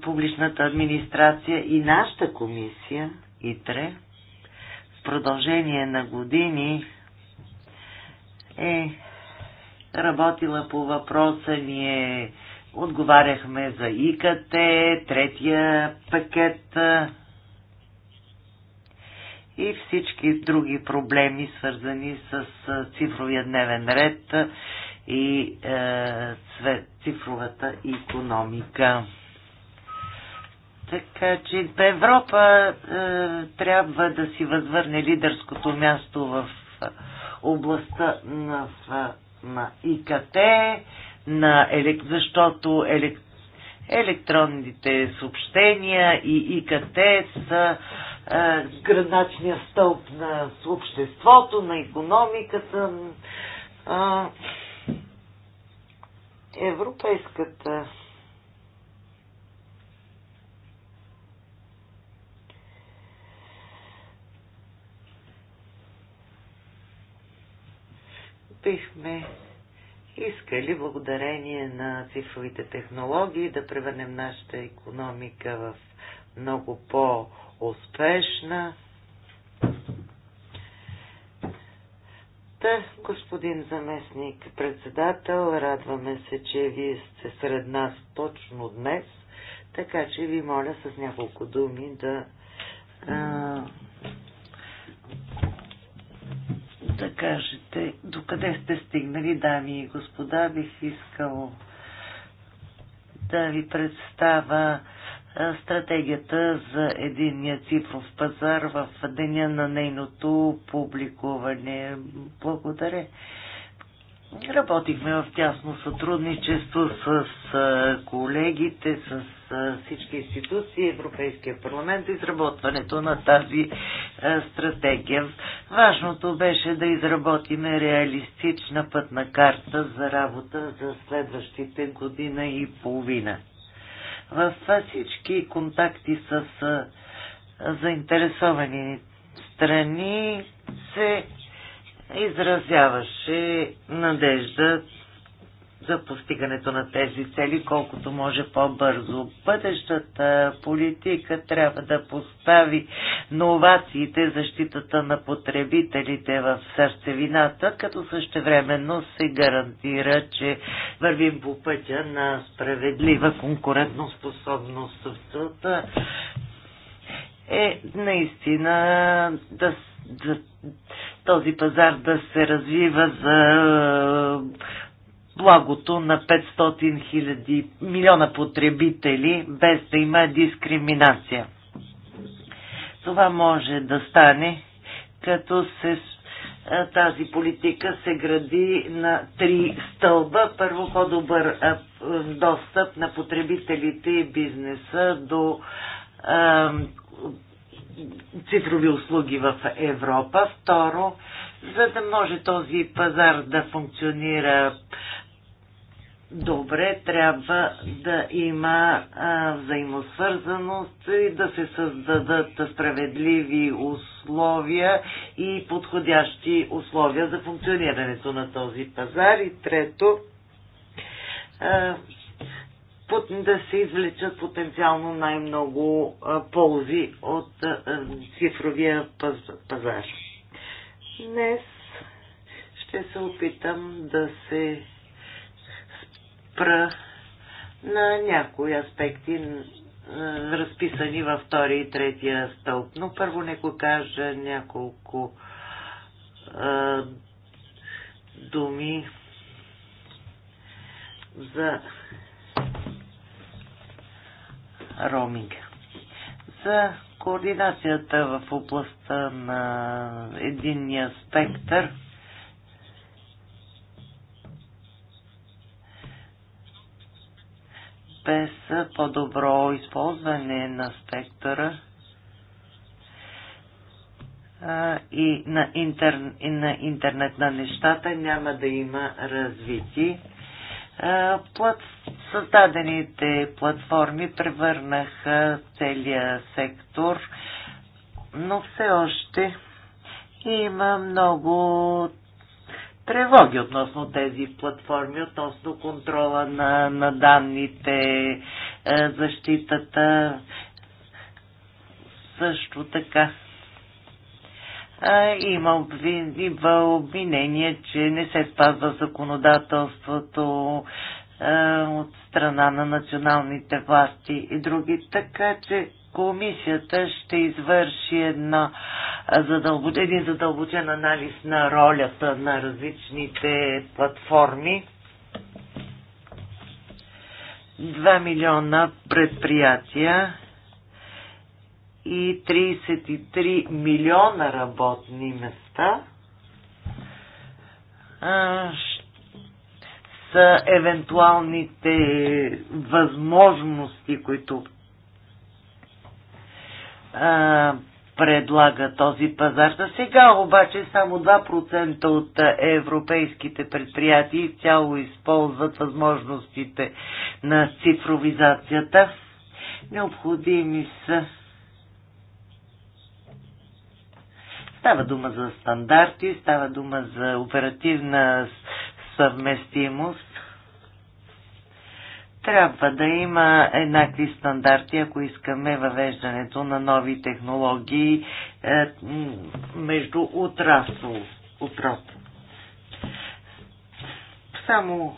публичната администрация и нашата комисия, ИТРЕ, в продължение на години е работила по въпроса. Ние отговаряхме за ИКТ, третия пакет и всички други проблеми, свързани с цифровия дневен ред и е, цифровата економика. Така че Европа е, трябва да си възвърне лидерското място в областта на на ИКТ, на елек... защото елек... електронните съобщения и ИКТ са е, граничния стълб на обществото, на економиката. Е, европейската успихме искали благодарение на цифровите технологии да превърнем нашата економика в много по-успешна. Та, господин заместник председател, радваме се, че вие сте сред нас точно днес, така че ви моля с няколко думи да а, да кажете докъде сте стигнали, дами и господа. Бих искал да ви представя стратегията за единния цифров пазар в деня на нейното публикуване. Благодаря. Работихме в тясно сътрудничество с колегите, с всички институции, Европейския парламент, изработването на тази стратегия. Важното беше да изработиме реалистична пътна карта за работа за следващите година и половина. В всички контакти с заинтересовани страни се изразяваше надежда за постигането на тези цели колкото може по-бързо. Бъдещата политика трябва да постави новациите, защитата на потребителите в сърцевината, като същевременно се гарантира, че вървим по пътя на справедлива конкурентоспособност. Целта е наистина да, да този пазар да се развива за благото на 500 хиляди милиона потребители, без да има дискриминация. Това може да стане, като се, тази политика се гради на три стълба. Първо, по-добър достъп на потребителите и бизнеса до а, цифрови услуги в Европа. Второ, за да може този пазар да функционира добре трябва да има а, взаимосвързаност и да се създадат справедливи условия и подходящи условия за функционирането на този пазар. И трето, а, под, да се извлечат потенциално най-много ползи от а, цифровия паз, пазар. Днес ще се опитам да се спра на някои аспекти, разписани във втория и третия стълб. Но първо го кажа няколко а, думи за роминга. За координацията в областта на единния спектър – без по-добро използване на спектъра и на, интер, и на интернет на нещата няма да има развитие. Плат, създадените платформи превърнаха целия сектор, но все още има много тревоги относно тези платформи, относно контрола на, на данните, е, защитата, също така. Е, има, обвинение, че не се спазва законодателството е, от страна на националните власти и други, така че Комисията ще извърши една задълбочен, един задълбочен анализ на ролята на различните платформи. 2 милиона предприятия и 33 милиона работни места са евентуалните възможности, които а, предлага този пазар. За сега обаче само 2% от европейските предприятия цяло използват възможностите на цифровизацията. Необходими са Става дума за стандарти, става дума за оперативна съвместимост трябва да има еднакви стандарти, ако искаме въвеждането на нови технологии е, между отрасъл. отрасъл. Само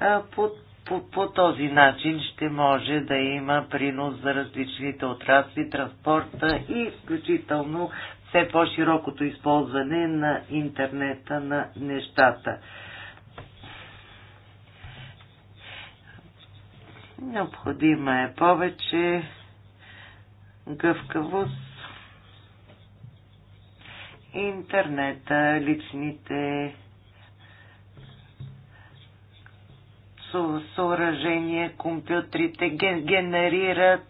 е, по, по, по този начин ще може да има принос за различните отрасли, транспорта и включително все по-широкото използване на интернета на нещата. Необходима е повече гъвкавост, интернета, личните съоръжения, компютрите генерират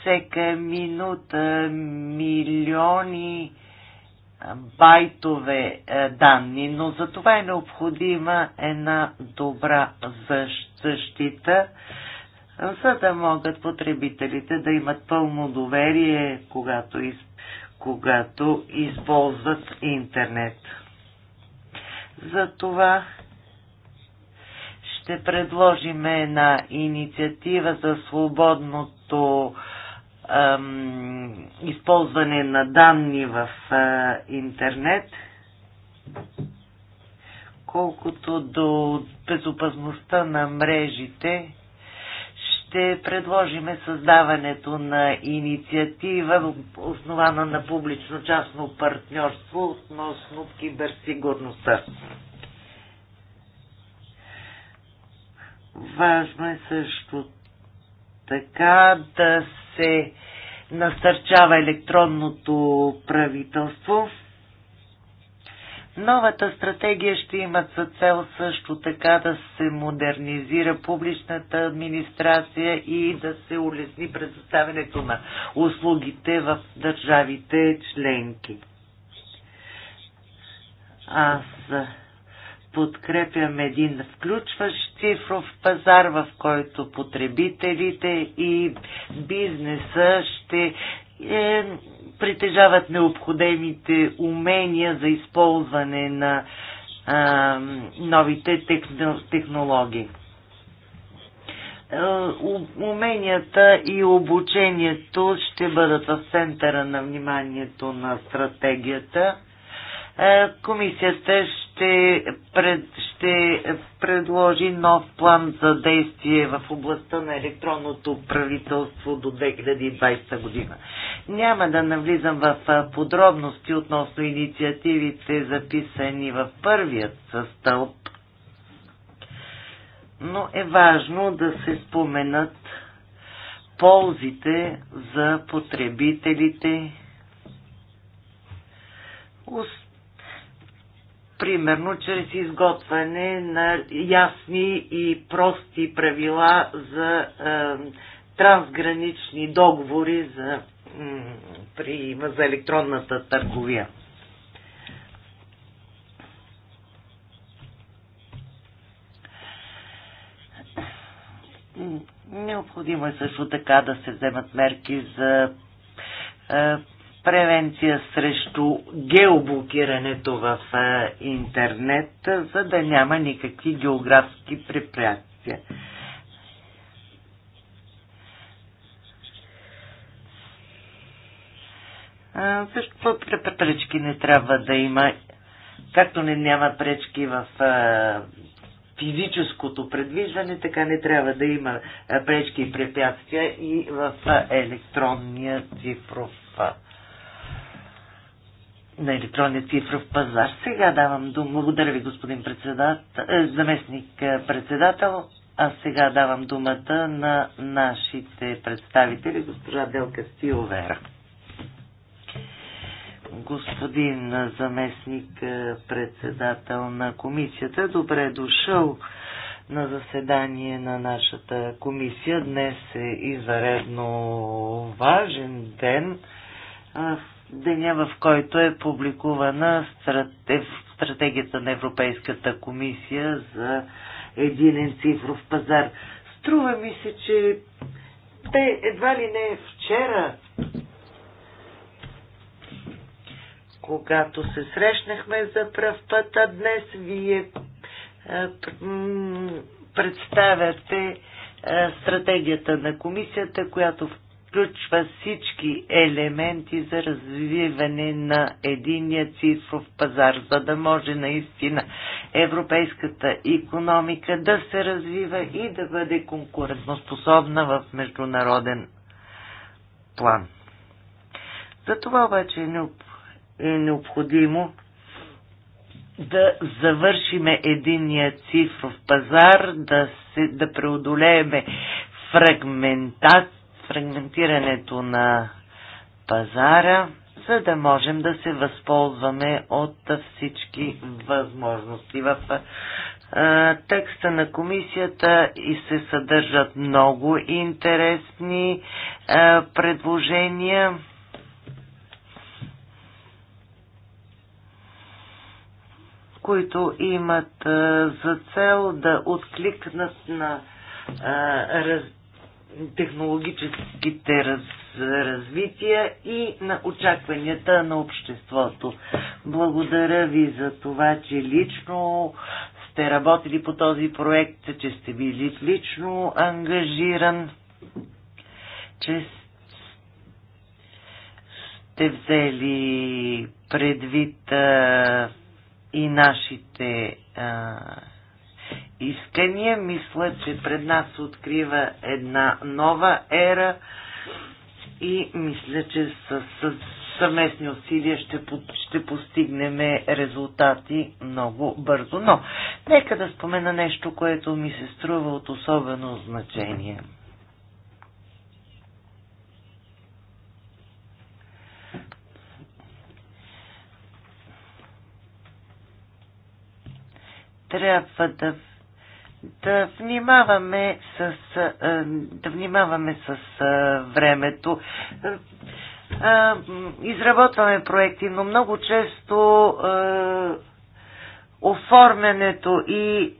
всека минута милиони байтове е, данни, но за това е необходима една добра защита, за да могат потребителите да имат пълно доверие, когато, из... когато използват интернет. За това ще предложим една инициатива за свободното ам, използване на данни в а, интернет, колкото до безопасността на мрежите, ще предложиме създаването на инициатива, основана на публично-частно партньорство относно киберсигурността. Важно е също така да се насърчава електронното правителство. Новата стратегия ще има за цел също така да се модернизира публичната администрация и да се улесни предоставянето на услугите в държавите членки. Аз подкрепям един включващ цифров пазар, в който потребителите и бизнеса ще е, притежават необходимите умения за използване на а, новите техно, технологии. Е, уменията и обучението ще бъдат в центъра на вниманието на стратегията. Е, комисията ще, пред, ще предложи нов план за действие в областта на електронното правителство до 2020 година. Няма да навлизам в подробности относно инициативите, записани в първият стълб, но е важно да се споменат ползите за потребителите, примерно чрез изготвяне на ясни и прости правила за е, трансгранични договори за, при, за електронната търговия. Необходимо е също така да се вземат мерки за е, превенция срещу геоблокирането в интернет, за да няма никакви географски препятствия. Също пречки не трябва да има, както не няма пречки в физическото предвиждане, така не трябва да има пречки и препятствия и в електронния цифров на електронния цифров пазар. Сега давам дума. Благодаря ви, господин председател, е, заместник е, председател. А сега давам думата на нашите представители, госпожа Делка Стиловера. Господин заместник е, председател на комисията, добре е дошъл на заседание на нашата комисия. Днес е изваредно важен ден в деня, в който е публикувана е стратегията на Европейската комисия за единен цифров пазар. Струва ми се, че те едва ли не вчера, когато се срещнахме за пръв път, а днес вие е, представяте е, стратегията на комисията, която в включва всички елементи за развиване на единия цифров пазар, за да може наистина европейската економика да се развива и да бъде конкурентоспособна в международен план. За това обаче е, е необходимо да завършиме единния цифров пазар, да, се, да преодолееме фрагментация фрагментирането на пазара, за да можем да се възползваме от всички възможности. В текста на комисията и се съдържат много интересни предложения. които имат за цел да откликнат на раз, технологическите раз, развития и на очакванията на обществото. Благодаря ви за това, че лично сте работили по този проект, че сте били лично ангажиран, че сте взели предвид а, и нашите а, искания. Мисля, че пред нас открива една нова ера и мисля, че с, с съвместни усилия ще, по, ще постигнем резултати много бързо. Но нека да спомена нещо, което ми се струва от особено значение. Трябва да да внимаваме с, да внимаваме с времето. Изработваме проекти, но много често оформянето и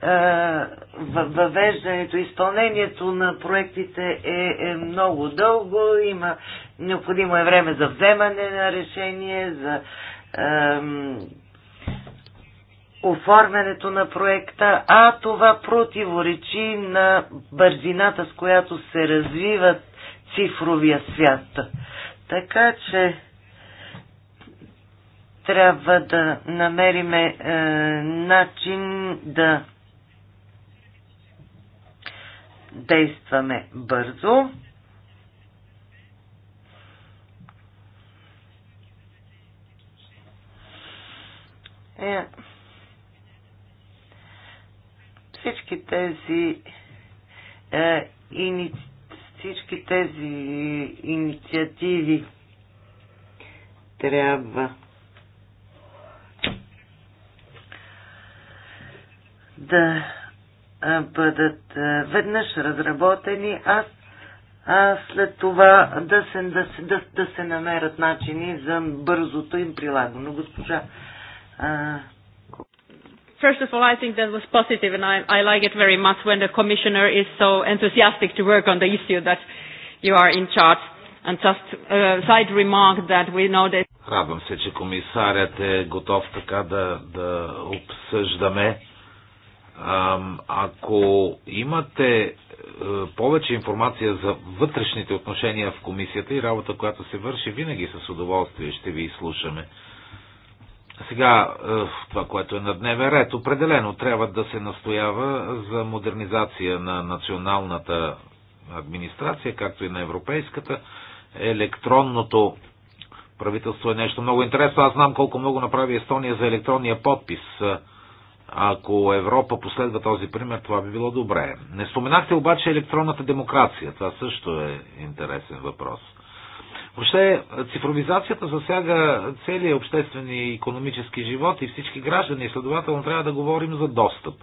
въвеждането, изпълнението на проектите е, е много дълго, има необходимо е време за вземане на решение, за оформянето на проекта, а това противоречи на бързината, с която се развиват цифровия свят. Така че трябва да намериме е, начин да действаме бързо. Yeah. Е, всички тези е, ини, всички тези инициативи трябва да е, бъдат е, веднъж разработени, а, а след това да се, да, да, да се намерят начини за бързото им прилагано. Госпожа а, е, First of all, I think that was positive, and I, I like it very much when the commissioner is so enthusiastic to work on the issue that you are in charge. And just a side remark that we know that... Радвам се, че комисарят е готов така да, да обсъждаме. Ако имате повече информация за вътрешните отношения в комисията и работа, която се върши, винаги с удоволствие ще ви изслушаме. Сега, е, това, което е на дневен ред, определено трябва да се настоява за модернизация на националната администрация, както и на европейската. Електронното правителство е нещо много интересно. Аз знам колко много направи Естония за електронния подпис. Е, ако Европа последва този пример, това би било добре. Не споменахте обаче електронната демокрация. Това също е интересен въпрос. Въобще цифровизацията засяга целия обществен и економически живот и всички граждани. Следователно трябва да говорим за достъп.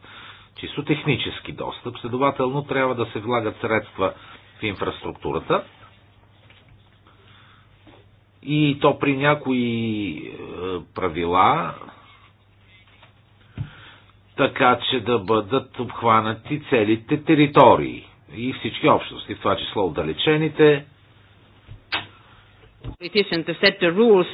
Чисто технически достъп. Следователно трябва да се влагат средства в инфраструктурата. И то при някои е, правила, така че да бъдат обхванати целите територии и всички общности, в това число отдалечените, politician to set the rules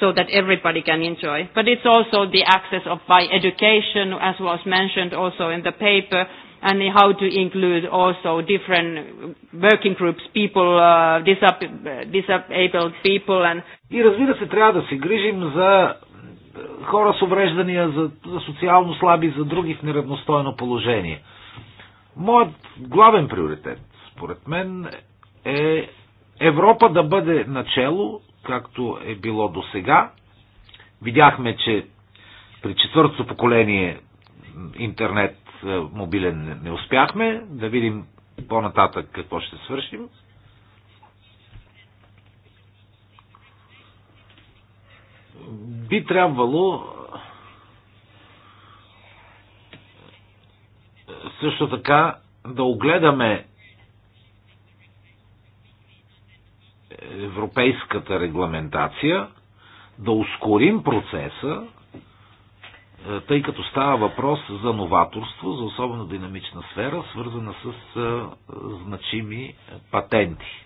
so that everybody can enjoy. But it's also the access of by education, as was mentioned also in the paper, and how to include also different working groups, people, uh, disabled people. And... И разбира се, трябва да се грижим за хора с увреждания, за, за социално слаби, за други в неравностойно положение. Моят главен приоритет, според мен, е Европа да бъде начело, както е било до сега. Видяхме, че при четвъртото поколение интернет е, мобилен не успяхме. Да видим по-нататък какво ще свършим. Би трябвало е, също така да огледаме европейската регламентация, да ускорим процеса, е, тъй като става въпрос за новаторство, за особено динамична сфера, свързана с е, значими патенти.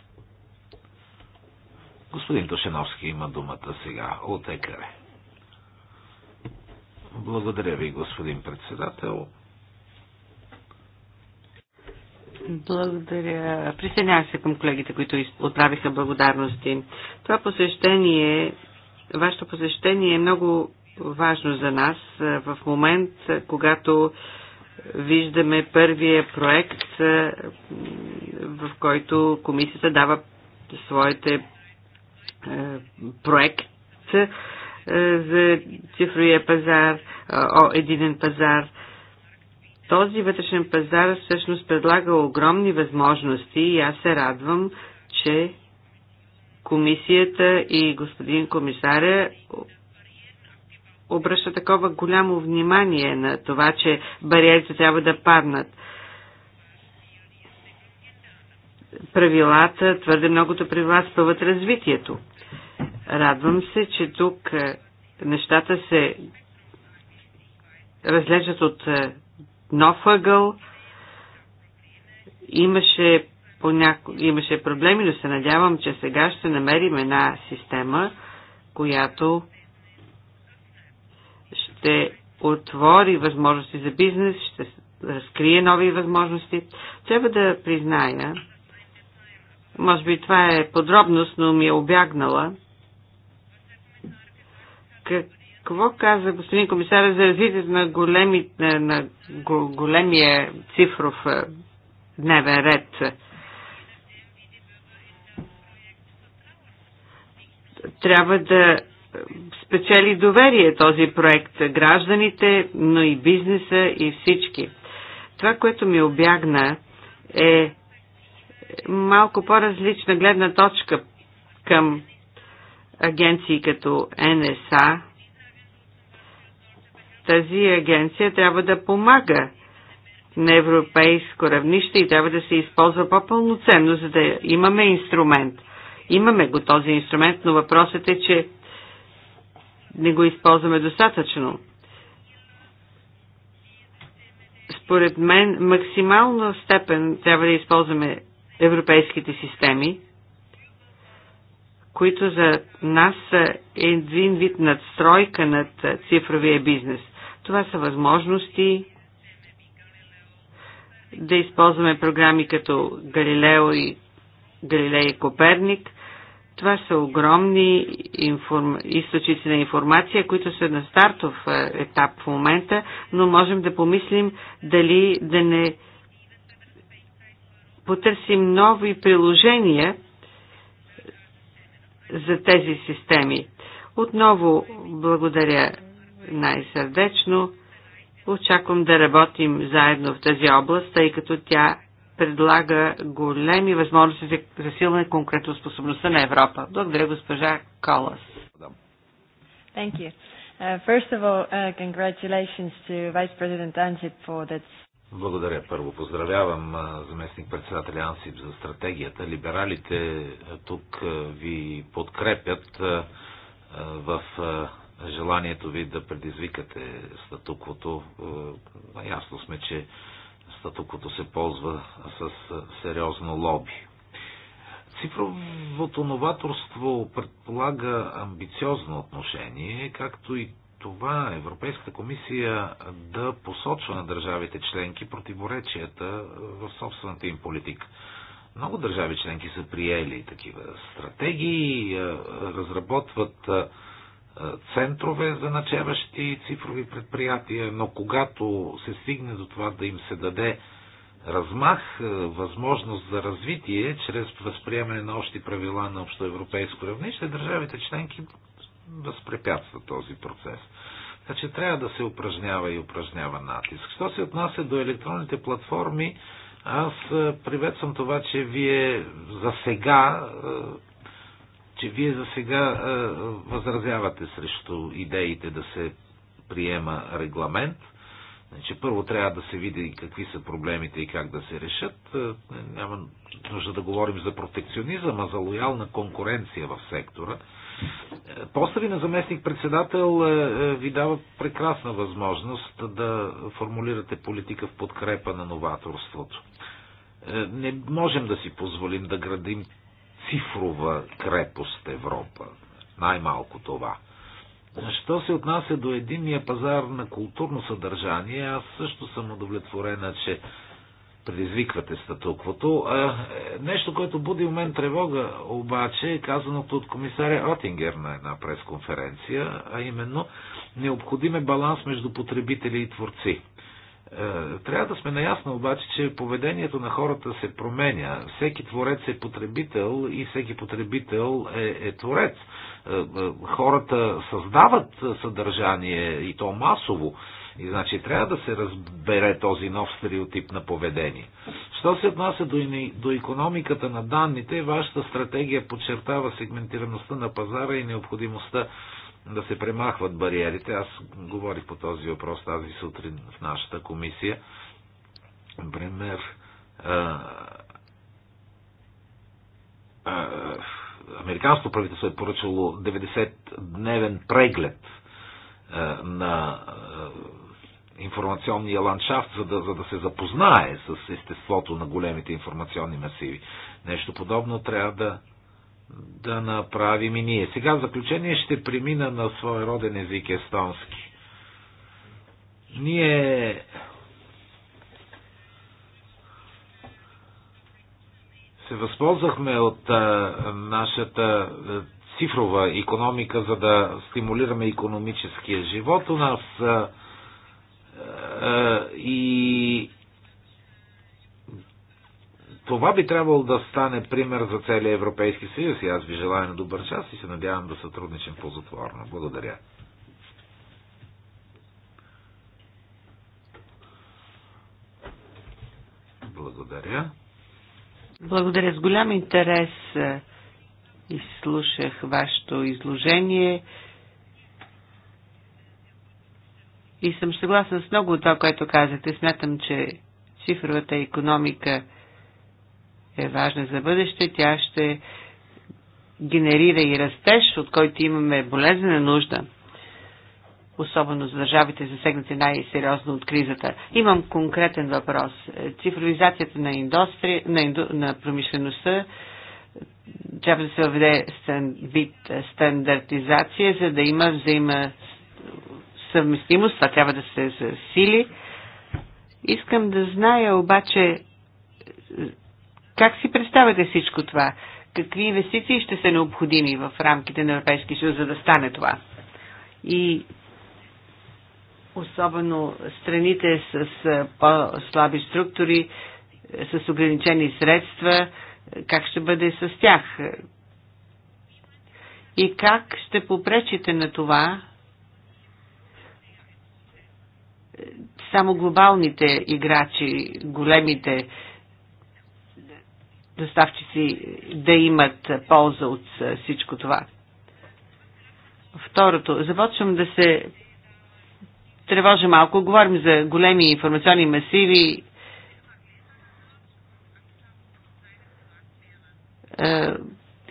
Господин Тошеновски има думата сега от ЕКРЕ. Благодаря ви, господин председател. Благодаря. Присъединявам се към колегите, които отправиха благодарности. Това посещение, вашето посещение е много важно за нас в момент, когато виждаме първия проект, в който комисията дава своите проект за цифровия пазар, о, единен пазар. Този вътрешен пазар всъщност предлага огромни възможности и аз се радвам, че комисията и господин комисаря обръща такова голямо внимание на това, че бариерите трябва да паднат. Правилата, твърде многото правила спъват развитието. Радвам се, че тук е, нещата се разглеждат от е, нов ъгъл. Имаше, поняко... имаше проблеми, но се надявам, че сега ще намерим една система, която ще отвори възможности за бизнес, ще разкрие нови възможности. Трябва да призная, може би това е подробност, но ми е обягнала, как какво каза господин комисар за развитието на, големи, на, на големия цифров е, дневен ред? Трябва да спечели доверие този проект гражданите, но и бизнеса и всички. Това, което ми обягна е малко по-различна гледна точка към агенции като НСА, тази агенция трябва да помага на европейско равнище и трябва да се използва по-пълноценно, за да имаме инструмент. Имаме го този инструмент, но въпросът е, че не го използваме достатъчно. Според мен, максимална степен трябва да използваме европейските системи, които за нас са един вид надстройка над цифровия бизнес – това са възможности да използваме програми като Галилео и Галилей и Коперник. Това са огромни информ... източници на информация, които са на стартов е, етап в момента, но можем да помислим дали да не потърсим нови приложения за тези системи. Отново благодаря най-сърдечно. Очаквам да работим заедно в тази област, тъй като тя предлага големи възможности за засилване способността на Европа. Благодаря, госпожа Колас. Thank you. Uh, first of all, uh, congratulations to Vice President Ansip for that благодаря. Първо поздравявам uh, заместник председателя Ансип за стратегията. Либералите uh, тук uh, ви подкрепят в желанието ви да предизвикате статуквото. Е, Ясно сме, че статуквото се ползва с е, сериозно лоби. Цифровото новаторство предполага амбициозно отношение, както и това Европейската комисия да посочва на държавите членки противоречията е, в собствената им политика. Много държави членки са приели такива стратегии, разработват центрове за начеващи цифрови предприятия, но когато се стигне до това да им се даде размах, е, възможност за развитие чрез възприемане на общи правила на общоевропейско равнище, държавите членки възпрепятстват този процес. Значи трябва да се упражнява и упражнява натиск. Що се отнася до електронните платформи, аз е, приветствам това, че вие за сега е, че вие за сега е, възразявате срещу идеите да се приема регламент. Че значи, първо трябва да се види какви са проблемите и как да се решат. Е, няма нужда да говорим за протекционизъм, а за лоялна конкуренция в сектора. Е, Поста ви на заместник-председател ви дава прекрасна възможност да формулирате политика в подкрепа на новаторството. Не можем да си позволим да градим цифрова крепост Европа. Най-малко това. Що се отнася до единния пазар на културно съдържание, аз също съм удовлетворена, че предизвиквате статуквото. Е, нещо, което буди у мен тревога, обаче, е казаното от комисаря Отингер на една пресконференция, а именно необходим е баланс между потребители и творци. Е, трябва да сме наясно обаче, че поведението на хората се променя. Всеки творец е потребител и всеки потребител е, е творец. Е, е, хората създават съдържание и то масово. И значи трябва да се разбере този нов стереотип на поведение. Що се отнася до, до економиката на данните, вашата стратегия подчертава сегментираността на пазара и необходимостта да се премахват бариерите. Аз говорих по този въпрос тази сутрин в нашата комисия. Например, американското правителство е поръчало 90-дневен преглед на информационния ландшафт, за да, за да се запознае с естеството на големите информационни масиви. Нещо подобно трябва да да направим и ние. Сега в заключение ще премина на своя роден език естонски. Ние се възползвахме от а, нашата цифрова економика, за да стимулираме економическия живот у нас а, а, и това би трябвало да стане пример за целия Европейски съюз и аз ви желая на добър час и се надявам да сътрудничим ползотворно. Благодаря. Благодаря. Благодаря. С голям интерес е, и слушах вашето изложение и съм съгласна с много от това, което казахте. Смятам, че цифровата економика – е важна за бъдеще. Тя ще генерира и растеж, от който имаме болезнена нужда, особено за държавите засегнати най-сериозно от кризата. Имам конкретен въпрос. Цифровизацията на, индустри... на, инду... на промишлеността трябва да се въведе вид стандартизация, за да има взаима съвместимост. Това трябва да се засили. Искам да зная обаче как си представяте всичко това? Какви инвестиции ще са необходими в рамките на Европейския съюз, за да стане това? И особено страните с по-слаби структури, с ограничени средства, как ще бъде с тях? И как ще попречите на това само глобалните играчи, големите доставчици да имат полза от всичко това. Второто, започвам да се тревожа малко. Говорим за големи информационни масиви.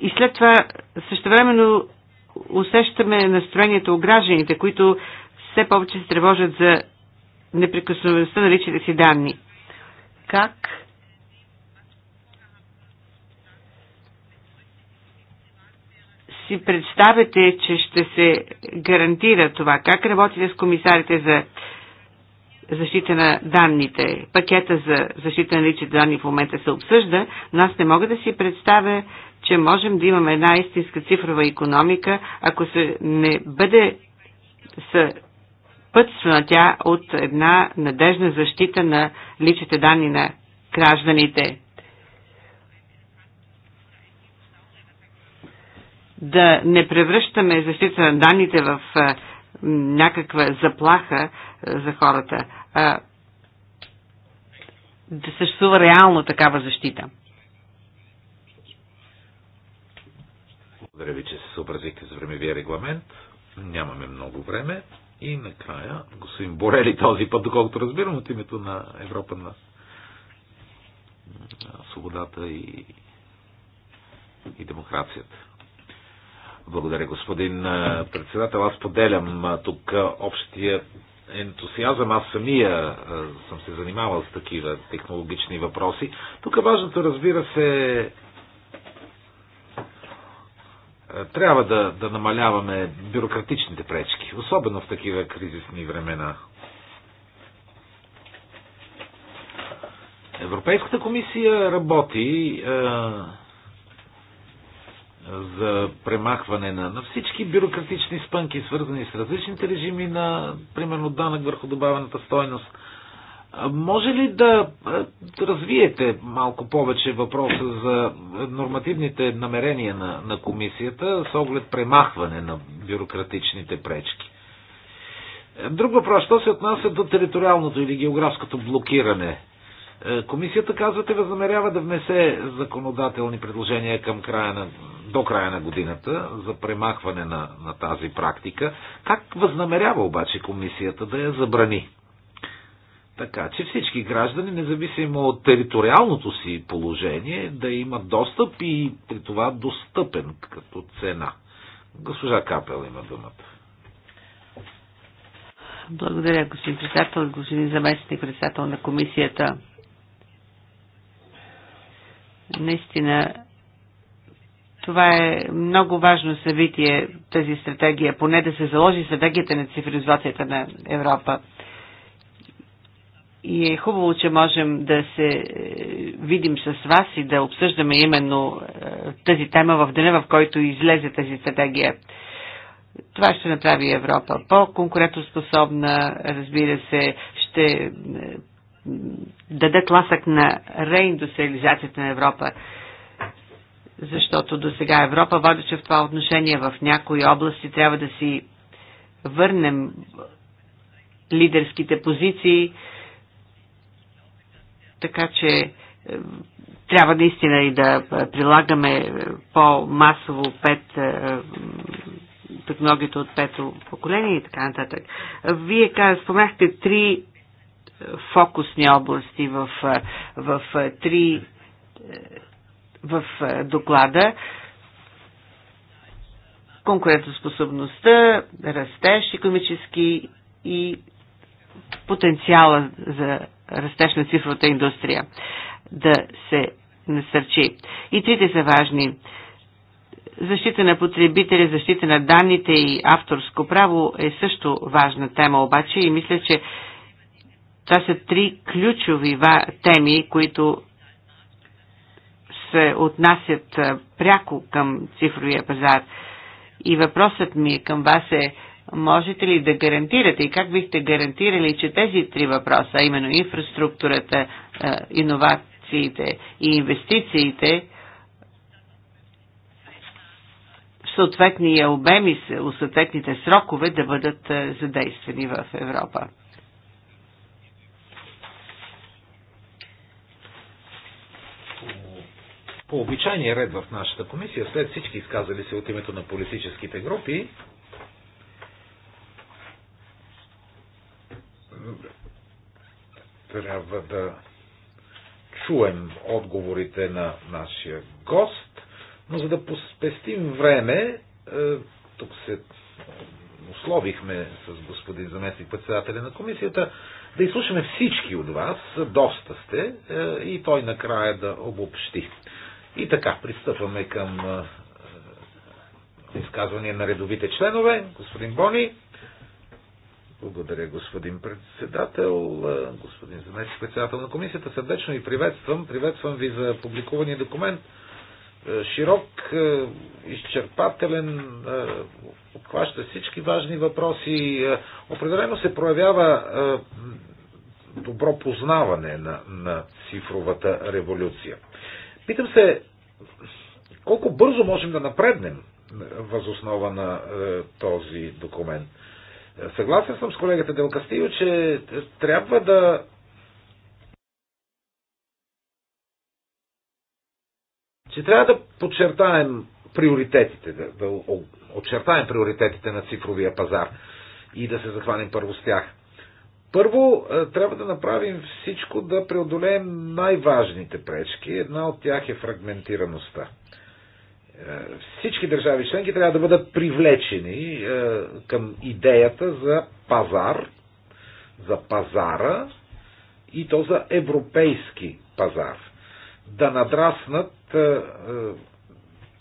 И след това същевременно усещаме настроението у гражданите, които все повече се тревожат за неприкосновеността на личните си данни. Как си представяте, че ще се гарантира това? Как работите с комисарите за защита на данните? Пакета за защита на личните данни в момента се обсъжда, но аз не мога да си представя, че можем да имаме една истинска цифрова економика, ако се не бъде съпътствана тя от една надежна защита на личните данни на гражданите. да не превръщаме защита на данните в някаква заплаха за хората, а да съществува реално такава защита. Благодаря ви, че се съобразихте с времевия регламент. Нямаме много време. И накрая, господин Борели този път, доколкото разбирам от името на Европа на свободата и, и демокрацията. Благодаря, господин председател. Аз поделям тук общия ентусиазъм. Аз самия съм се занимавал с такива технологични въпроси. Тук важното, разбира се, трябва да, да намаляваме бюрократичните пречки, особено в такива кризисни времена. Европейската комисия работи за премахване на, на всички бюрократични спънки, свързани с различните режими на, примерно, данък върху добавената стойност. Може ли да развиете малко повече въпроса за нормативните намерения на, на комисията с оглед премахване на бюрократичните пречки? Друг въпрос, що се отнася до териториалното или географското блокиране е, комисията, казвате, възнамерява да внесе законодателни предложения към края на, до края на годината за премахване на, на тази практика. Как възнамерява обаче комисията да я забрани? Така че всички граждани, независимо от териториалното си положение, да имат достъп и при това достъпен като цена. Госпожа Капел има думата. Благодаря, господин председател, господин заместник председател на комисията. Наистина, това е много важно събитие, тази стратегия, поне да се заложи стратегията на цифризацията на Европа. И е хубаво, че можем да се е, видим с вас и да обсъждаме именно е, тази тема в деня, в който излезе тази стратегия. Това ще направи Европа по-конкурентоспособна, разбира се, ще е, даде тласък на реиндустриализацията на Европа. Защото до сега Европа водеше в това отношение в някои области. Трябва да си върнем лидерските позиции. Така че е, трябва наистина и да прилагаме по-масово пет е, технологията от пето поколение и така нататък. Вие споменахте три фокусни области в, в три в доклада конкурентоспособността, растеж, економически и потенциала за растеж на цифровата индустрия да се насърчи. И трите са важни. Защита на потребители, защита на данните и авторско право е също важна тема, обаче и мисля, че това са три ключови теми, които се отнасят пряко към цифровия пазар. И въпросът ми към вас е, можете ли да гарантирате и как бихте гарантирали, че тези три въпроса, а именно инфраструктурата, иновациите и инвестициите, в съответния обеми, в съответните срокове да бъдат задействани в Европа? по обичайния ред в нашата комисия, след всички изказали се от името на политическите групи, трябва да чуем отговорите на нашия гост, но за да поспестим време, е, тук се условихме с господин заместник председателя на комисията, да изслушаме всички от вас, доста сте, е, и той накрая да обобщи. И така, пристъпваме към изказвания на редовите членове. Господин Бони. Благодаря, господин председател, господин заместник председател на комисията. Сърдечно ви приветствам. Приветствам ви за публикувания документ. Широк, изчерпателен, обхваща всички важни въпроси. Определено се проявява добро познаване на, на цифровата революция. Питам се, колко бързо можем да напреднем възоснова на е, този документ. Съгласен съм с колегата Делкастио, че трябва да че трябва да подчертаем приоритетите, да, да очертаем приоритетите на цифровия пазар и да се захванем първо с тях. Първо, е, трябва да направим всичко да преодолеем най-важните пречки. Една от тях е фрагментираността. Е, всички държави членки трябва да бъдат привлечени е, към идеята за пазар, за пазара и то за европейски пазар. Да надраснат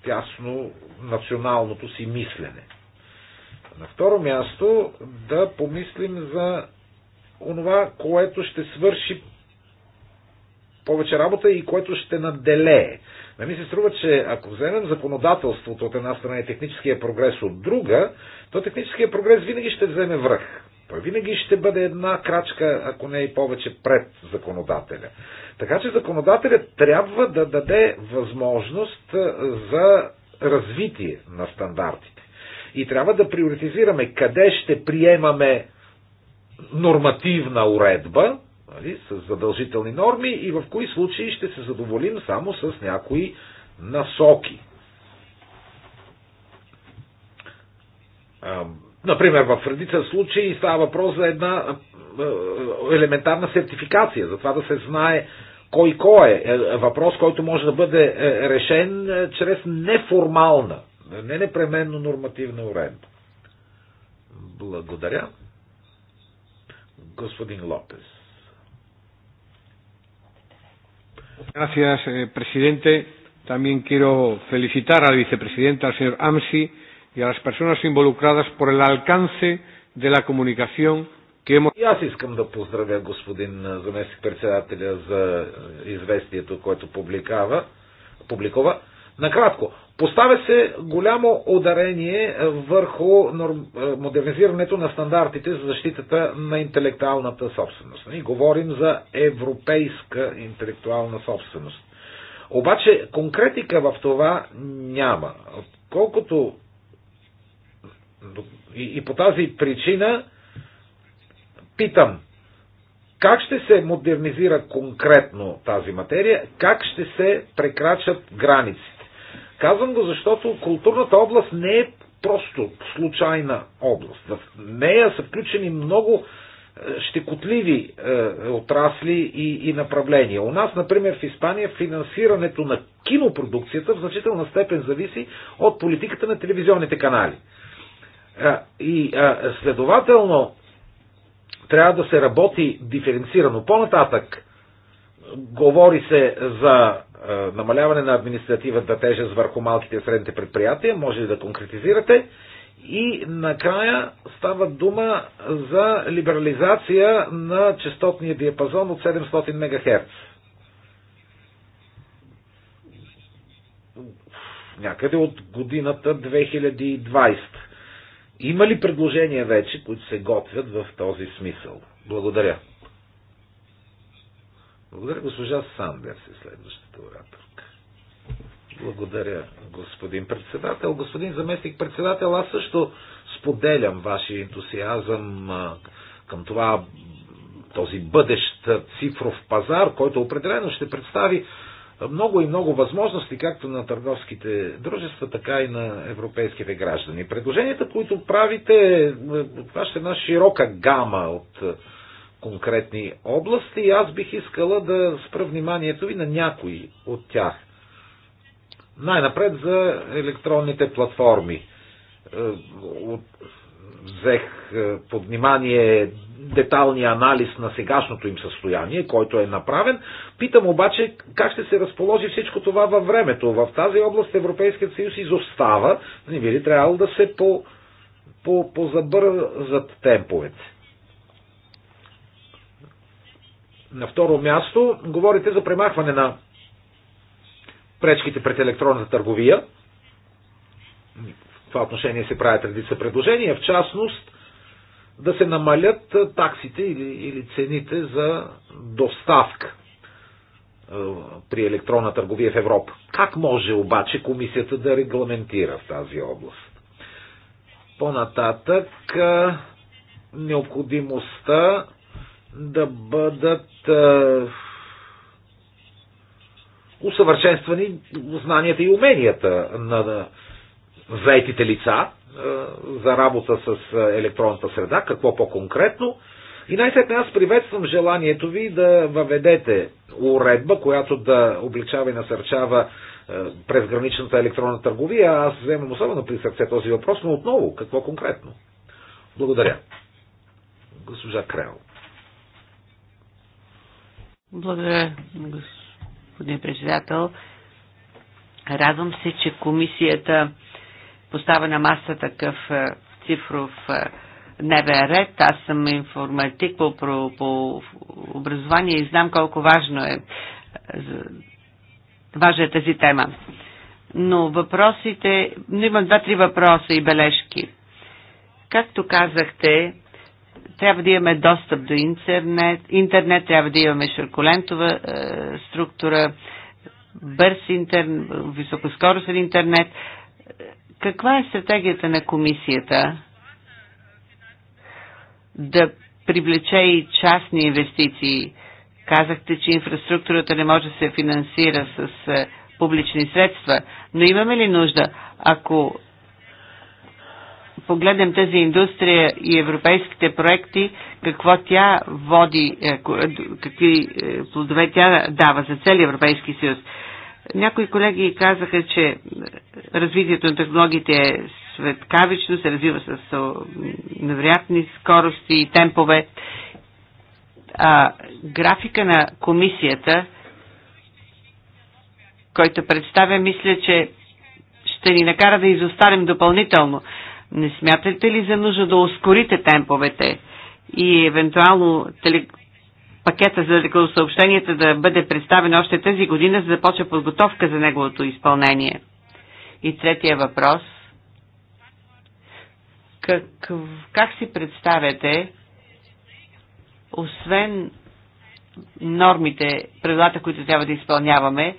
тясно националното си мислене. На второ място да помислим за онова, което ще свърши повече работа и което ще наделее. На ми се струва, че ако вземем законодателството от една страна и техническия прогрес от друга, то техническия прогрес винаги ще вземе връх. Той винаги ще бъде една крачка, ако не и повече пред законодателя. Така че законодателят трябва да даде възможност за развитие на стандартите. И трябва да приоритизираме къде ще приемаме нормативна уредба нали, с задължителни норми и в кои случаи ще се задоволим само с някои насоки. Например, в редица случаи става въпрос за една елементарна сертификация, за това да се знае кой кой е. е въпрос, който може да бъде е, решен е, чрез неформална, не непременно нормативна уредба. Благодаря господин Лопес. Gracias, eh, presidente. También quiero felicitar al vicepresidente, al señor Amsi, y a las personas involucradas por el alcance de la comunicación que hemos... И аз искам да поздравя господин заместник председателя за известието, което публикава, публикува. Накратко, поставя се голямо ударение върху е, модернизирането на стандартите за защитата на интелектуалната собственост. И нали, говорим за европейска интелектуална собственост. Обаче конкретика в това няма. Колкото и, и по тази причина питам, как ще се модернизира конкретно тази материя, как ще се прекрачат граници? Казвам го, защото културната област не е просто случайна област. В нея са включени много е, щекотливи е, отрасли и, и направления. У нас, например, в Испания финансирането на кинопродукцията в значителна степен зависи от политиката на телевизионните канали. Е, и е, следователно трябва да се работи диференцирано. По-нататък, Говори се за е, намаляване на административната тежест върху малките и средните предприятия, може ли да конкретизирате? И накрая става дума за либерализация на частотния диапазон от 700 МГц. Някъде от годината 2020. Има ли предложения вече, които се готвят в този смисъл? Благодаря. Благодаря, госпожа Сандерс е следващата ораторка. Благодаря, господин председател. Господин заместник председател, аз също споделям вашия ентусиазъм към това този бъдещ цифров пазар, който определено ще представи много и много възможности, както на търговските дружества, така и на европейските граждани. Предложенията, които правите, е, това ще е една широка гама от конкретни области и аз бих искала да спра вниманието ви на някои от тях. Най-напред за електронните платформи. Е, взех е, под внимание деталния анализ на сегашното им състояние, който е направен. Питам обаче как ще се разположи всичко това във времето. В тази област Европейският съюз изостава. Не би ли трябвало да се по, по, позабързат темповете? На второ място, говорите за премахване на пречките пред електронната търговия. В това отношение се правят редица предложения, в частност да се намалят таксите или, или цените за доставка при електронна търговия в Европа. Как може обаче комисията да регламентира в тази област? По-нататък необходимостта да бъдат усъвършенствани знанията и уменията на заетите лица за работа с електронната среда, какво по-конкретно. И най-сетне аз приветствам желанието ви да въведете уредба, която да обличава и насърчава през граничната електронна търговия. Аз вземам особено при сърце този въпрос, но отново, какво конкретно? Благодаря. Госпожа Крел. Благодаря, господин председател. Радвам се, че комисията поставя на маса такъв е, цифров е, дневен ред. Аз съм информатик по, по, по образование и знам колко важно е, е, важна е тази тема. Но въпросите, но имам два-три въпроса и бележки. Както казахте, трябва да имаме достъп до интернет, интернет трябва да имаме широколентова е, структура, бърз интернет, високоскоростен интернет. Каква е стратегията на комисията да привлече и частни инвестиции? Казахте, че инфраструктурата не може да се финансира с е, публични средства, но имаме ли нужда, ако погледнем тази индустрия и европейските проекти, какво тя води, е, е, какви е, плодове тя дава за цели Европейски съюз. Някои колеги казаха, че развитието на технологиите е светкавично, се развива с невероятни скорости и темпове. А, графика на комисията, който представя, мисля, че ще ни накара да изостанем допълнително. Не смятате ли за нужда да ускорите темповете и евентуално теле... пакета за съобщенията да бъде представен още тази година, за да почне подготовка за неговото изпълнение? И третия въпрос. Как, как си представяте, освен нормите, правилата, които трябва да изпълняваме,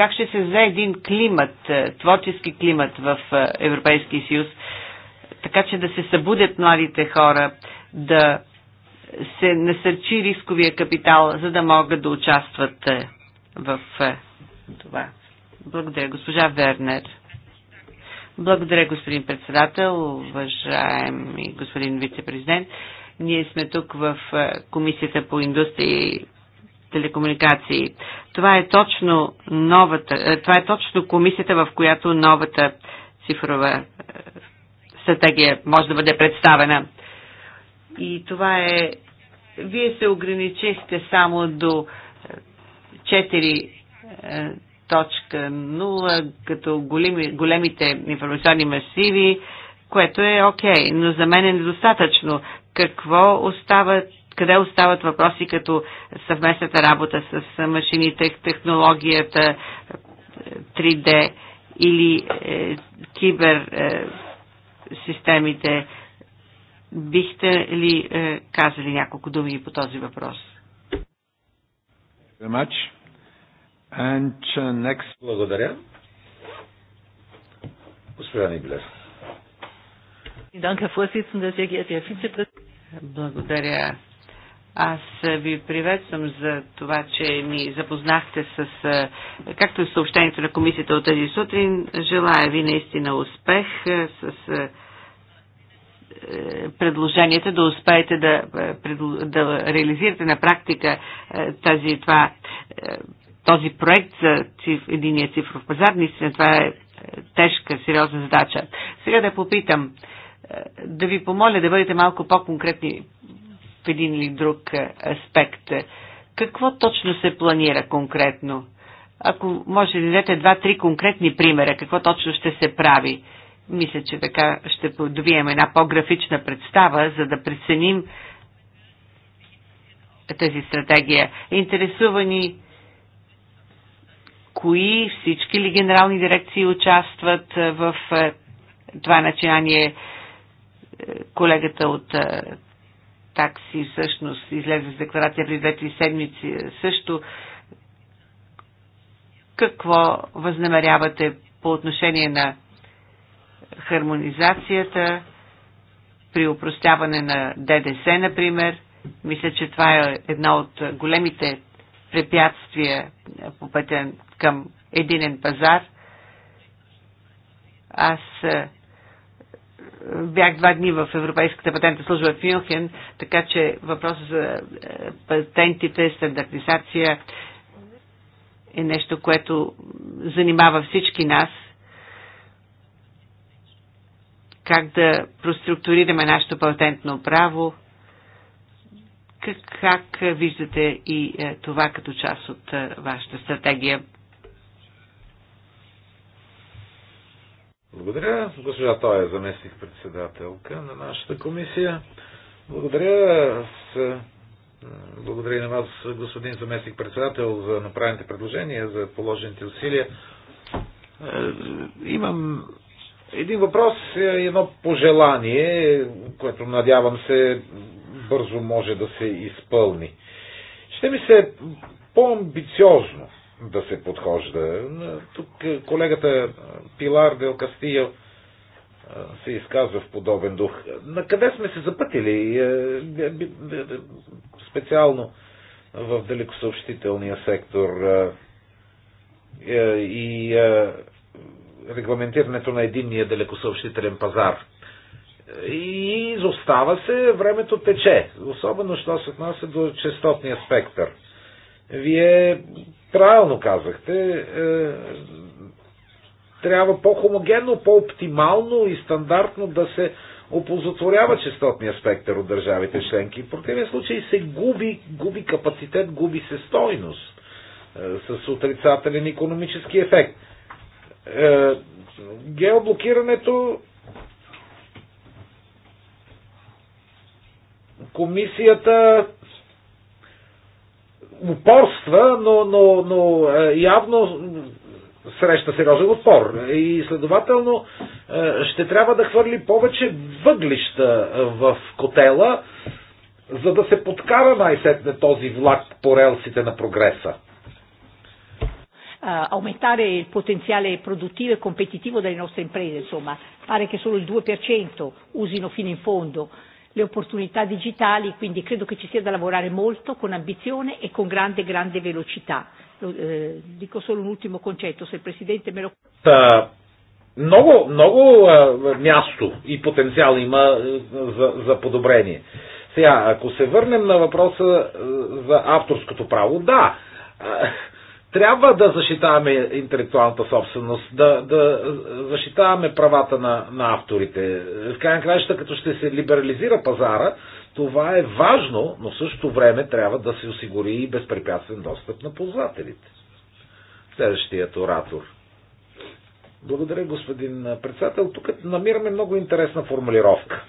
как ще се взе един климат, е, творчески климат в е, Европейския съюз, така че да се събудят младите хора, да се насърчи рисковия капитал, за да могат да участват е, в това. Благодаря, госпожа Вернер. Благодаря, господин председател, уважаем и господин вице-президент. Ние сме тук в Комисията по индустрия и телекомуникации. Това е точно новата, е, това е точно комисията, в която новата цифрова е, стратегия може да бъде представена. И това е... Вие се ограничихте само до 4.0 е, като големи, големите информационни масиви, което е окей, okay, но за мен е недостатъчно. Какво остават къде остават въпроси като съвместната работа с машините, технологията, 3D или е, кибер е, системите. Бихте ли е, казали няколко думи по този въпрос? Uh, Благодаря. Госпожа Ниглер. Благодаря, аз ви приветствам за това, че ни запознахте с, както и съобщението на комисията от тази сутрин. Желая ви наистина успех с е, предложенията, да успеете да, да реализирате на практика тази, това, този проект за циф, единия цифров пазар. Наистина това е, е тежка, сериозна задача. Сега да попитам, да ви помоля да бъдете малко по-конкретни в един или друг е, аспект. Какво точно се планира конкретно? Ако може да дадете два-три конкретни примера, какво точно ще се прави? Мисля, че така ще добием една по-графична представа, за да преценим тази стратегия. Интересувани кои всички ли генерални дирекции участват е, в е, това начинание колегата от такси всъщност излезе с декларация при две-три седмици. Също какво възнамерявате по отношение на хармонизацията при упростяване на ДДС, например? Мисля, че това е една от големите препятствия по пътя към единен пазар. Аз бях два дни в Европейската патентна служба в Мюнхен, така че въпросът за е, патентите, стандартизация е нещо, което занимава всички нас. Как да проструктурираме нашето патентно право, как, как виждате и е, това като част от е, вашата стратегия? Благодаря. Госпожа Той е заместник председателка на нашата комисия. Благодаря. С... Благодаря и на вас, господин заместник председател, за направените предложения, за положените усилия. Е, имам един въпрос и едно пожелание, което надявам се бързо може да се изпълни. Ще ми се по-амбициозно да се подхожда. Тук колегата Пилар Дел Кастио се изказва в подобен дух. На къде сме се запътили? Е, специално в далекосъобщителния сектор е, и е, регламентирането на единния далекосъобщителен пазар. И изостава се, времето тече, особено що се отнася до частотния спектър. Вие правилно казахте, е, трябва по-хомогенно, по-оптимално и стандартно да се опозотворява частотния спектър от държавите членки. В противен случай се губи, губи капацитет, губи се стойност е, с отрицателен економически ефект. Е, геоблокирането комисията упорства, но, но, но е, явно среща сериозен отпор. И следователно е, ще трябва да хвърли повече въглища в котела, за да се подкара най-сетне този влак по релсите на прогреса. Uh, aumentare il potenziale produttivo e competitivo delle nostre imprese, insomma, pare che solo il 2% usino fino in fondo uh, le opportunità digitali, quindi credo che ci sia da lavorare molto con ambizione e con grande, grande velocità. Eh, dico solo un ultimo concetto, se il Presidente me lo... Та, много, много а, място и потенциал има а, за, за подобрение. Сега, ако се върнем на въпроса а, за авторското право, да, а, трябва да защитаваме интелектуалната собственост, да, да защитаваме правата на, на авторите. В крайна краища, като ще се либерализира пазара, това е важно, но в същото време трябва да се осигури и безпрепятствен достъп на ползвателите. Следващият оратор. Благодаря, господин председател. Тук намираме много интересна формулировка.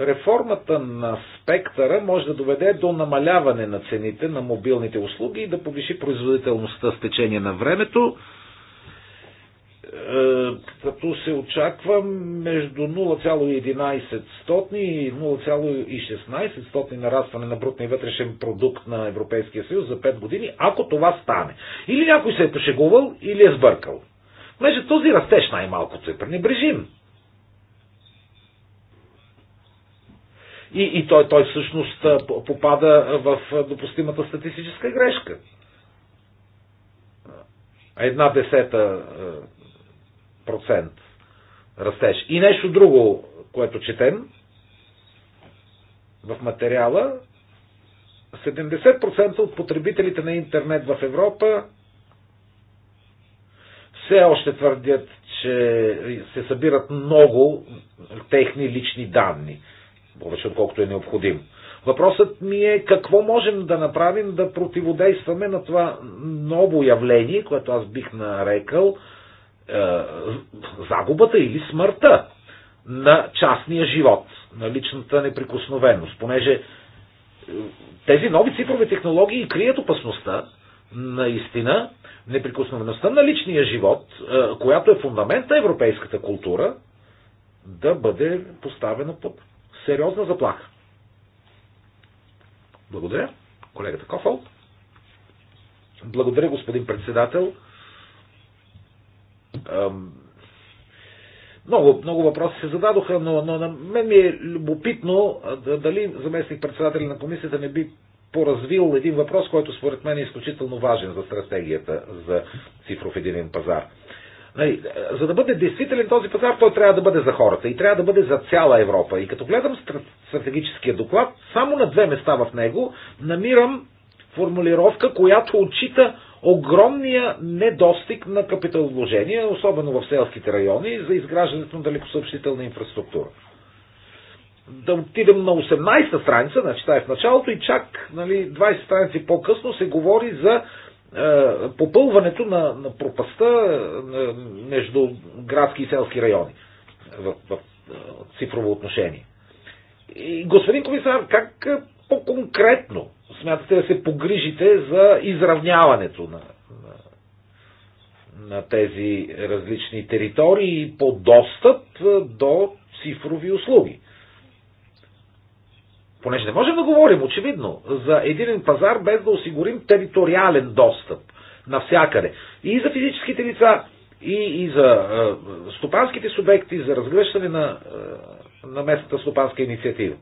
Реформата на спектъра може да доведе до намаляване на цените на мобилните услуги и да повиши производителността с течение на времето, е, като се очаква между 0,11 и 0,16 нарастване на брутния вътрешен продукт на Европейския съюз за 5 години, ако това стане. Или някой се е пошегувал, или е сбъркал. Понеже този растеж най-малкото е пренебрежим. и, и той, той всъщност попада в допустимата статистическа грешка. Една десета процент растеж. И нещо друго, което четем в материала, 70% от потребителите на интернет в Европа все още твърдят, че се събират много техни лични данни повече отколкото е необходимо. Въпросът ми е какво можем да направим да противодействаме на това ново явление, което аз бих нарекал е, загубата или смъртта на частния живот, на личната неприкосновеност, понеже е, тези нови цифрови технологии крият опасността наистина неприкосновеността на личния живот, е, която е фундамент на европейската култура, да бъде поставена под сериозна заплаха. Благодаря, колегата Кофол. Благодаря, господин председател. Много, много въпроси се зададоха, но, но на мен ми е любопитно дали заместник председател на комисията не би поразвил един въпрос, който според мен е изключително важен за стратегията за цифров единен пазар – Нали, за да бъде действителен този пазар, той трябва да бъде за хората и трябва да бъде за цяла Европа. И като гледам стратегическия доклад, само на две места в него намирам формулировка, която отчита огромния недостиг на капиталовложения, особено в селските райони, за изграждането на далекосъобщителна инфраструктура. Да отидем на 18-та страница, значи това е в началото, и чак нали, 20 страници по-късно се говори за е, попълването на, на пропаста е, между градски и селски райони в, в, в е, цифрово отношение. И, господин комисар, как по-конкретно смятате да се погрижите за изравняването на, на, на тези различни територии по достъп до цифрови услуги? Понеже не можем да говорим, очевидно, за един пазар без да осигурим териториален достъп навсякъде. И за физическите лица, и, и за е, стопанските субекти, за разгръщане на, е, на местната стопанска инициатива.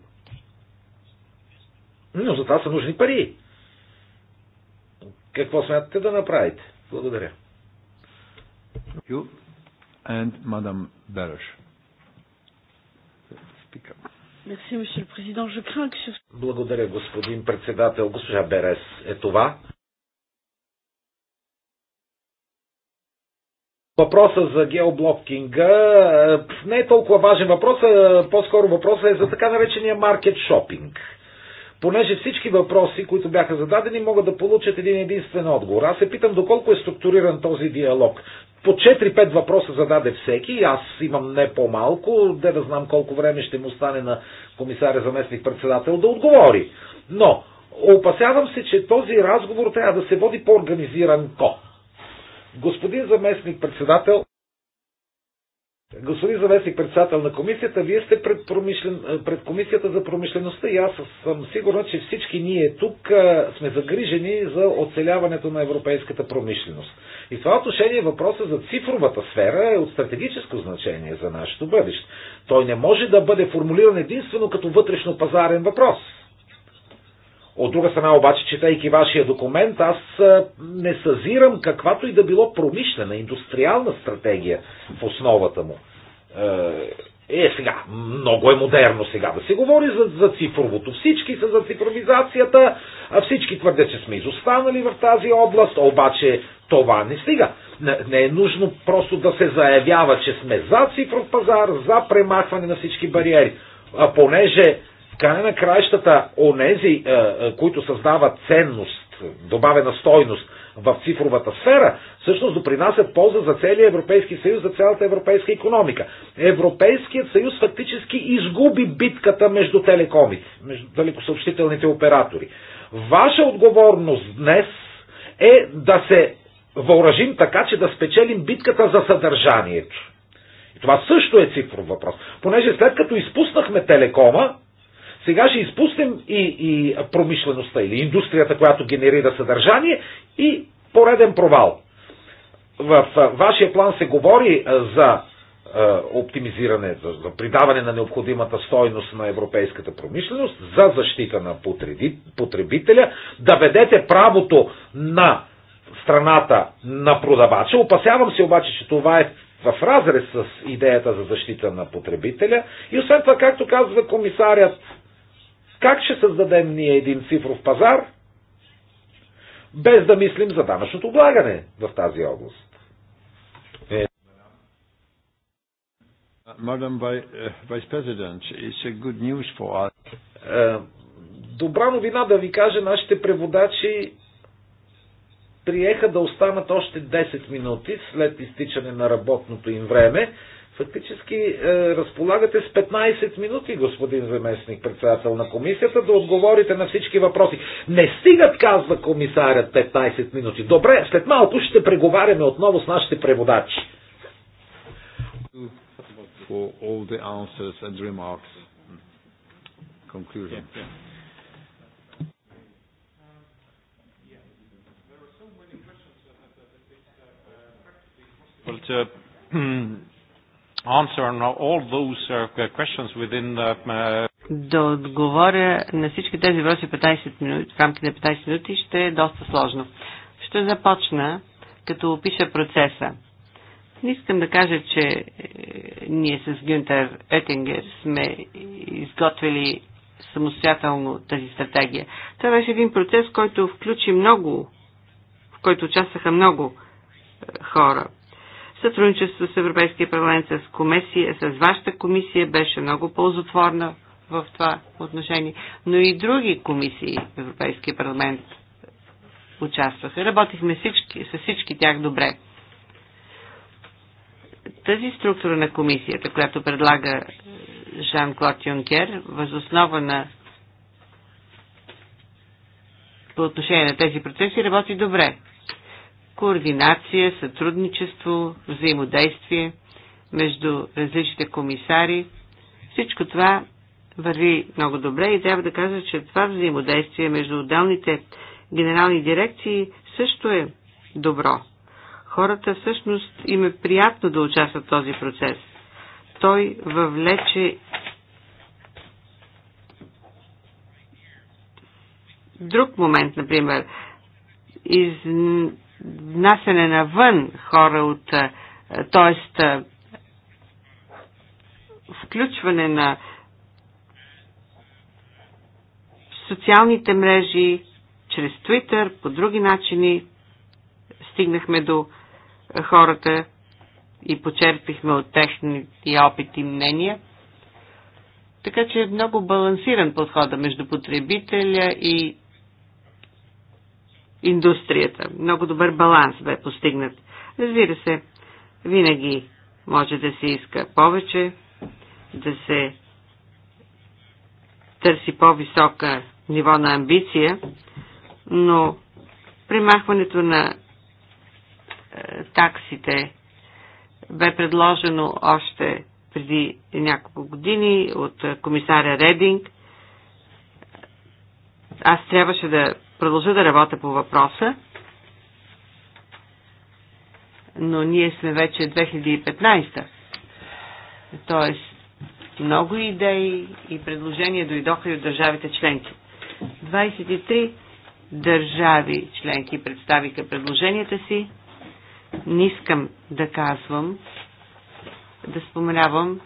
Но за това са нужни пари. Какво смятате да направите? Благодаря. You and Madam Berish. Speak up. Благодаря, господин председател. Госпожа Берес е това. Въпроса за геоблокинга е, не е толкова важен въпрос, е, по-скоро въпросът е за така наречения маркет шопинг понеже всички въпроси, които бяха зададени, могат да получат един единствен отговор. Аз се питам доколко е структуриран този диалог. По 4-5 въпроса зададе всеки, аз имам не по-малко, де да знам колко време ще му стане на комисаря заместник председател да отговори. Но, опасявам се, че този разговор трябва да се води по-организиран ко. Господин заместник председател, Господин заместник председател на комисията, вие сте пред, промишлен, пред комисията за промишлеността и аз съм сигурен, че всички ние тук сме загрижени за оцеляването на европейската промишленост. И в това отношение въпроса за цифровата сфера е от стратегическо значение за нашето бъдеще. Той не може да бъде формулиран единствено като вътрешно пазарен въпрос – от друга страна обаче, четейки вашия документ, аз не съзирам каквато и да било промишлена, индустриална стратегия в основата му. Е, е, сега, много е модерно сега да се говори за, за цифровото. Всички са за цифровизацията, а всички твърдят, че сме изостанали в тази област, обаче това не стига. Не, не е нужно просто да се заявява, че сме за цифров пазар, за премахване на всички бариери. А понеже в края на краищата, онези, е, е, които създават ценност, добавена стойност в цифровата сфера, всъщност допринасят полза за целия Европейски съюз, за цялата европейска економика. Европейският съюз фактически изгуби битката между телекоми, между далекосъобщителните оператори. Ваша отговорност днес е да се въоръжим така, че да спечелим битката за съдържанието. И това също е цифров въпрос. Понеже след като изпуснахме телекома, сега ще изпустим и, и промишлеността или индустрията, която генерира съдържание и пореден провал. В вашия план се говори за оптимизиране, за, за придаване на необходимата стойност на европейската промишленост, за защита на потребителя, да ведете правото на страната на продавача. Опасявам се обаче, че това е в разрез с идеята за защита на потребителя. И освен това, както казва комисарят как ще създадем ние един цифров пазар, без да мислим за данъчното облагане в тази област? Е, е, е, добра новина да ви кажа, нашите преводачи приеха да останат още 10 минути след изтичане на работното им време, Фактически е, разполагате с 15 минути, господин заместник председател на комисията, да отговорите на всички въпроси. Не стигат, казва комисарят, 15 минути. Добре, след малко ще преговаряме отново с нашите преводачи. For all the answers and remarks. Conclusion. Yeah, yeah. Well, to answer on all those uh, questions within the... Uh, да отговоря на всички тези въпроси 15 минути, в рамките на 15 минути ще е доста сложно. Ще започна като опиша процеса. Не искам да кажа, че е, ние с Гюнтер Етингер сме изготвили самостоятелно тази стратегия. Това беше един процес, който включи много, в който участваха много е, хора – сътрудничеството с Европейския парламент, с комисия, с вашата комисия беше много ползотворна в това отношение, но и други комисии в Европейския парламент участваха. Работихме всички, с всички тях добре. Тази структура на комисията, която предлага Жан-Клод Юнкер, възоснова на по отношение на тези процеси, работи добре координация, сътрудничество, взаимодействие между различните комисари. Всичко това върви много добре и трябва да кажа, че това взаимодействие между отделните генерални дирекции също е добро. Хората всъщност им е приятно да участват в този процес. Той въвлече друг момент, например, из внасяне навън хора от, т.е. включване на социалните мрежи, чрез Twitter, по други начини стигнахме до хората и почерпихме от техните опити и мнения. Така че е много балансиран подхода между потребителя и индустрията. Много добър баланс бе постигнат. Разбира се, винаги може да се иска повече, да се търси по-висока ниво на амбиция, но примахването на е, таксите бе предложено още преди няколко години от комисаря Рединг. Аз трябваше да продължа да работя по въпроса, но ние сме вече 2015. Тоест, много идеи и предложения дойдоха и от държавите членки. 23 държави членки представиха предложенията си. Не искам да казвам, да споменавам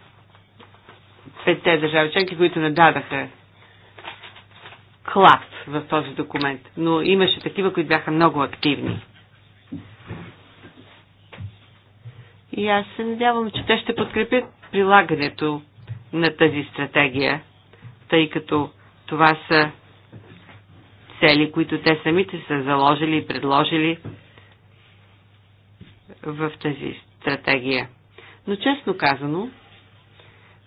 петте държави членки, които не дадаха клас в този документ, но имаше такива, които бяха много активни. И аз се надявам, че те ще подкрепят прилагането на тази стратегия, тъй като това са цели, които те самите са заложили и предложили в тази стратегия. Но честно казано,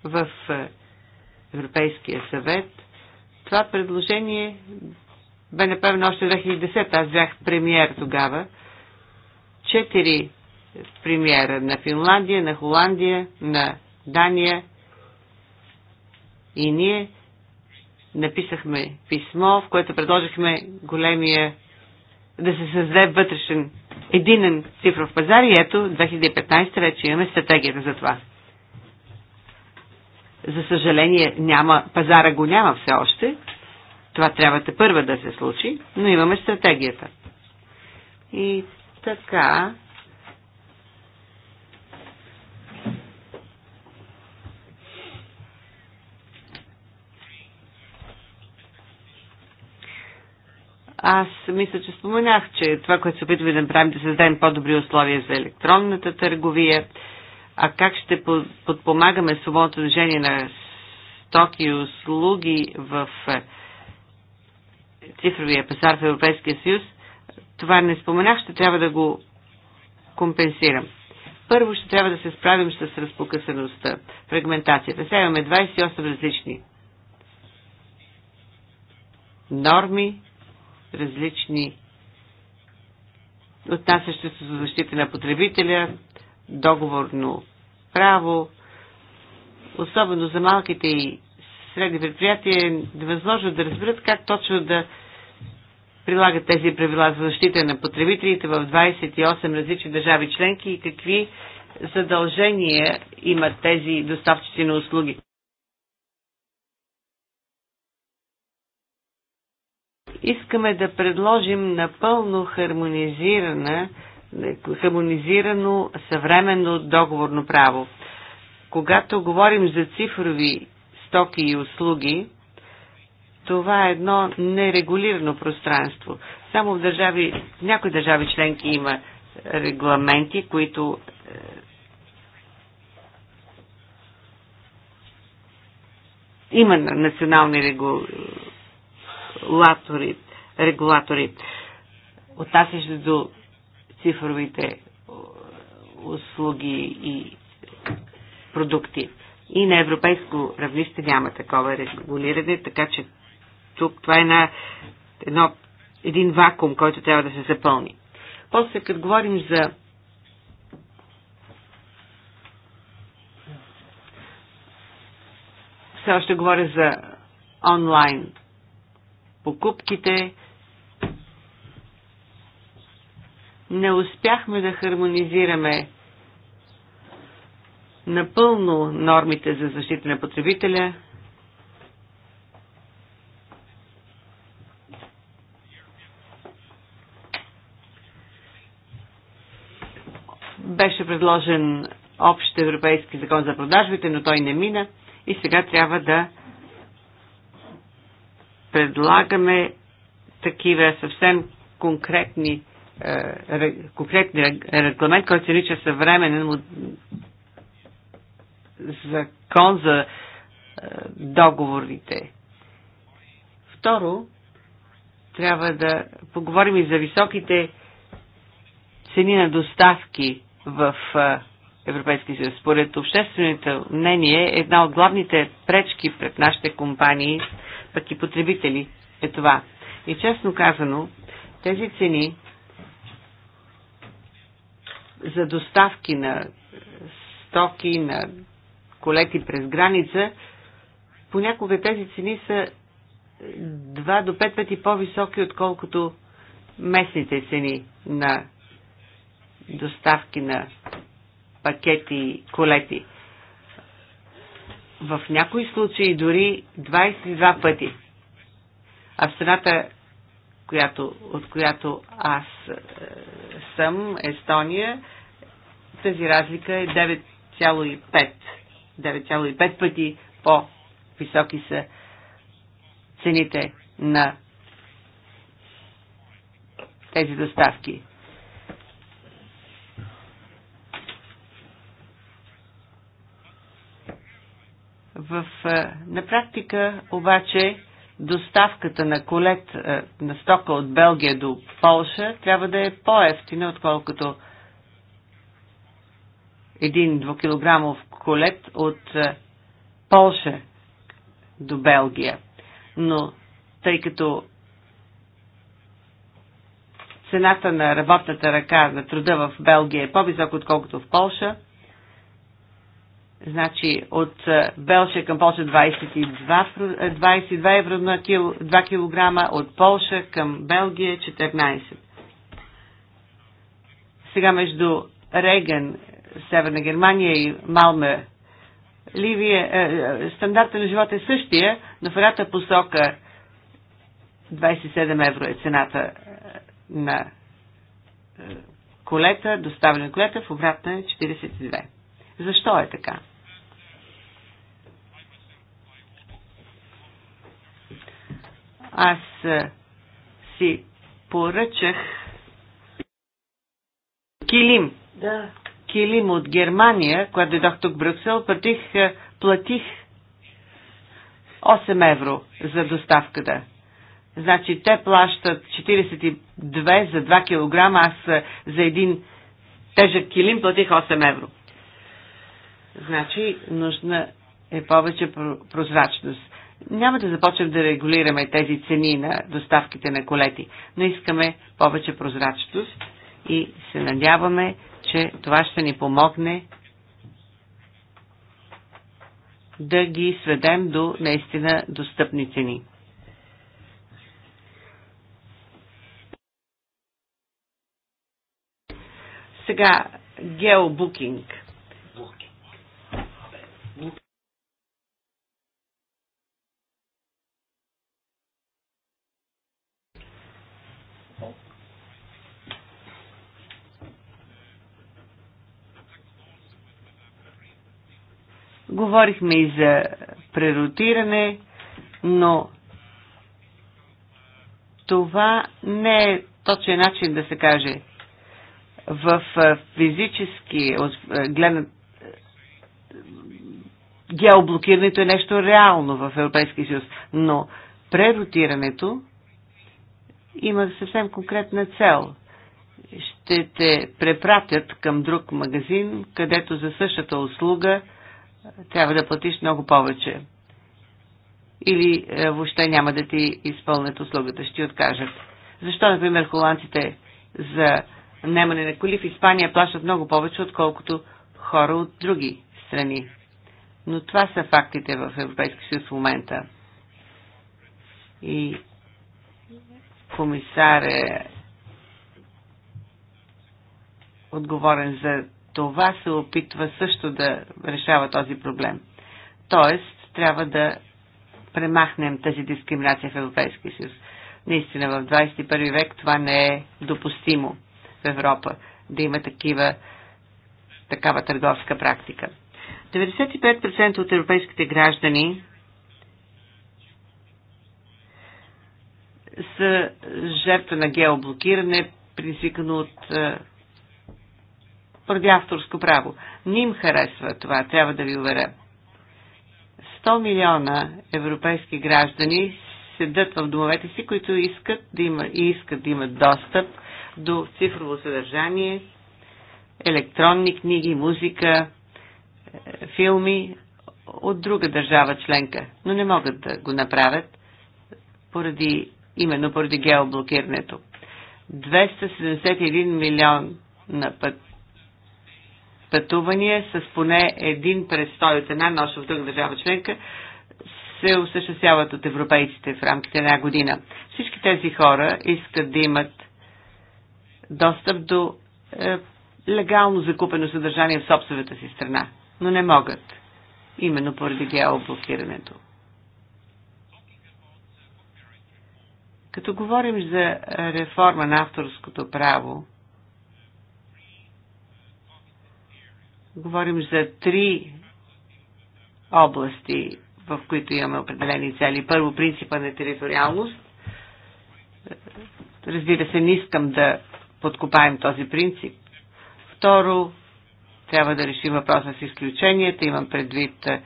в Европейския съвет – това предложение бе направено още 2010. Аз бях премиер тогава. Четири премиера на Финландия, на Холандия, на Дания и ние написахме писмо, в което предложихме големия да се създаде вътрешен единен цифров пазар и ето 2015 вече имаме стратегията за това. За съжаление, няма, пазара го няма все още. Това трябва те първа да се случи, но имаме стратегията. И така, Аз мисля, че споменах, че това, което се опитваме да направим, да създадем по-добри условия за електронната търговия, а как ще подпомагаме свободното движение на стоки и услуги в е, цифровия пазар в Европейския съюз, това не споменах, ще трябва да го компенсирам. Първо ще трябва да се справим с разпокъсаността, фрагментацията. Сега имаме 28 различни норми, различни отнасящи се за защита на потребителя, договорно право, особено за малките и средни предприятия, е възможно да разберат как точно да прилагат тези правила за защита на потребителите в 28 различни държави членки и какви задължения имат тези доставчици на услуги. Искаме да предложим напълно хармонизирана хармонизирано съвременно договорно право. Когато говорим за цифрови стоки и услуги, това е едно нерегулирано пространство. Само в държави, в някои държави членки има регламенти, които е, има национални регулатори, регулатори отнасящи до цифровите услуги и продукти. И на европейско равнище няма такова регулиране, така че тук това е на едно, един вакуум, който трябва да се запълни. После, като говорим за все още говоря за онлайн покупките, не успяхме да хармонизираме напълно нормите за защита на потребителя. Беше предложен общ европейски закон за продажбите, но той не мина и сега трябва да предлагаме такива съвсем конкретни е, конкретен регламент, който се нарича съвременен закон за е, договорите. Второ, трябва да поговорим и за високите цени на доставки в е, Европейския съюз. Според общественото мнение, една от главните пречки пред нашите компании, пък и потребители е това. И честно казано, тези цени за доставки на стоки, на колети през граница, понякога тези цени са 2 до 5 пъти по-високи, отколкото местните цени на доставки на пакети и колети. В някои случаи дори 22 пъти. А в страната, която, от която аз е, съм Естония, тази разлика е 9,5. 9,5 пъти по-високи са цените на тези доставки. В, е, на практика обаче доставката на колет е, на стока от Белгия до Полша трябва да е по-ефтина, отколкото един 2 килограмов колет от е, Полша до Белгия. Но тъй като цената на работната ръка на труда в Белгия е по-висока, отколкото в Полша, Значи от е, Белша към Полша 22, евро на 2 кг, от Полша към Белгия 14. Сега между Реген, Северна Германия и Малме, Ливия, е, е стандарта на живота е същия, но в едната посока 27 евро е цената е, на колета, доставена колета, в обратна е 42. Защо е така? Аз си поръчах килим. Да. Килим от Германия, когато дойдох тук в Брюксел, платих, платих 8 евро за доставката. Значи те плащат 42 за 2 кг, аз за един тежък килим платих 8 евро. Значи нужна е повече прозрачност. Няма да започнем да регулираме тези цени на доставките на колети, но искаме повече прозрачност и се надяваме, че това ще ни помогне да ги сведем до наистина достъпни цени. Сега, геобукинг. Говорихме и за преротиране, но това не е точен начин да се каже. В физически, гледна геоблокирането е нещо реално в Европейския съюз, но преротирането има съвсем конкретна цел. Ще те препратят към друг магазин, където за същата услуга – трябва да платиш много повече. Или е, въобще няма да ти изпълнят услугата, ще ти откажат. Защо, например, холандците за немане на коли в Испания плащат много повече, отколкото хора от други страни? Но това са фактите в Европейския съюз в момента. И комисар е отговорен за това се опитва също да решава този проблем. Тоест, трябва да премахнем тази дискриминация в Европейския съюз. Наистина, в 21 век това не е допустимо в Европа да има такива, такава търговска практика. 95% от европейските граждани са жертва на геоблокиране, предизвикано от е, поради авторско право. Не им харесва това, трябва да ви уверя. 100 милиона европейски граждани седат в домовете си, които искат да има, и искат да имат достъп до цифрово съдържание, електронни книги, музика, е, филми от друга държава членка, но не могат да го направят поради, именно поради геоблокирането. 271 милион на път пътувания с поне един престой от една нощ в друга държава членка се осъществяват от европейците в рамките на една година. Всички тези хора искат да имат достъп до е, легално закупено съдържание в собствената си страна, но не могат, именно поради геоблокирането. Като говорим за реформа на авторското право, Говорим за три области, в които имаме определени цели. Първо, принципа на териториалност. Разбира се, не искам да подкопаем този принцип. Второ, трябва да решим въпроса с изключенията. Имам предвид е,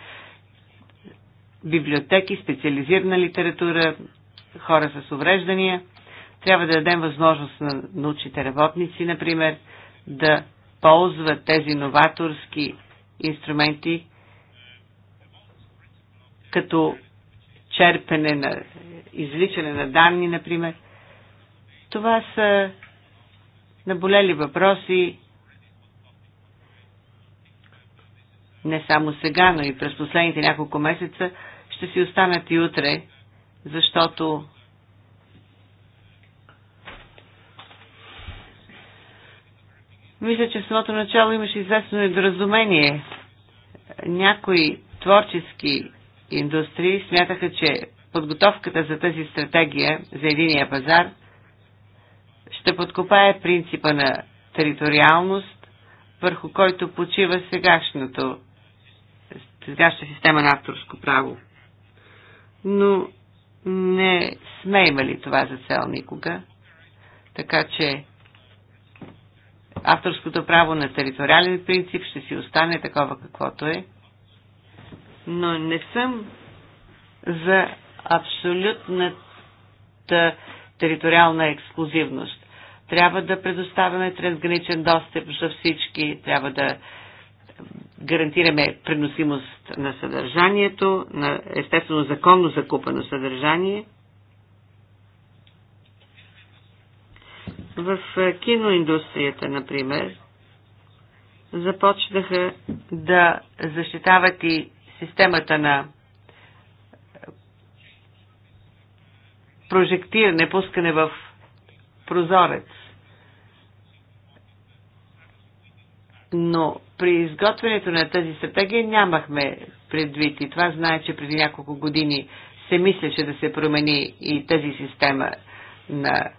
библиотеки, специализирана литература, хора с увреждания. Трябва да дадем възможност на научните работници, например, да ползват тези новаторски инструменти като черпене на извличане на данни, например. Това са наболели въпроси не само сега, но и през последните няколко месеца, ще си останат и утре, защото Мисля, че в самото начало имаше известно недоразумение. Някои творчески индустрии смятаха, че подготовката за тази стратегия за единия пазар ще подкопае принципа на териториалност, върху който почива сегашното, сегашната система на авторско право. Но не сме имали това за цел никога, така че Авторското право на териториален принцип ще си остане такова каквото е. Но не съм за абсолютната териториална ексклюзивност. Трябва да предоставяме трансграничен достъп за всички, трябва да гарантираме преносимост на съдържанието, на естествено законно закупено съдържание. В киноиндустрията, например, започнаха да защитават и системата на прожектиране, пускане в прозорец. Но при изготвянето на тази стратегия нямахме предвид и това знае, че преди няколко години се мислеше да се промени и тази система на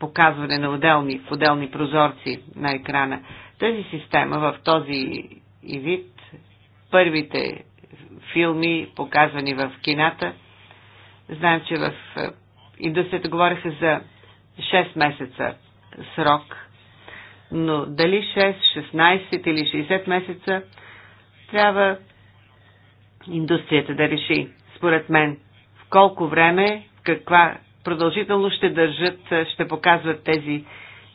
показване на отделни, в отделни прозорци на екрана. Тази система в този и вид, първите филми, показвани в кината, знаем, че в е, индустрията говореха за 6 месеца срок, но дали 6, 16 или 60 месеца, трябва индустрията да реши, според мен, в колко време, в каква продължително ще държат, ще показват тези,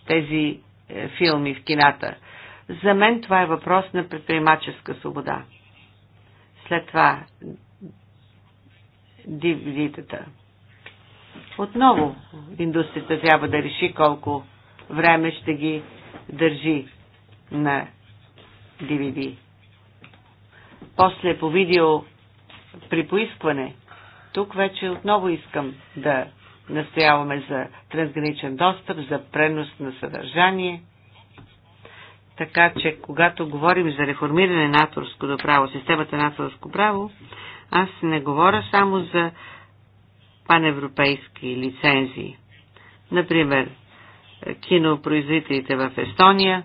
тези е, филми в кината. За мен това е въпрос на предприемаческа свобода. След това дивидитата. Отново индустрията трябва да реши колко време ще ги държи на DVD. После по видео при поискване. Тук вече отново искам да Настояваме за трансграничен достъп, за пренос на съдържание. Така че, когато говорим за реформиране на авторското право, системата на авторско право, аз не говоря само за паневропейски лицензии. Например, кинопроизводителите в Естония.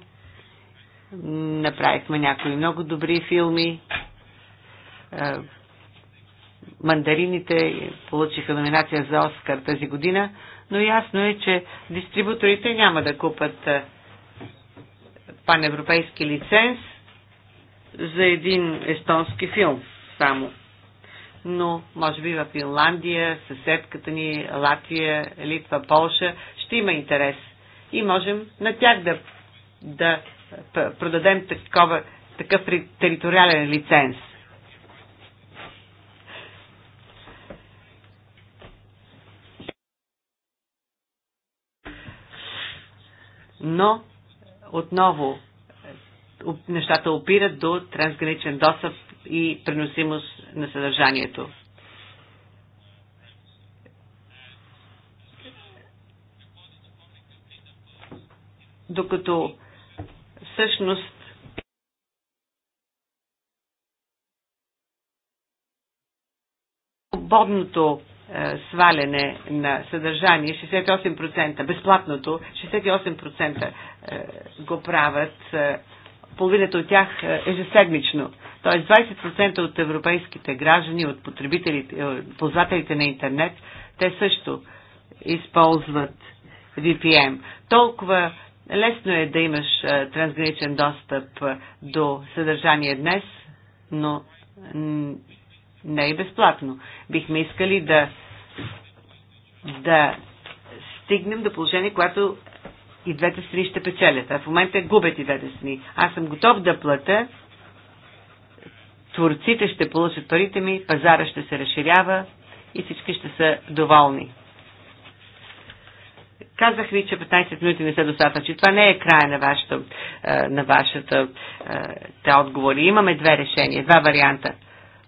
Направихме някои много добри филми. Е, мандарините получиха номинация за Оскар тази година, но ясно е, че дистрибуторите няма да купат е, паневропейски лиценз за един естонски филм само. Но, може би, в Финландия, съседката ни, Латвия, Литва, Полша, ще има интерес. И можем на тях да, да продадем такова, такъв териториален лиценз – но отново е, нещата опират до трансграничен достъп и преносимост на съдържанието. Докато всъщност свободното е, сваляне на съдържание, 68%, безплатното, 68% е, го правят, е, половината от тях ежеседмично. Т.е. 20% от европейските граждани, от потребителите, ползвателите на интернет, те също използват VPN. Толкова лесно е да имаш трансграничен достъп до съдържание днес, но не е безплатно. Бихме искали да, да стигнем до положение, което и двете страни ще печелят. А в момента губят и двете страни. Аз съм готов да плата, творците ще получат парите ми, пазара ще се разширява и всички ще са доволни. Казах ви, че 15 минути не са достатъчни. Това не е края на вашата, е, на вашата е, те отговори. Имаме две решения, два варианта.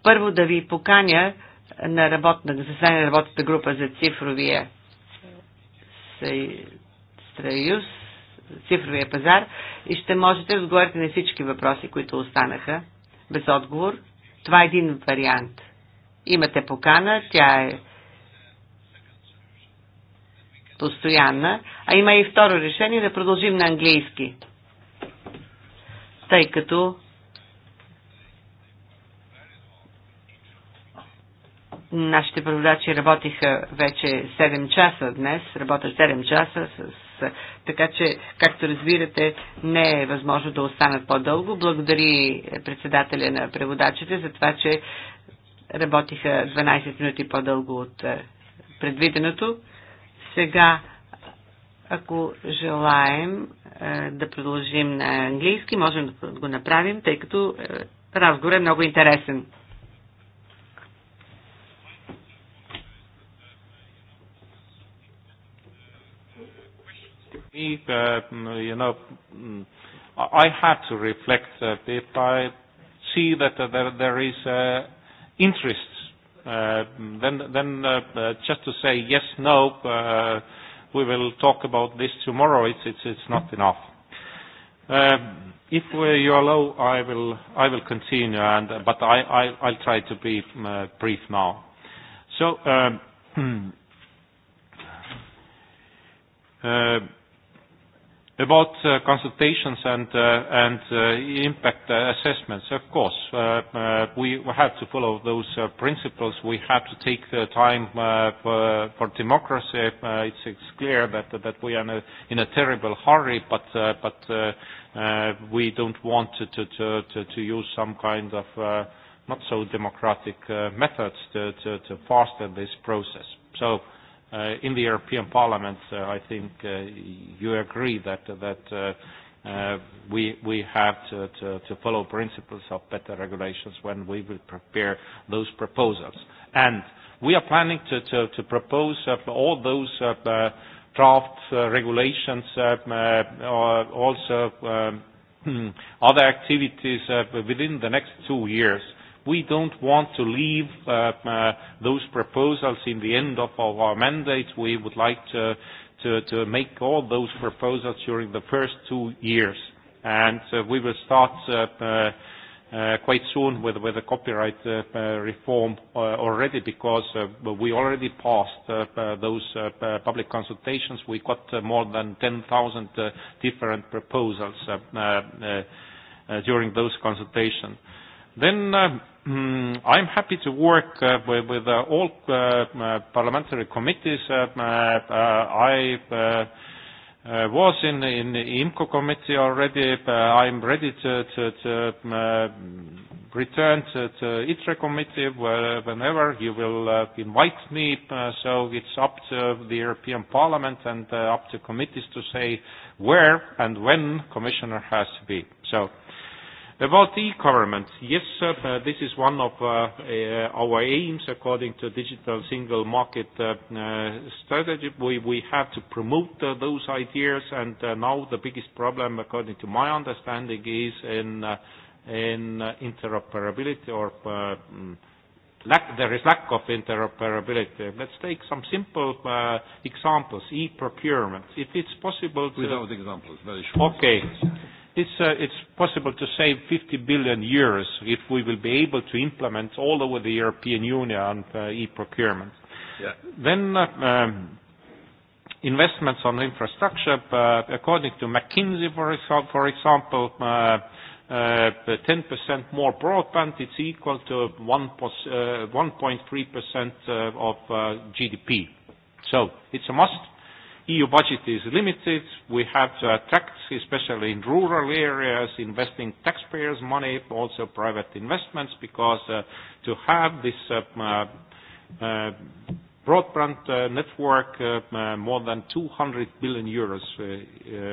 Първо да ви поканя на работна, заседание на работната група за цифровия съюз, цифровия пазар и ще можете да отговорите на всички въпроси, които останаха без отговор. Това е един вариант. Имате покана, тя е постоянна, а има и второ решение да продължим на английски, тъй като Нашите преводачи работиха вече 7 часа днес, работят 7 часа, с, така че, както разбирате, не е възможно да останат по-дълго. Благодари председателя на преводачите за това, че работиха 12 минути по-дълго от е, предвиденото. Сега, ако желаем е, да продължим на английски, можем да го направим, тъй като е, разговор е много интересен. me, uh, you know, I had to reflect a if I see that uh, there, there is uh, interest, uh, then, then uh, uh, just to say yes, no, uh, we will talk about this tomorrow, it's, it's, it's not enough. Um, if you allow, I will, I will continue, and, but I, I, I'll try to be uh, brief now. So, um, uh, About uh, consultations and, uh, and uh, impact uh, assessments, of course, uh, uh, we have to follow those uh, principles. We have to take the time uh, for, for democracy. Uh, it's, it's clear that, that we are in a, in a terrible hurry, but, uh, but uh, uh, we don't want to, to, to, to use some kind of uh, not so democratic uh, methods to, to, to foster this process. So uh, in the European Parliament, uh, I think uh, you agree that that uh, uh, we we have to, to, to follow principles of better regulations when we will prepare those proposals. And we are planning to to, to propose uh, all those. Uh, uh, draft uh, regulations, uh, uh, also um, other activities uh, within the next two years We don't want to leave uh, uh, those proposals in the end of our mandate. We would like to, to, to make all those proposals during the first two years. And uh, we will start uh, uh, uh, quite soon with, with the copyright uh, uh, reform uh, already because uh, we already passed uh, uh, those uh, uh, public consultations. We got uh, more than 10,000 uh, different proposals uh, uh, uh, during those consultations. Then uh, I'm happy to work uh, with, with uh, all uh, parliamentary committees. Uh, uh, I uh, uh, was in in the IMCO committee already. Uh, I'm ready to, to, to uh, return to, to ITRE committee whenever you will uh, invite me. Uh, so it's up to the European Parliament and uh, up to committees to say where and when Commissioner has to be. So. About e-government, yes, sir, this is one of our aims according to Digital Single Market strategy. We have to promote those ideas, and now the biggest problem, according to my understanding, is in interoperability or there is lack of interoperability. Let's take some simple uh, examples. E-procurement. If it's possible to... Without examples, very short. Okay. It's it's possible to save 50 billion euros if we will be able to implement all over the European Union e-procurement. Yeah. Then um Investments on infrastructure, uh according to McKinsey, for example, for example, uh 10% more broadband, it's equal to 1.3% of GDP. So It's a must EU budget is limited. We have to attract, especially in rural areas, investing taxpayers' money, also private investments, because uh, to have this uh, uh, broadband uh, network, uh, uh, more than 200 billion euros uh,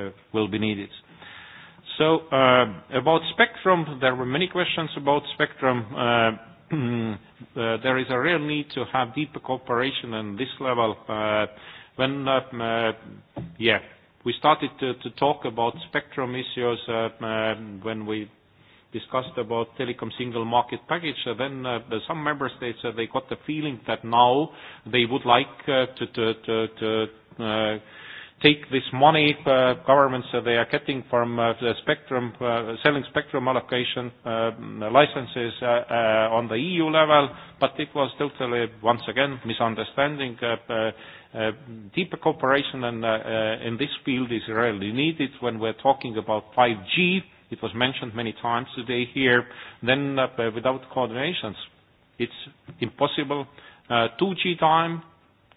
uh, will be needed. So uh, about spectrum, there were many questions about spectrum. Uh, uh, there is a real need to have deeper cooperation on this level. Uh, When uh uh yeah we started to to talk about spectrum issues uh uh when we discussed about telecom single market package, uh, then uh, some member states, uh, they got the feeling that now they would like uh, to, to, to, to uh, take this money uh, governments uh, they are getting from uh, the spectrum, uh, selling spectrum allocation uh, licenses uh, uh, on the EU level, but it was totally, once again, misunderstanding. Uh, uh, uh, deeper cooperation in, uh, uh, in this field is really needed when we're talking about 5G. It was mentioned many times today here. Then uh, without coordinations, it's impossible. Uh, 2G time,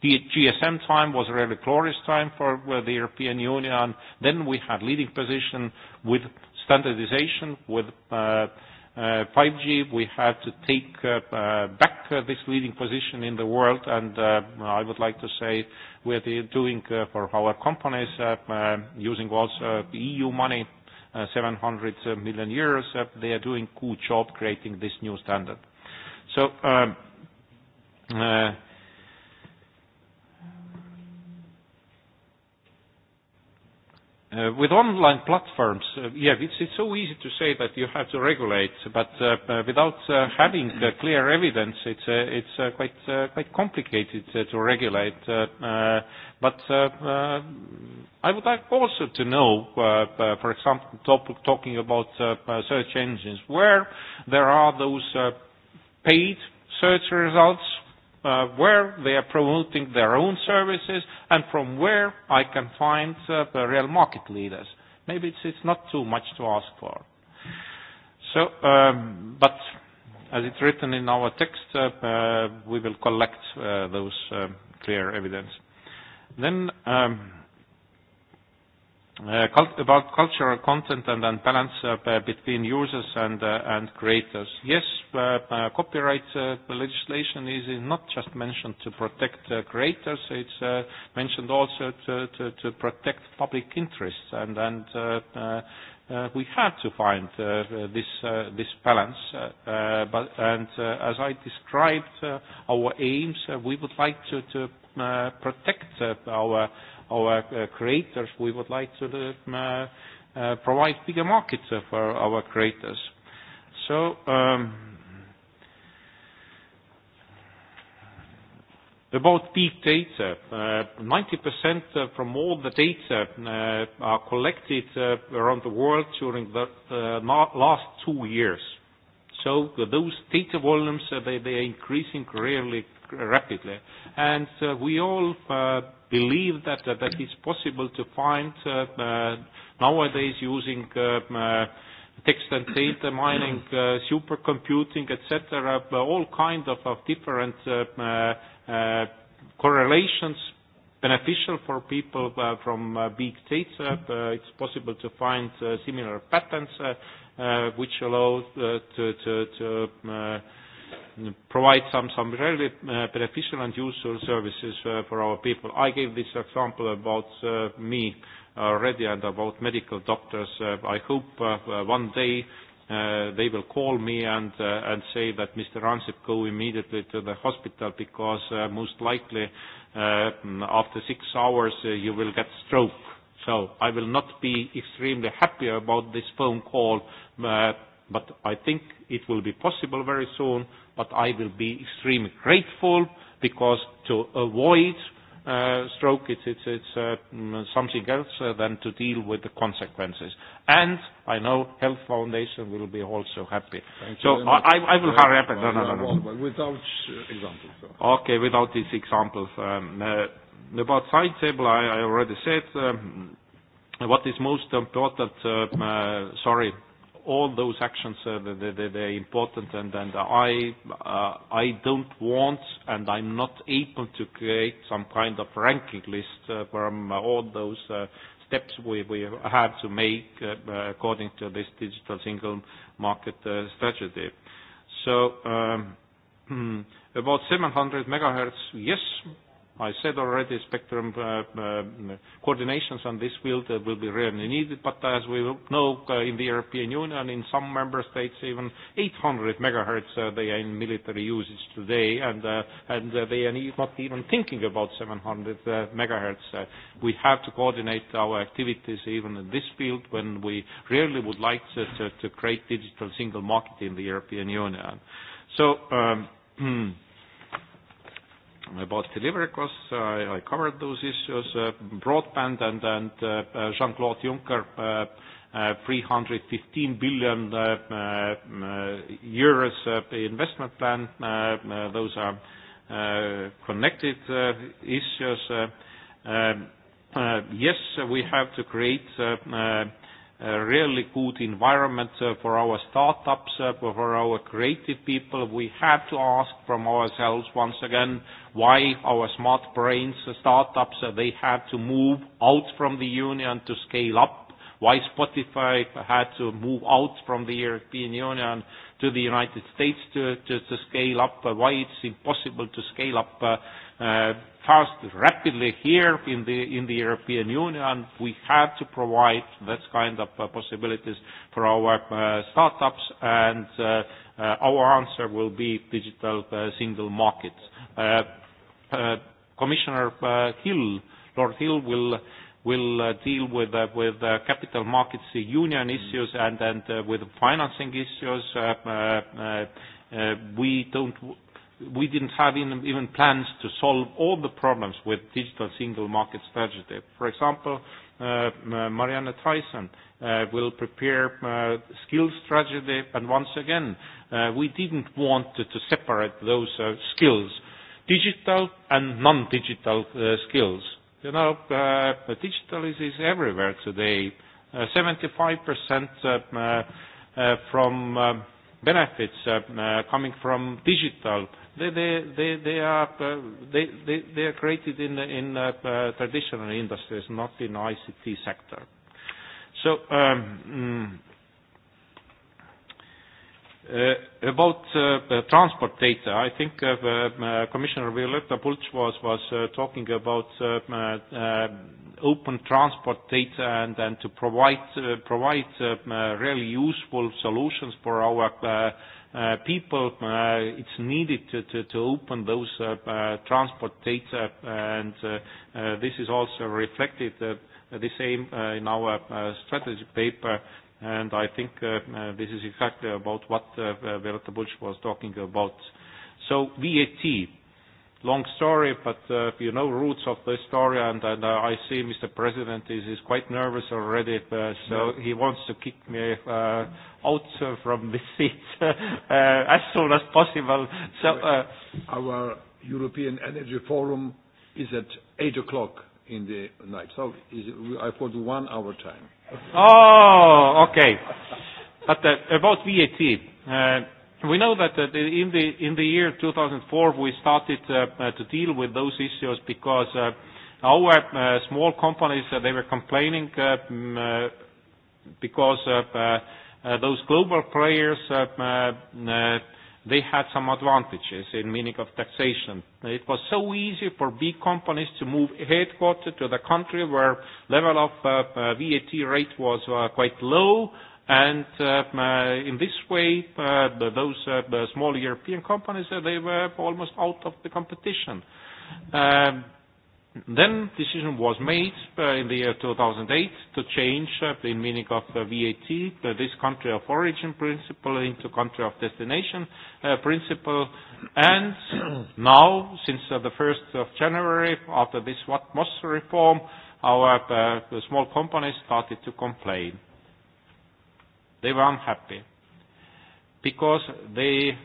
the GSM time was a really glorious time for uh, the European Union. Then we had leading position with standardization, with uh, 5G. We have to take uh, back uh, this leading position in the world, and uh, I would like to say we are doing uh, for our companies uh, uh, using also EU money, uh, 700 million euros. Uh, they are doing good job creating this new standard. So. um uh, Uh, with online platforms, uh, yeah, it's, it's so easy to say that you have to regulate, but uh, uh, without uh, having uh, clear evidence, it's, uh, it's uh, quite, uh, quite complicated uh, to regulate. Uh, uh, but uh, uh, I would like also to know, uh, uh, for example, top, talking about uh, search engines, where there are those uh, paid search results uh, where they are promoting their own services and from where I can find uh, the real market leaders. Maybe it's, it's not too much to ask for. So, um, but as it's written in our text, uh, uh, we will collect uh, those uh, clear evidence. Then um, about cultural content and then balance uh, between users and, uh, and creators. Yes, uh, uh, copyright uh, legislation is not just mentioned to protect uh, creators, it's uh, mentioned also to, to, to protect public interests and, and uh, uh, uh, we have to find uh, this, uh, this balance. Uh, but, and uh, as I described uh, our aims, uh, we would like to, to uh, protect uh, our our uh, creators, we would like to uh, uh, provide bigger markets for our creators. So um, About big data, uh, 90% from all the data uh, are collected uh, around the world during the uh, last two years. So those data volumes, uh, they, they are increasing really rapidly. And uh, we all uh, believe that uh, that it's possible to find uh, uh, nowadays using uh, uh, text and data mining, uh, supercomputing, etc., all kinds of, of different uh, uh, correlations beneficial for people uh, from uh, big data. Uh, it's possible to find uh, similar patterns uh, uh, which allow uh, to, to, to uh, provide some, some really uh, beneficial and useful services uh, for our people. I gave this example about uh, me already and about medical doctors. Uh, I hope uh, one day uh, they will call me and, uh, and say that Mr. Ansip go immediately to the hospital because uh, most likely uh, after six hours uh, you will get stroke. So I will not be extremely happy about this phone call, uh, but I think it will be possible very soon, but I will be extremely grateful because to avoid uh, stroke, it's, it's, it's uh, something else uh, than to deal with the consequences. And I know Health Foundation will be also happy. Thank so I, I will hurry up. No, no, no, no. Without examples. Okay, without these examples. Um, uh, about side table, I, I already said um, what is most important. Uh, uh, sorry, all those actions uh, they, they, they're important and, and I, uh, I don't want and I'm not able to create some kind of ranking list uh, from all those uh, steps we, we have to make uh, according to this digital single market uh, strategy. So um, about 700 megahertz, yes, I said already spectrum uh, uh, coordinations on this field uh, will be really needed, but as we know uh, in the European Union, in some member states even 800 megahertz uh, they are in military usage today, and, uh, and uh, they are not even thinking about 700 uh, megahertz. Uh, we have to coordinate our activities even in this field when we really would like to, to, to create digital single market in the European Union. So. Um, About delivery costs, I covered those issues. Broadband and Jean-Claude Juncker, 315 billion euros investment plan. Those are connected issues. Yes, we have to create a really good environment for our startups, for our creative people. We have to ask from ourselves once again why our smart brains startups, they have to move out from the Union to scale up, why Spotify had to move out from the European Union to the United States to scale up, why it's impossible to scale up uh, fast, rapidly here in the, in the European Union. We have to provide that kind of uh, possibilities for our uh, startups and uh, uh, our answer will be digital uh, single markets. Uh, uh, Commissioner uh, Hill, Lord Hill will will uh, deal with uh, with uh, capital markets union issues and and uh, with financing issues. Uh, uh, uh, we don't we didn't have even plans to solve all the problems with digital single market strategy. For example, uh Marianne Tyson uh will prepare uh skills strategy, and once again, uh we didn't want to to separate those uh skills, digital and non-digital uh skills. You know, uh digital is is everywhere today. Uh 75% uh uh from uh benefits uh uh coming from digital they they they they are uh, they, they they are created in in uh, uh, traditional industries, not in ICT sector. So. Um, uh, about uh, transport data, I think uh, uh, Commissioner Violetta Bulc was, was uh, talking about uh, uh, open transport data and, and to provide, uh, provide uh, really useful solutions for our uh, uh, people, uh, it's needed to, to, to open those uh, uh, transport data, and uh, uh, this is also reflected uh, the same uh, in our uh, strategy paper. And I think uh, uh, this is exactly about what uh, Verata Bush was talking about. So VAT, long story, but uh, you know roots of the story, and, and uh, I see Mr. President is, is quite nervous already, uh, so he wants to kick me uh, out uh, from this seat uh, as soon as possible. So uh, our European Energy Forum is at eight o'clock in the night, so is, I've got one hour time. oh, okay. But uh, about VAT. Uh, We know that uh, in the in the year 2004 we started uh, uh, to deal with those issues because uh, our uh, small companies uh, they were complaining uh, um, uh, because uh, uh, uh, those global players uh, uh, they had some advantages in meaning of taxation. It was so easy for big companies to move headquarters to the country where level of uh, VAT rate was uh, quite low And uh, in this way, uh, those uh, small European companies, uh, they were almost out of the competition. Um, then decision was made uh, in the year 2008 to change uh, the meaning of uh, VAT, uh, this country of origin principle into country of destination uh, principle. And now, since uh, the 1st of January, after this what reform, our uh, small companies started to complain They were unhappy because they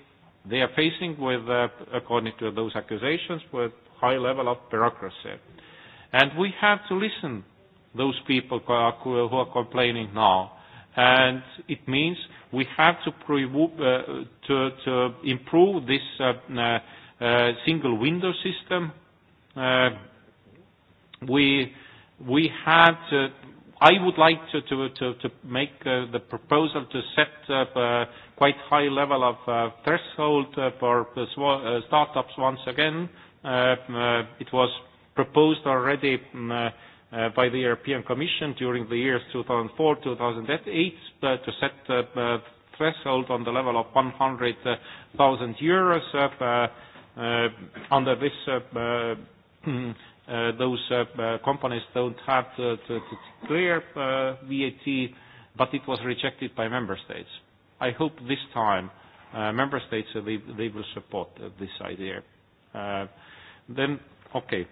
they are facing with, uh, according to those accusations, with high level of bureaucracy. And we have to listen those people who are, complaining now. And it means we have to, pre- uh, to, to improve this uh, uh, single window system. Uh, we, we have to I would like to, to, to, to make uh, the proposal to set up a quite high level of uh, threshold uh, for uh, startups once again. Uh, uh, it was proposed already um, uh, uh, by the European Commission during the years 2004-2008 uh, to set uh, uh, threshold on the level of 100,000 euros uh, uh, under this uh, uh, uh, those uh, uh, companies don't have to, to, to clear uh, VAT, but it was rejected by member states. I hope this time uh, member states they, they will support uh, this idea. Uh, then, okay.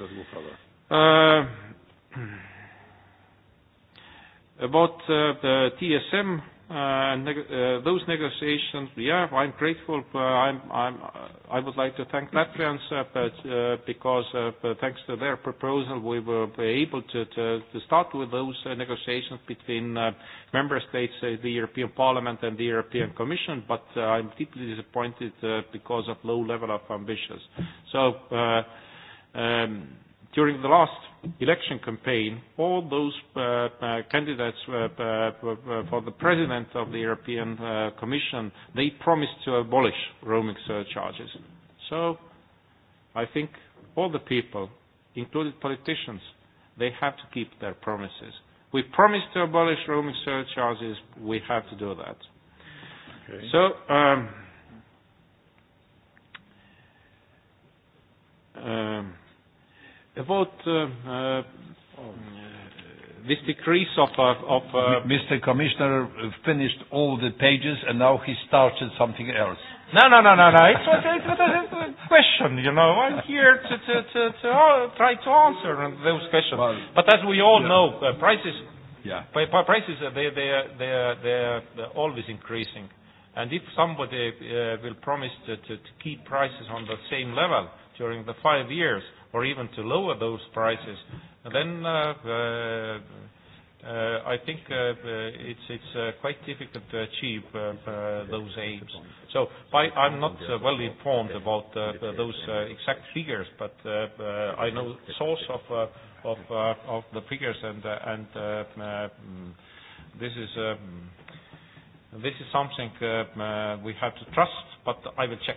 Let's move further. about uh, the TSM uh, those negotiations, yeah, I'm grateful. Uh, I'm, I'm, I would like to thank Latvians uh, but, uh, because uh, thanks to their proposal, we were able to, to, to start with those uh, negotiations between uh, member states, uh, the European Parliament, and the European Commission. But uh, I'm deeply disappointed uh, because of low level of ambitions. So. Uh, um, during the last election campaign, all those uh, uh, candidates uh, uh, for the president of the European uh, Commission, they promised to abolish roaming surcharges. So I think all the people, including politicians, they have to keep their promises. We promised to abolish roaming surcharges. We have to do that. Okay. So. Um, um, About uh, uh, this decrease of... Uh, of uh, Mr. Commissioner finished all the pages and now he started something else. No, no, no, no, no. It was, a question, you know. I'm here to, to, to, to uh, try to answer those questions. Well, but as we all yeah. know, uh, prices, yeah. prices they, they, they, they're, they're always increasing. And if somebody uh, will promise to, to, to keep prices on the same level during the five years, or even to lower those prices, then uh, uh, uh I think uh it's it's uh quite difficult to achieve uh uh those aims. So by I'm not uh well informed about uh those uh exact figures, but uh uh I know source of uh of uh of the figures, and uh and uh uh this is uh this is something uh uh we have to trust, but I will check.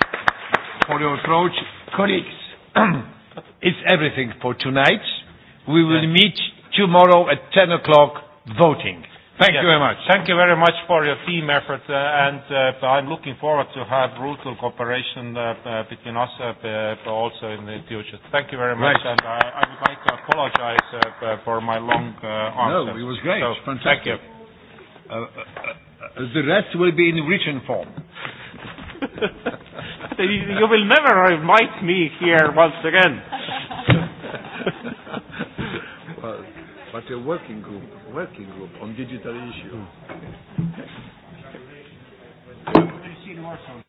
for your approach. Colleagues, it's everything for tonight. We will meet tomorrow at 10 o'clock voting. Thank yes. you very much. Thank you very much for your team effort, uh, and uh, I'm looking forward to have brutal cooperation uh, uh, between us uh, uh, also in the future. Thank you very much, right. and I, I would like to apologize uh, uh, for my long uh, answer. No, it was great. So, Fantastic. Thank you. Uh, uh, uh, the rest will be in written form you will never invite me here once again. well, but a working group, working group on digital issues.